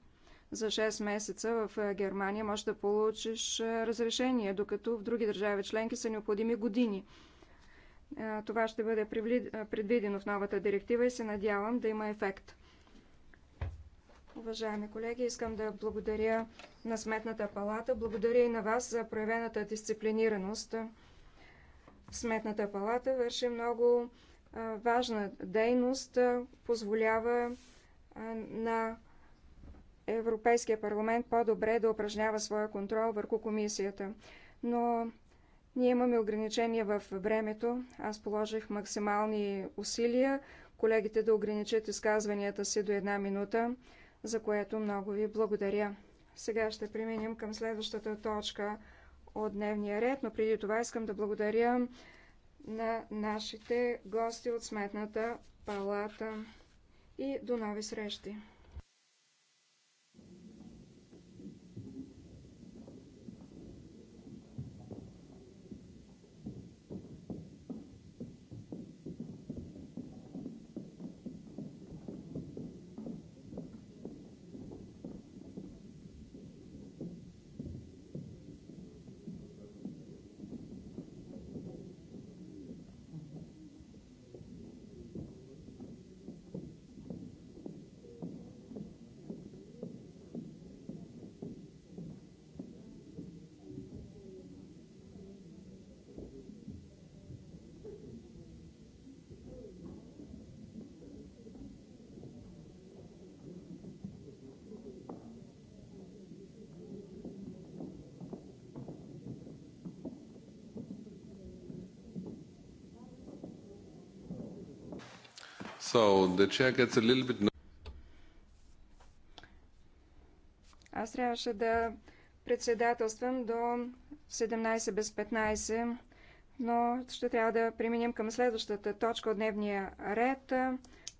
За 6 месеца в е, Германия можеш да получиш е, разрешение, докато в други държави членки са необходими години. Е, това ще бъде предвидено в новата директива и се надявам да има ефект. Уважаеми колеги, искам да благодаря на Сметната палата. Благодаря и на вас за проявената дисциплинираност. Сметната палата върши много важна дейност позволява на Европейския парламент по-добре да упражнява своя контрол върху комисията. Но ние имаме ограничения в времето. Аз положих максимални усилия колегите да ограничат изказванията си до една минута, за което много ви благодаря. Сега ще преминем към следващата точка от дневния ред, но преди това искам да благодаря на нашите гости от Сметната палата и до нови срещи! So the chair gets a little bit... Аз трябваше да председателствам до 17 без 15, но ще трябва да преминем към следващата точка от дневния ред.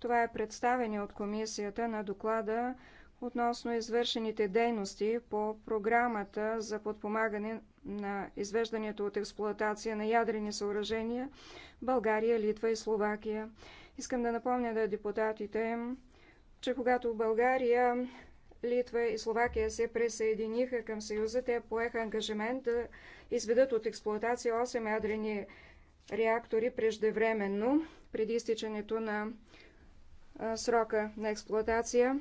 Това е представение от комисията на доклада относно извършените дейности по програмата за подпомагане на извеждането от експлоатация на ядрени съоръжения България, Литва и Словакия. Искам да напомня да депутатите, че когато България, Литва и Словакия се присъединиха към Съюза, те поеха ангажимент да изведат от експлоатация 8 ядрени реактори преждевременно, преди изтичането на срока на експлоатация.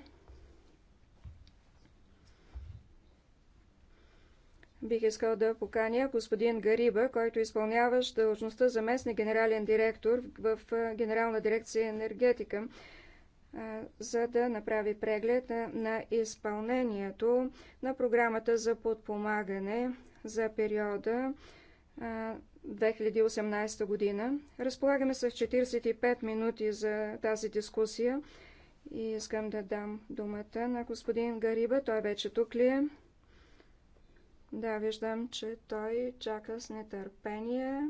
Бих искал да поканя господин Гариба, който изпълняваш дължността заместник генерален директор в Генерална дирекция енергетика, за да направи преглед на изпълнението на програмата за подпомагане за периода 2018 година. Разполагаме с 45 минути за тази дискусия и искам да дам думата на господин Гариба. Той вече тук ли е? Да, виждам, че той чака с нетърпение.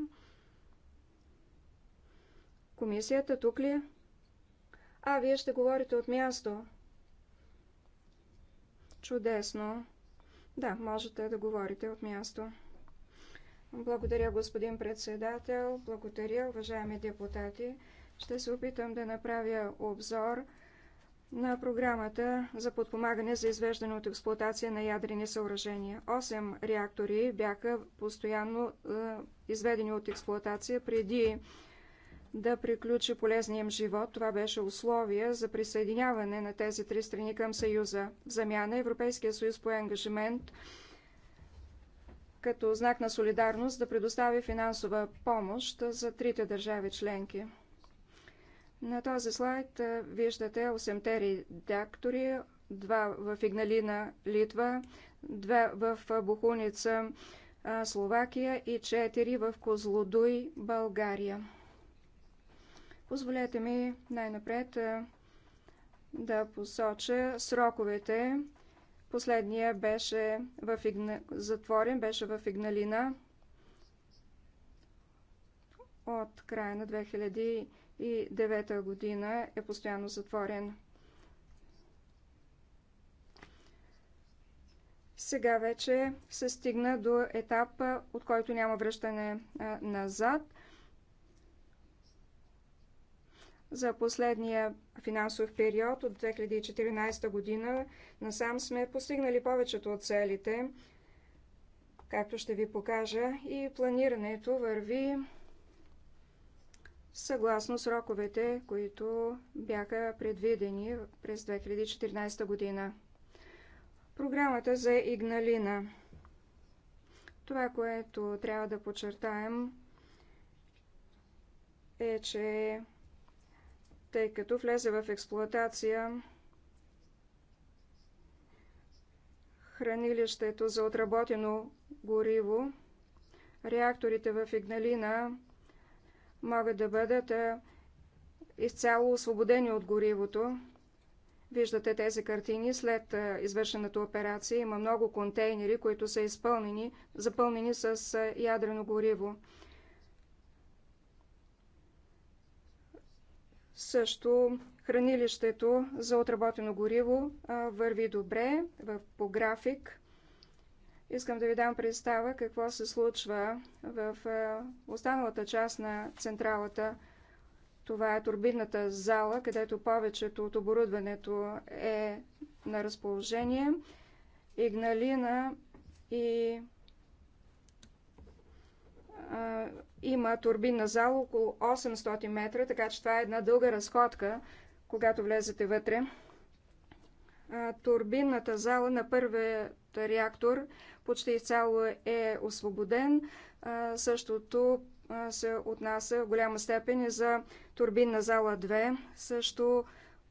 Комисията тук ли е? А, вие ще говорите от място. Чудесно. Да, можете да говорите от място. Благодаря, господин председател. Благодаря, уважаеми депутати. Ще се опитам да направя обзор на програмата за подпомагане за извеждане от експлоатация на ядрени съоръжения. Осем реактори бяха постоянно е, изведени от експлоатация преди да приключи полезния им живот. Това беше условие за присъединяване на тези три страни към Съюза. В замяна Европейския съюз по ангажимент като знак на солидарност да предостави финансова помощ за трите държави членки. На този слайд виждате 8-те редактори, два в Игналина, Литва, две в Бухуница, Словакия и 4 в Козлодуй, България. Позволете ми най-напред да посоча сроковете. Последния беше в Игна... затворен, беше в Игналина от края на 2000 2009 година е постоянно затворен. Сега вече се стигна до етапа, от който няма връщане назад. За последния финансов период от 2014 година насам сме постигнали повечето от целите. Както ще ви покажа, и планирането върви съгласно сроковете, които бяха предвидени през 2014 година. Програмата за Игналина. Това, което трябва да подчертаем, е, че тъй като влезе в експлоатация хранилището за отработено гориво, реакторите в Игналина могат да бъдат изцяло освободени от горивото. Виждате тези картини. След извършената операция има много контейнери, които са изпълнени, запълнени с ядрено гориво. Също хранилището за отработено гориво върви добре в, по график. Искам да ви дам представа какво се случва в останалата част на централата. Това е турбинната зала, където повечето от оборудването е на разположение. Игналина и а, има турбинна зала около 800 метра, така че това е една дълга разходка, когато влезете вътре. А, турбинната зала на първият реактор почти изцяло е освободен. Същото се отнася в голяма степен и за турбинна зала 2. Също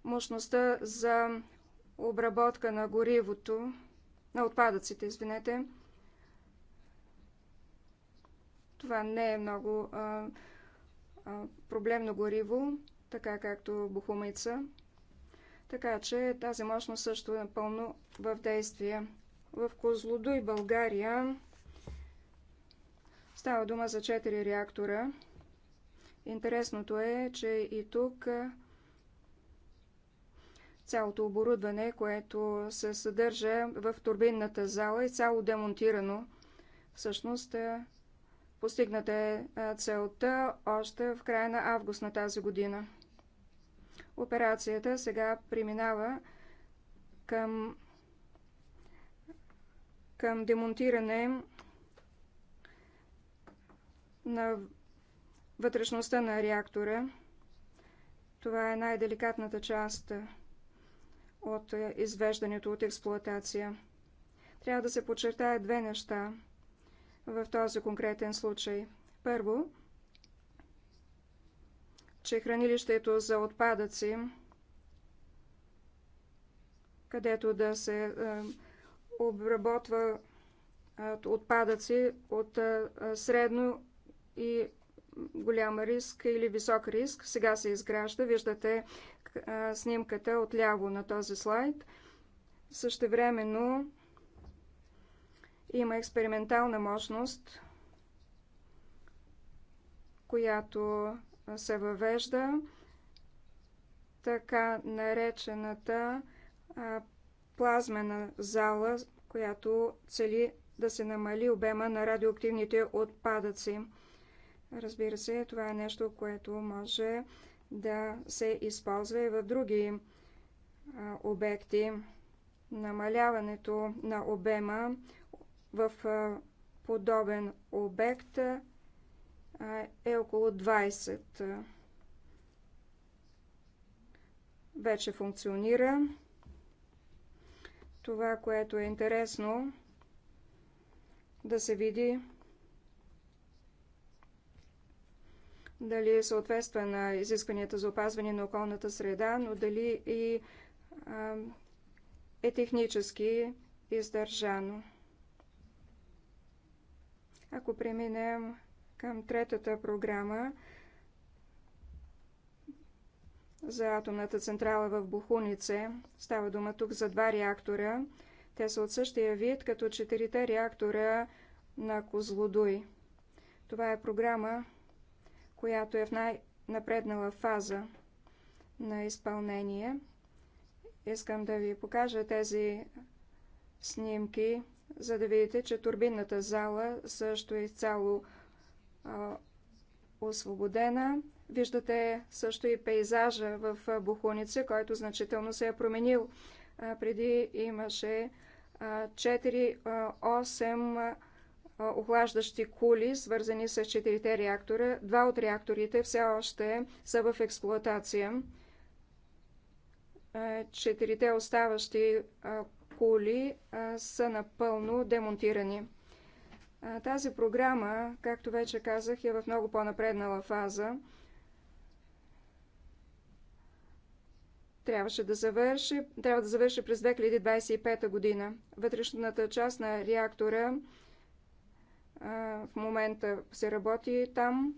мощността за обработка на горивото, на отпадъците, извинете. Това не е много а, а, проблемно гориво, така както бухумица. Така че тази мощност също е напълно в действие. В Козлодуй, България, става дума за 4 реактора. Интересното е, че и тук цялото оборудване, което се съдържа в турбинната зала е цяло демонтирано. Всъщност е, постигната е, е целта още в края на август на тази година. Операцията сега преминава към към демонтиране на вътрешността на реактора. Това е най-деликатната част от извеждането от експлоатация. Трябва да се подчертаят две неща в този конкретен случай. Първо, че хранилището за отпадъци, където да се е, обработва отпадъци от средно и голям риск или висок риск. Сега се изгражда. Виждате снимката отляво на този слайд. Същевременно има експериментална мощност, която се въвежда така наречената плазмена зала която цели да се намали обема на радиоактивните отпадъци. Разбира се, това е нещо, което може да се използва и в други а, обекти. Намаляването на обема в а, подобен обект а, е около 20. Вече функционира това, което е интересно да се види дали съответства на изискванията за опазване на околната среда, но дали и а, е технически издържано. Ако преминем към третата програма, за атомната централа в Бухунице. Става дума тук за два реактора. Те са от същия вид, като четирите реактора на Козлодуй. Това е програма, която е в най-напреднала фаза на изпълнение. Искам да ви покажа тези снимки, за да видите, че турбинната зала също е цяло освободена. Виждате също и пейзажа в Бухуница, който значително се е променил. Преди имаше 4-8 охлаждащи кули, свързани с четирите реактора. Два от реакторите все още са в експлуатация. Четирите оставащи кули са напълно демонтирани. Тази програма, както вече казах, е в много по-напреднала фаза. трябваше да завърши, трябва да завърши през 2025 година. Вътрешната част на реактора а, в момента се работи там.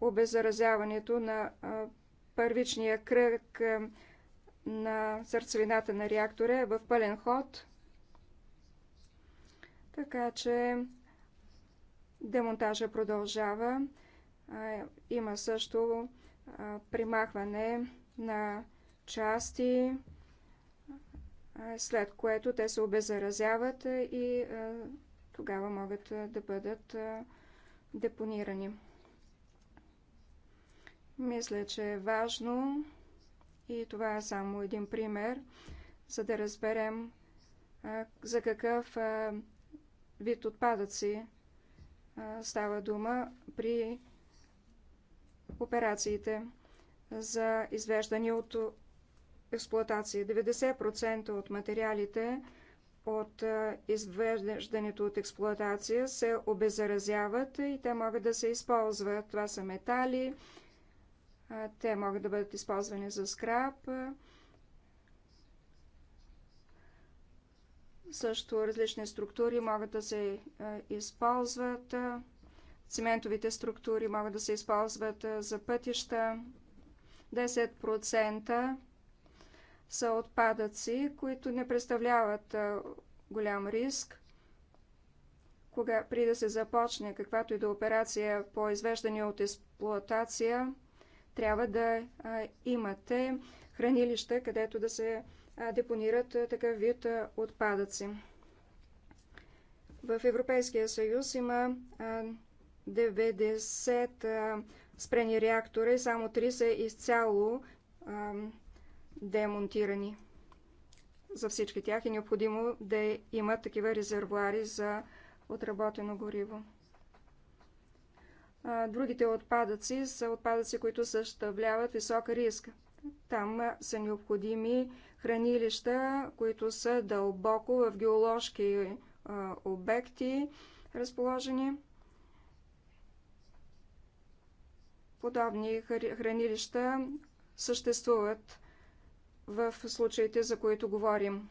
Обеззаразяването на а, първичния кръг а, на сърцевината на реактора е в пълен ход. Така че демонтажа продължава. А, има също примахване на части, след което те се обеззаразяват и тогава могат да бъдат депонирани. Мисля, че е важно и това е само един пример, за да разберем за какъв вид отпадъци става дума при операциите за извеждане от експлоатация. 90% от материалите от извеждането от експлоатация се обеззаразяват и те могат да се използват. Това са метали, те могат да бъдат използвани за скраб. Също различни структури могат да се използват. цементовите структури могат да се използват за пътища. 10% са отпадъци, които не представляват голям риск. Кога, при да се започне каквато и да е операция по извеждане от експлоатация, трябва да имате хранилища, където да се депонират такъв вид отпадъци. В Европейския съюз има 90 спрени реактора и само три са изцяло а, демонтирани. За всички тях е необходимо да имат такива резервуари за отработено гориво. А, другите отпадъци са отпадъци, които съставляват висок риск. Там са необходими хранилища, които са дълбоко в геоложки а, обекти разположени. Подобни хранилища съществуват в случаите, за които говорим.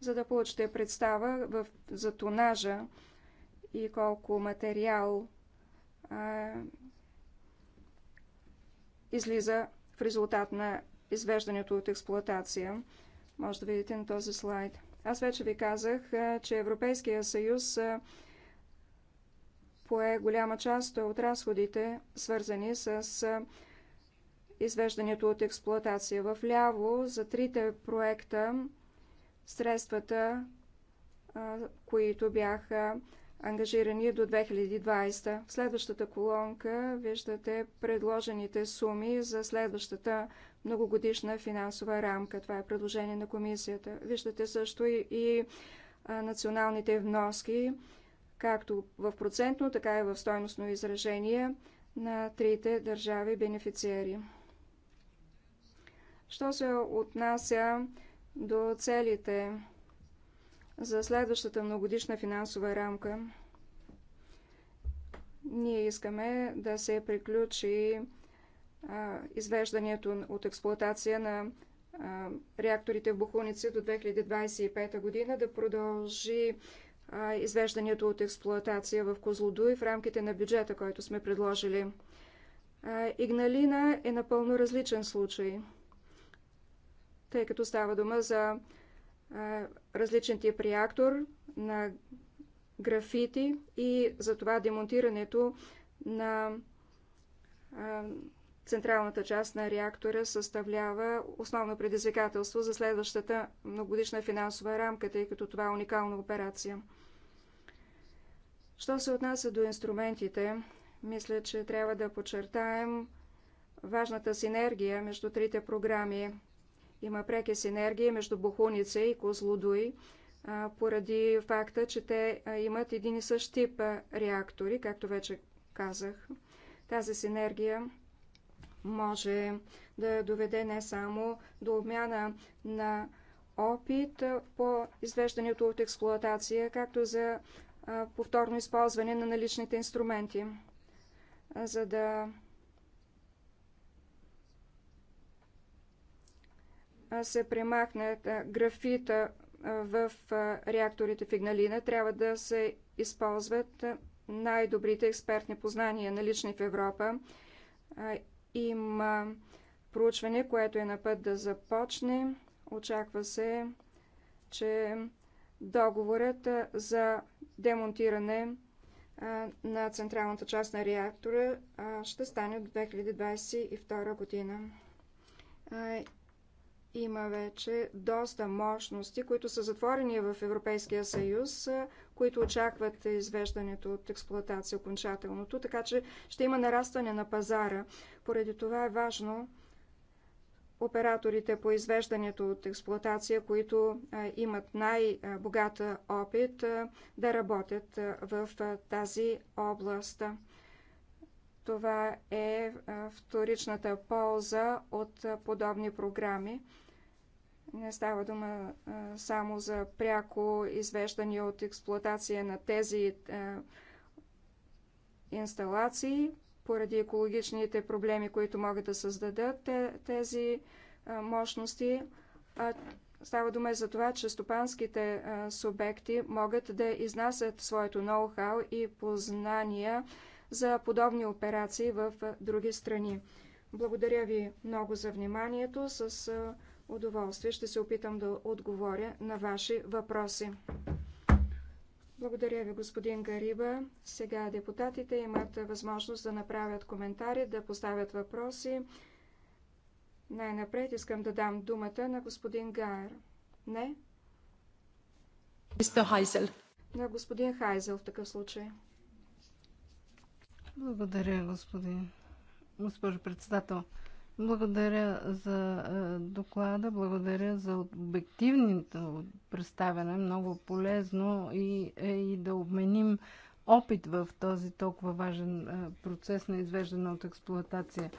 За да получите представа в, за тонажа и колко материал а, излиза в резултат на извеждането от експлоатация, може да видите на този слайд. Аз вече ви казах, че Европейския съюз пое голяма част от разходите, свързани с извеждането от експлоатация. В ляво за трите проекта средствата, които бяха ангажирани до 2020. В следващата колонка виждате предложените суми за следващата многогодишна финансова рамка. Това е предложение на комисията. Виждате също и, и националните вноски както в процентно, така и в стойностно изражение на трите държави бенефициери. Що се отнася до целите за следващата многодишна финансова рамка, ние искаме да се приключи а, извеждането от експлоатация на а, реакторите в Бухуници до 2025 година, да продължи извеждането от експлоатация в Козлодуй в рамките на бюджета, който сме предложили. Игналина е напълно различен случай, тъй като става дума за различен тип реактор на графити и за това демонтирането на Централната част на реактора съставлява основно предизвикателство за следващата многодишна финансова рамка, тъй като това е уникална операция. Що се отнася до инструментите, мисля, че трябва да подчертаем важната синергия между трите програми. Има преки синергии между Бухуница и Козлодуй, поради факта, че те имат един и същ тип реактори, както вече казах. Тази синергия може да доведе не само до обмяна на опит по извеждането от експлоатация, както за повторно използване на наличните инструменти. За да се премахне графита в реакторите в Игналина, трябва да се използват най-добрите експертни познания, налични в Европа има проучване, което е на път да започне. Очаква се, че договорът за демонтиране на централната част на реактора ще стане до 2022 година. Има вече доста мощности, които са затворени в Европейския съюз, които очакват извеждането от експлуатация окончателното, така че ще има нарастване на пазара. Поради това е важно операторите по извеждането от експлоатация, които имат най-богата опит, да работят в тази област. Това е вторичната полза от подобни програми. Не става дума само за пряко извеждане от експлоатация на тези инсталации, поради екологичните проблеми, които могат да създадат тези мощности. Става дума и за това, че стопанските субекти могат да изнасят своето ноу-хау и познания за подобни операции в други страни. Благодаря ви много за вниманието. С удоволствие ще се опитам да отговоря на ваши въпроси. Благодаря ви, господин Гариба. Сега депутатите имат възможност да направят коментари, да поставят въпроси. Най-напред искам да дам думата на господин Гар. Не? Мистер Хайзел. На господин Хайзел в такъв случай. Благодаря, господин. Госпожо председател. Благодаря за е, доклада, благодаря за обективното представяне, много полезно и, е и да обменим опит в този толкова важен е, процес на извеждане от експлоатация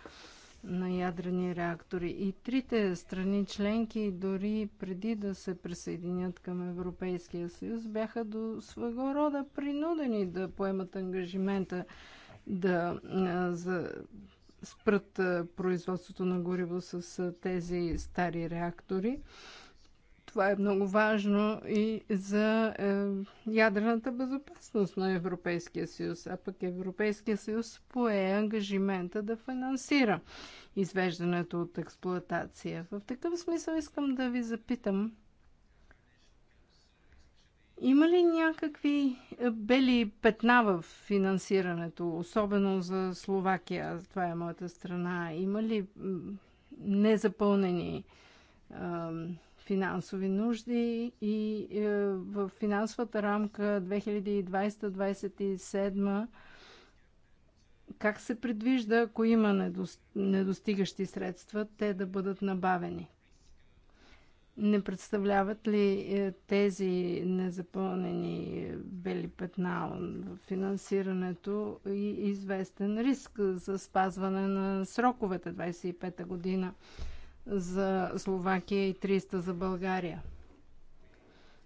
на ядрени реактори. И трите страни членки, дори преди да се присъединят към Европейския съюз, бяха до своего рода принудени да поемат ангажимента да за, спрат производството на гориво с тези стари реактори. Това е много важно и за е, ядрената безопасност на Европейския съюз. А пък Европейския съюз пое ангажимента да финансира извеждането от експлоатация. В такъв смисъл искам да ви запитам има ли някакви е, бели петна в финансирането, особено за Словакия, това е моята страна? Има ли незапълнени е, финансови нужди и е, в финансовата рамка 2020-2027 как се предвижда, ако има недостигащи средства, те да бъдат набавени? Не представляват ли е, тези незапълнени е, бели петна в финансирането и известен риск за спазване на сроковете 25-та година за Словакия и 300 за България?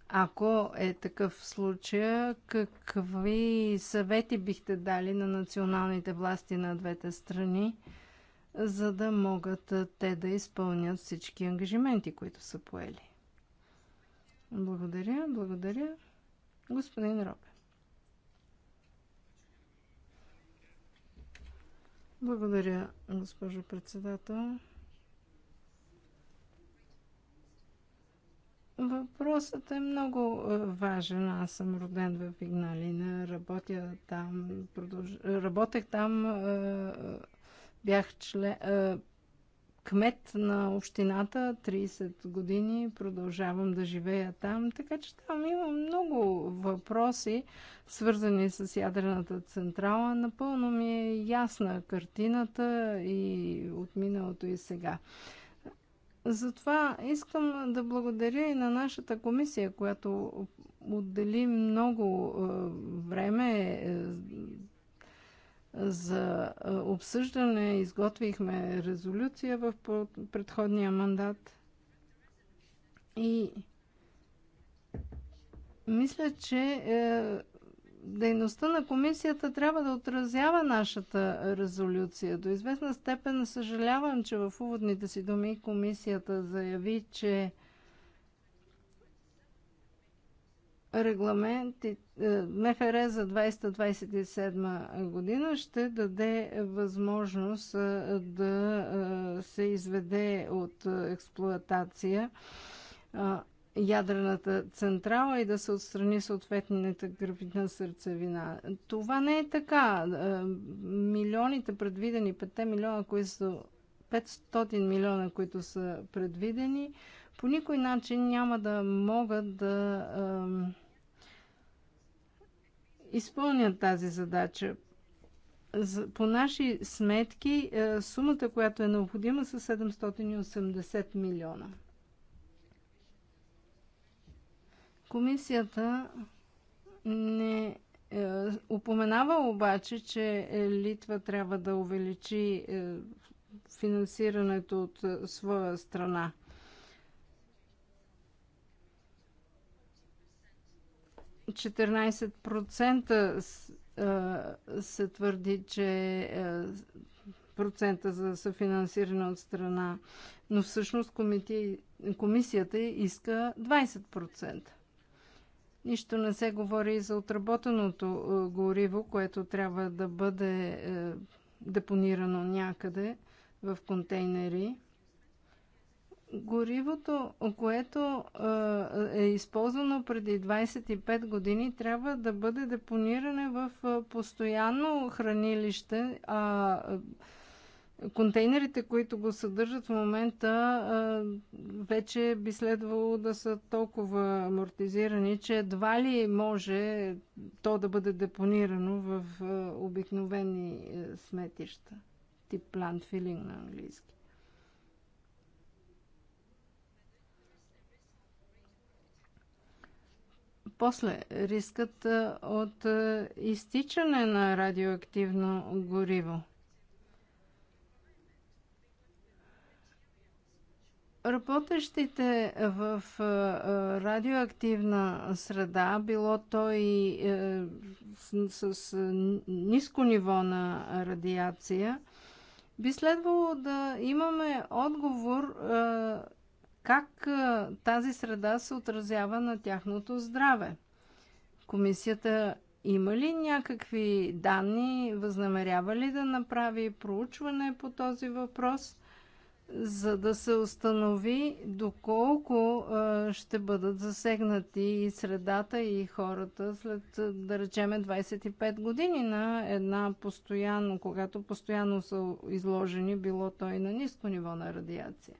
Ако е такъв случай, какви съвети бихте дали на националните власти на двете страни – за да могат те да изпълнят всички ангажименти, които са поели. Благодаря, благодаря, господин Робе. Благодаря, госпожо председател. Въпросът е много важен. Аз съм роден в Игналина, работя там, продълж... работех там Бях член, а, кмет на общината 30 години, продължавам да живея там, така че там има много въпроси, свързани с ядрената централа. Напълно ми е ясна картината и от миналото и сега. Затова искам да благодаря и на нашата комисия, която отдели много време, е, за обсъждане. Изготвихме резолюция в предходния мандат и мисля, че е, дейността на комисията трябва да отразява нашата резолюция. До известна степен съжалявам, че в уводните си думи комисията заяви, че регламент е, МФР за 2027 година ще даде възможност е, да е, се изведе от експлоатация ядрената централа и да се отстрани съответната гравитна сърцевина. Това не е така. Милионите предвидени, 5 милиона, които са 500 милиона, които са предвидени, по никой начин няма да могат да изпълнят тази задача. По наши сметки е, сумата, която е необходима са 780 милиона. Комисията не е, упоменава обаче, че Литва трябва да увеличи е, финансирането от своя страна. 14% се твърди, че процента за съфинансиране от страна, но всъщност комисията иска 20%. Нищо не се говори и за отработеното гориво, което трябва да бъде депонирано някъде в контейнери горивото, което е използвано преди 25 години, трябва да бъде депониране в постоянно хранилище, а контейнерите, които го съдържат в момента, вече би следвало да са толкова амортизирани, че едва ли може то да бъде депонирано в обикновени сметища, тип landfilling на английски. После рискът от изтичане на радиоактивно гориво. Работещите в радиоактивна среда, било то и с, с ниско ниво на радиация, би следвало да имаме отговор как тази среда се отразява на тяхното здраве. Комисията има ли някакви данни, възнамерява ли да направи проучване по този въпрос, за да се установи доколко ще бъдат засегнати и средата и хората след, да речеме, 25 години на една постоянно, когато постоянно са изложени, било то и на ниско ниво на радиация.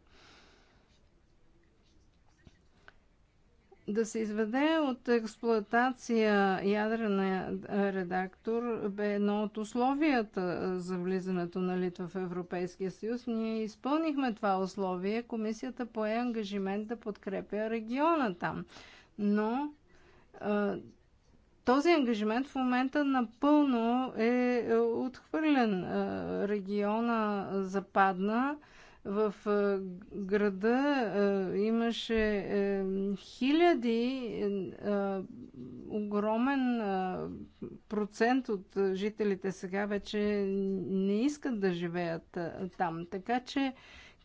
Да се изведе от експлоатация ядрена редактор бе едно от условията за влизането на Литва в Европейския съюз. Ние изпълнихме това условие. Комисията пое ангажимент да подкрепя региона там. Но този ангажимент в момента напълно е, е отхвърлен. Региона западна в града имаше е, хиляди, е, огромен процент от жителите сега вече не искат да живеят там. Така че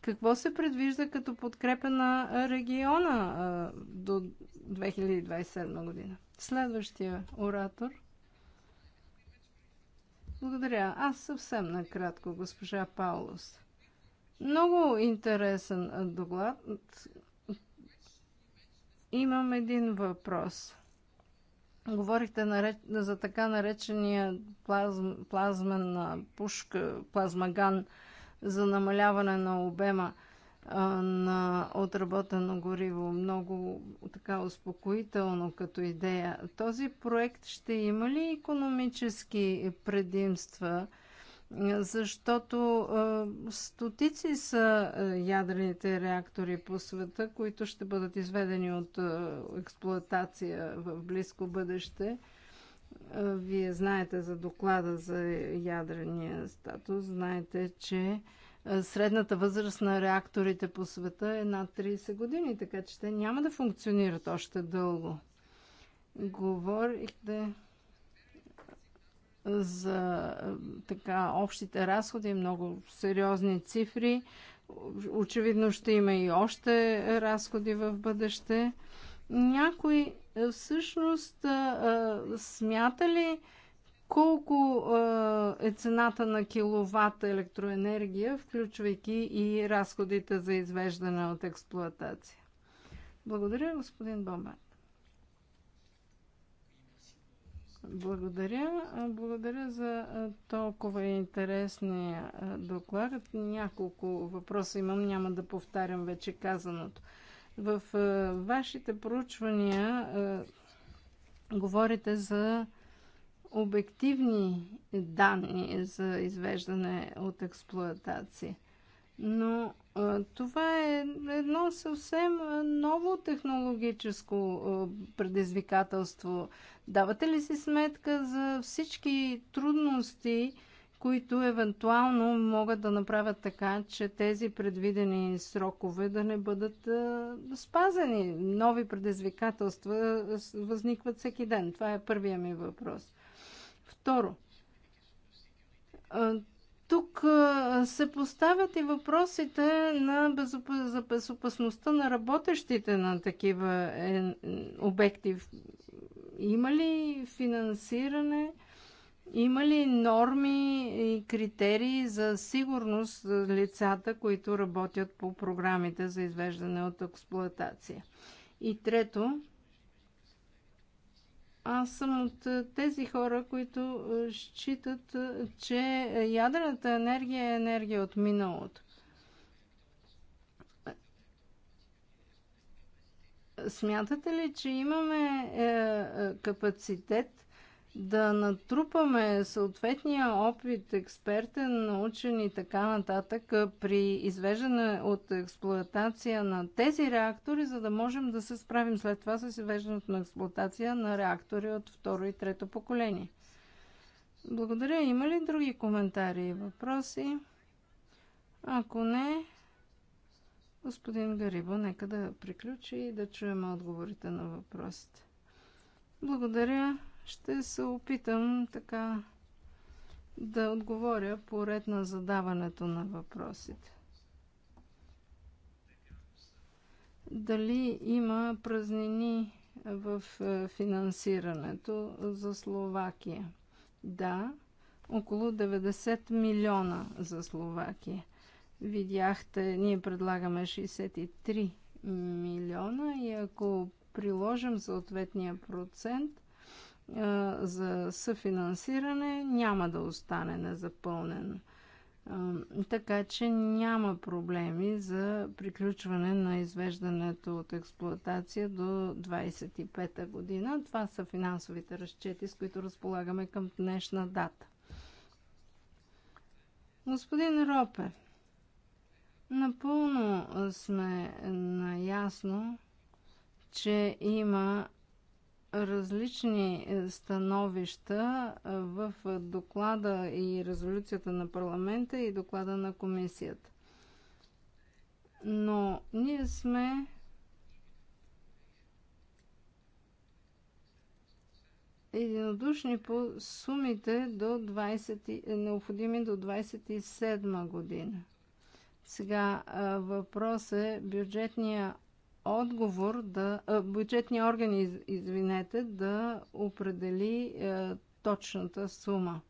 какво се предвижда като подкрепа на региона до 2027 година? Следващия оратор. Благодаря. Аз съвсем накратко, госпожа Паулос. Много интересен доклад. Имам един въпрос. Говорихте за така наречения плазм... плазмен пушка, плазмаган за намаляване на обема на отработено гориво. Много така успокоително като идея. Този проект ще има ли економически предимства? защото стотици са ядрените реактори по света, които ще бъдат изведени от експлоатация в близко бъдеще. Вие знаете за доклада за ядрения статус, знаете, че средната възраст на реакторите по света е над 30 години, така че те няма да функционират още дълго. Говорихте за е, така общите разходи, много сериозни цифри. Очевидно ще има и още разходи в бъдеще. Някой е, всъщност е, смята ли колко е цената на киловатт електроенергия, включвайки и разходите за извеждане от експлоатация? Благодаря, господин Бомбат. Благодаря. Благодаря за толкова интересния доклад. Няколко въпроса имам, няма да повтарям вече казаното. В вашите проучвания говорите за обективни данни за извеждане от експлоатация. Но това е едно съвсем ново технологическо предизвикателство. Давате ли си сметка за всички трудности, които евентуално могат да направят така, че тези предвидени срокове да не бъдат спазени? Нови предизвикателства възникват всеки ден. Това е първия ми въпрос. Второ, тук се поставят и въпросите на безоп... за безопасността на работещите на такива е, обекти. Има ли финансиране? Има ли норми и критерии за сигурност за лицата, които работят по програмите за извеждане от експлоатация? И трето, аз съм от е, тези хора, които е, считат, е, че ядрената енергия е енергия от миналото. Смятате ли, че имаме е, капацитет да натрупаме съответния опит, експертен, научен и така нататък при извеждане от експлоатация на тези реактори, за да можем да се справим след това с извеждането на експлуатация на реактори от второ и трето поколение. Благодаря. Има ли други коментари и въпроси? Ако не, господин Гарибо, нека да приключи и да чуем отговорите на въпросите. Благодаря. Ще се опитам така да отговоря по ред на задаването на въпросите. Дали има празнини в е, финансирането за Словакия? Да, около 90 милиона за Словакия. Видяхте, ние предлагаме 63 милиона и ако приложим съответния процент, за съфинансиране няма да остане незапълнен. Така че няма проблеми за приключване на извеждането от експлоатация до 25-та година. Това са финансовите разчети, с които разполагаме към днешна дата. Господин Ропе, напълно сме наясно, че има различни е, становища е, в доклада и резолюцията на парламента и доклада на комисията. Но ние сме единодушни по сумите до 20, е, необходими до 27 година. Сега въпрос е бюджетния отговор да, бюджетния орган, извинете, да определи е, точната сума.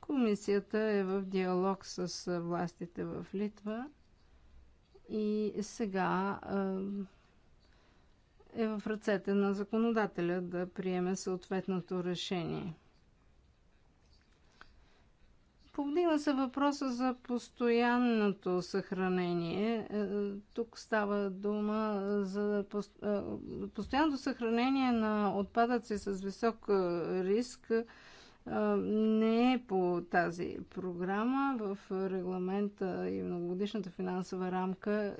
Комисията е в диалог с е, властите в Литва и сега е, е в ръцете на законодателя да приеме съответното решение. Повдига се въпроса за постоянното съхранение. Е, е, тук става дума за е, постоянното съхранение на отпадъци с висок риск не е по тази програма. В регламента и многогодишната финансова рамка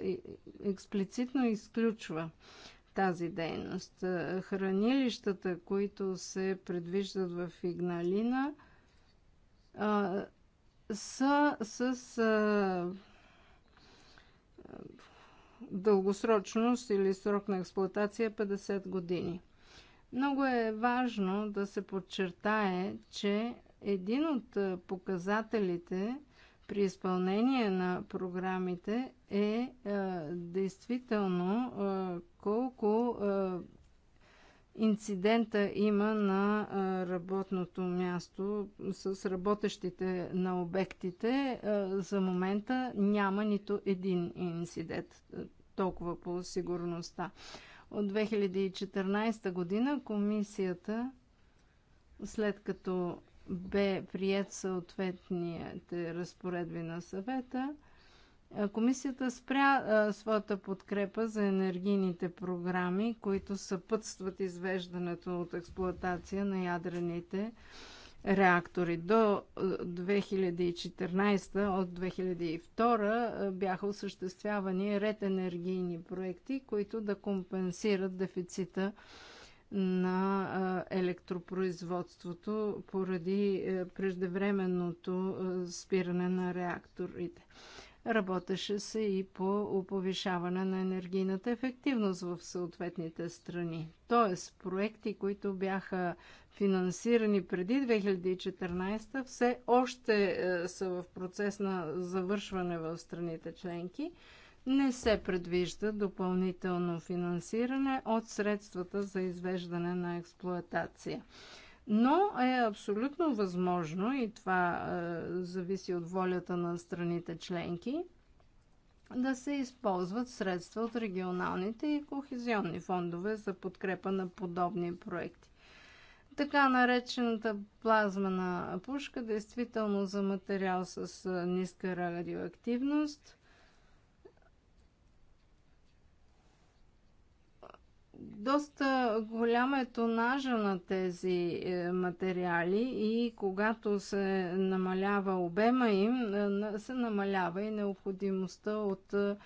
експлицитно изключва тази дейност. Хранилищата, които се предвиждат в Игналина, са с а, дългосрочност или срок на експлоатация 50 години. Много е важно да се подчертае, че един от показателите при изпълнение на програмите е, а, действително а, колко а, инцидента има на работното място с работещите на обектите. За момента няма нито един инцидент. Толкова по сигурността. От 2014 година комисията, след като бе прият съответните разпоредби на съвета, е, комисията спря а, е, своята подкрепа за енергийните програми, които съпътстват извеждането от експлоатация на ядрените реактори. До 2014, е, от 2002 бяха осъществявани ред енергийни проекти, които да компенсират дефицита на електропроизводството поради преждевременното спиране на реакторите. Работеше се и по повишаване на енергийната ефективност в съответните страни. Тоест, проекти, които бяха финансирани преди 2014, все още е, са в процес на завършване в страните членки. Не се предвижда допълнително финансиране от средствата за извеждане на експлоатация но е абсолютно възможно и това е, зависи от волята на страните членки да се използват средства от регионалните и кохезионни фондове за подкрепа на подобни проекти. Така наречената плазмана пушка действително за материал с е, ниска радиоактивност доста голям е тонажа на тези е, материали и когато се намалява обема им, е, се намалява и необходимостта от е,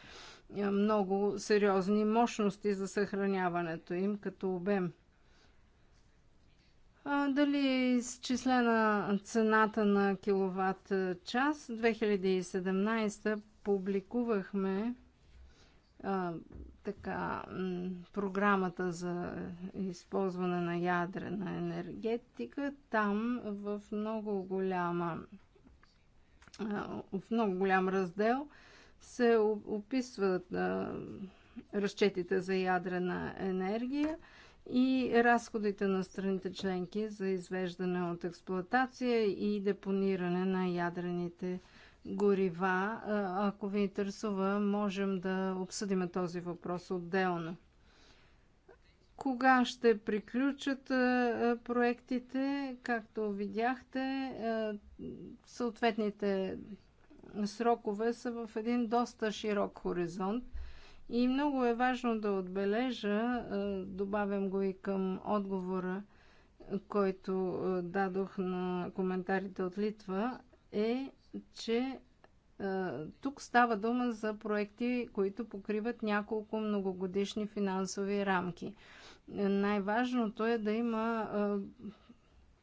много сериозни мощности за съхраняването им като обем. Дали е изчислена цената на киловатт час? 2017 публикувахме така програмата за използване на ядрена енергетика, там в много голяма в много голям раздел се описват разчетите за ядрена енергия и разходите на страните членки за извеждане от експлоатация и депониране на ядрените енергии горива. Ако ви интересува, можем да обсъдим този въпрос отделно. Кога ще приключат проектите? Както видяхте, съответните срокове са в един доста широк хоризонт. И много е важно да отбележа, добавям го и към отговора, който дадох на коментарите от Литва, е, че е, тук става дума за проекти, които покриват няколко многогодишни финансови рамки. Е, най-важното е да има е,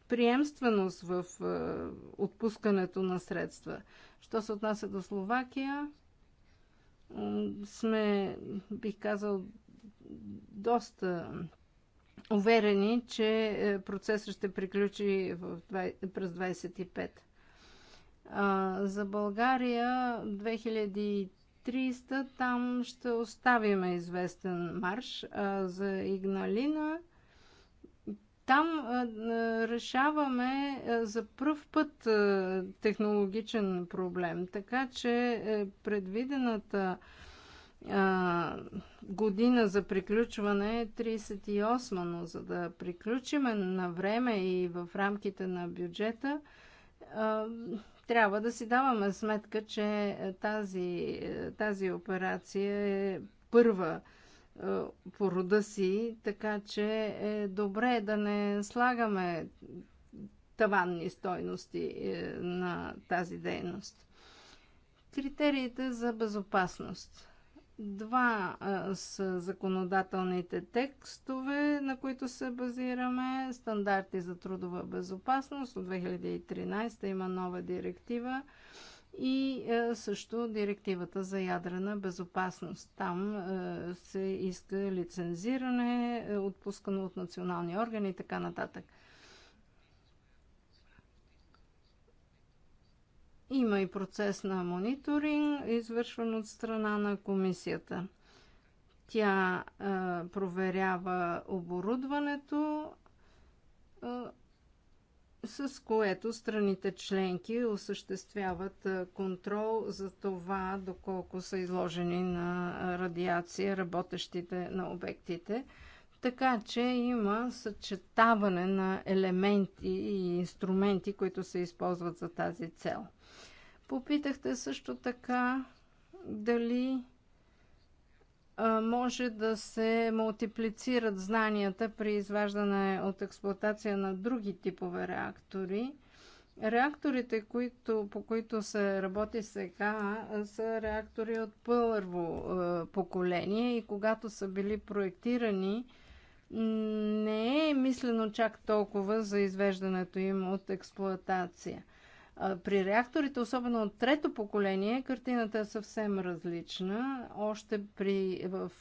приемственост в отпускането на средства. Що се отнася до Словакия, сме, бих казал, доста уверени, че процесът ще приключи през 25. А, за България 2300 там ще оставим известен марш. А, за Игналина там а, решаваме а, за първ път а, технологичен проблем. Така че а, е, предвидената а, година за приключване е 38, но за да приключиме на време и в рамките на бюджета, а, трябва да си даваме сметка, че е, тази, е, тази операция е първа е, по рода си, така че е добре да не слагаме таванни стойности на тази дейност. Критериите за безопасност. Два са законодателните текстове, на които се базираме. Стандарти за трудова безопасност от 2013 има нова директива и също директивата за ядрена безопасност. Там се иска лицензиране, е, отпускано от национални органи и така нататък. Има и процес на мониторинг, извършван от страна на комисията. Тя а, е, проверява оборудването, а, е, с което страните членки осъществяват контрол за това доколко са изложени на радиация работещите на обектите. Така че има съчетаване на елементи и инструменти, които се използват за тази цел. Попитахте също така дали може да се мултиплицират знанията при изваждане от експлоатация на други типове реактори. Реакторите, които, по които се работи сега, са реактори от първо а, поколение и когато са били проектирани, не е мислено чак толкова за извеждането им от експлоатация – при реакторите, особено от трето поколение, картината е съвсем различна. Още при, в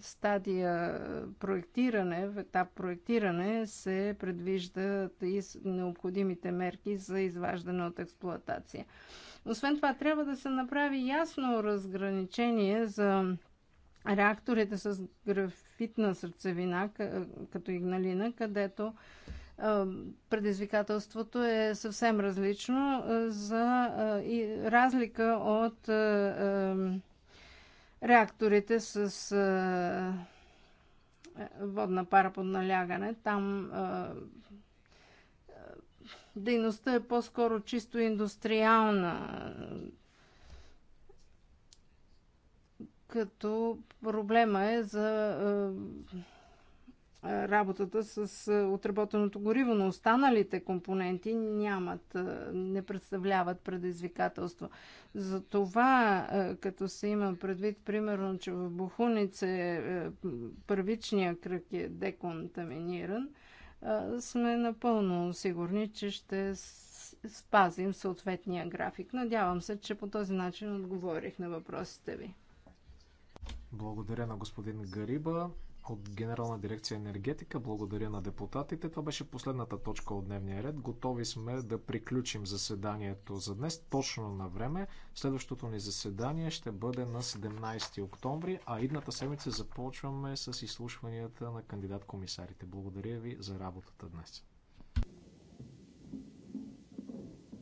стадия проектиране, в етап проектиране, се предвиждат и необходимите мерки за изваждане от експлоатация. Освен това, трябва да се направи ясно разграничение за реакторите с графитна сърцевина, като игналина, където е, предизвикателството е съвсем различно е, за е, и разлика от реакторите с водна пара под налягане. Там дейността е по-скоро чисто индустриална, като проблема е за работата с отработеното гориво, но останалите компоненти нямат, не представляват предизвикателство. Затова, като се има предвид, примерно, че в Бухунице първичния кръг е деконтаминиран, сме напълно сигурни, че ще спазим съответния график. Надявам се, че по този начин отговорих на въпросите ви. Благодаря на господин Гариба от Генерална дирекция енергетика. Благодаря на депутатите. Това беше последната точка от дневния ред. Готови сме да приключим заседанието за днес точно на време. Следващото ни заседание ще бъде на 17 октомври, а идната седмица започваме с изслушванията на кандидат-комисарите. Благодаря ви за работата днес.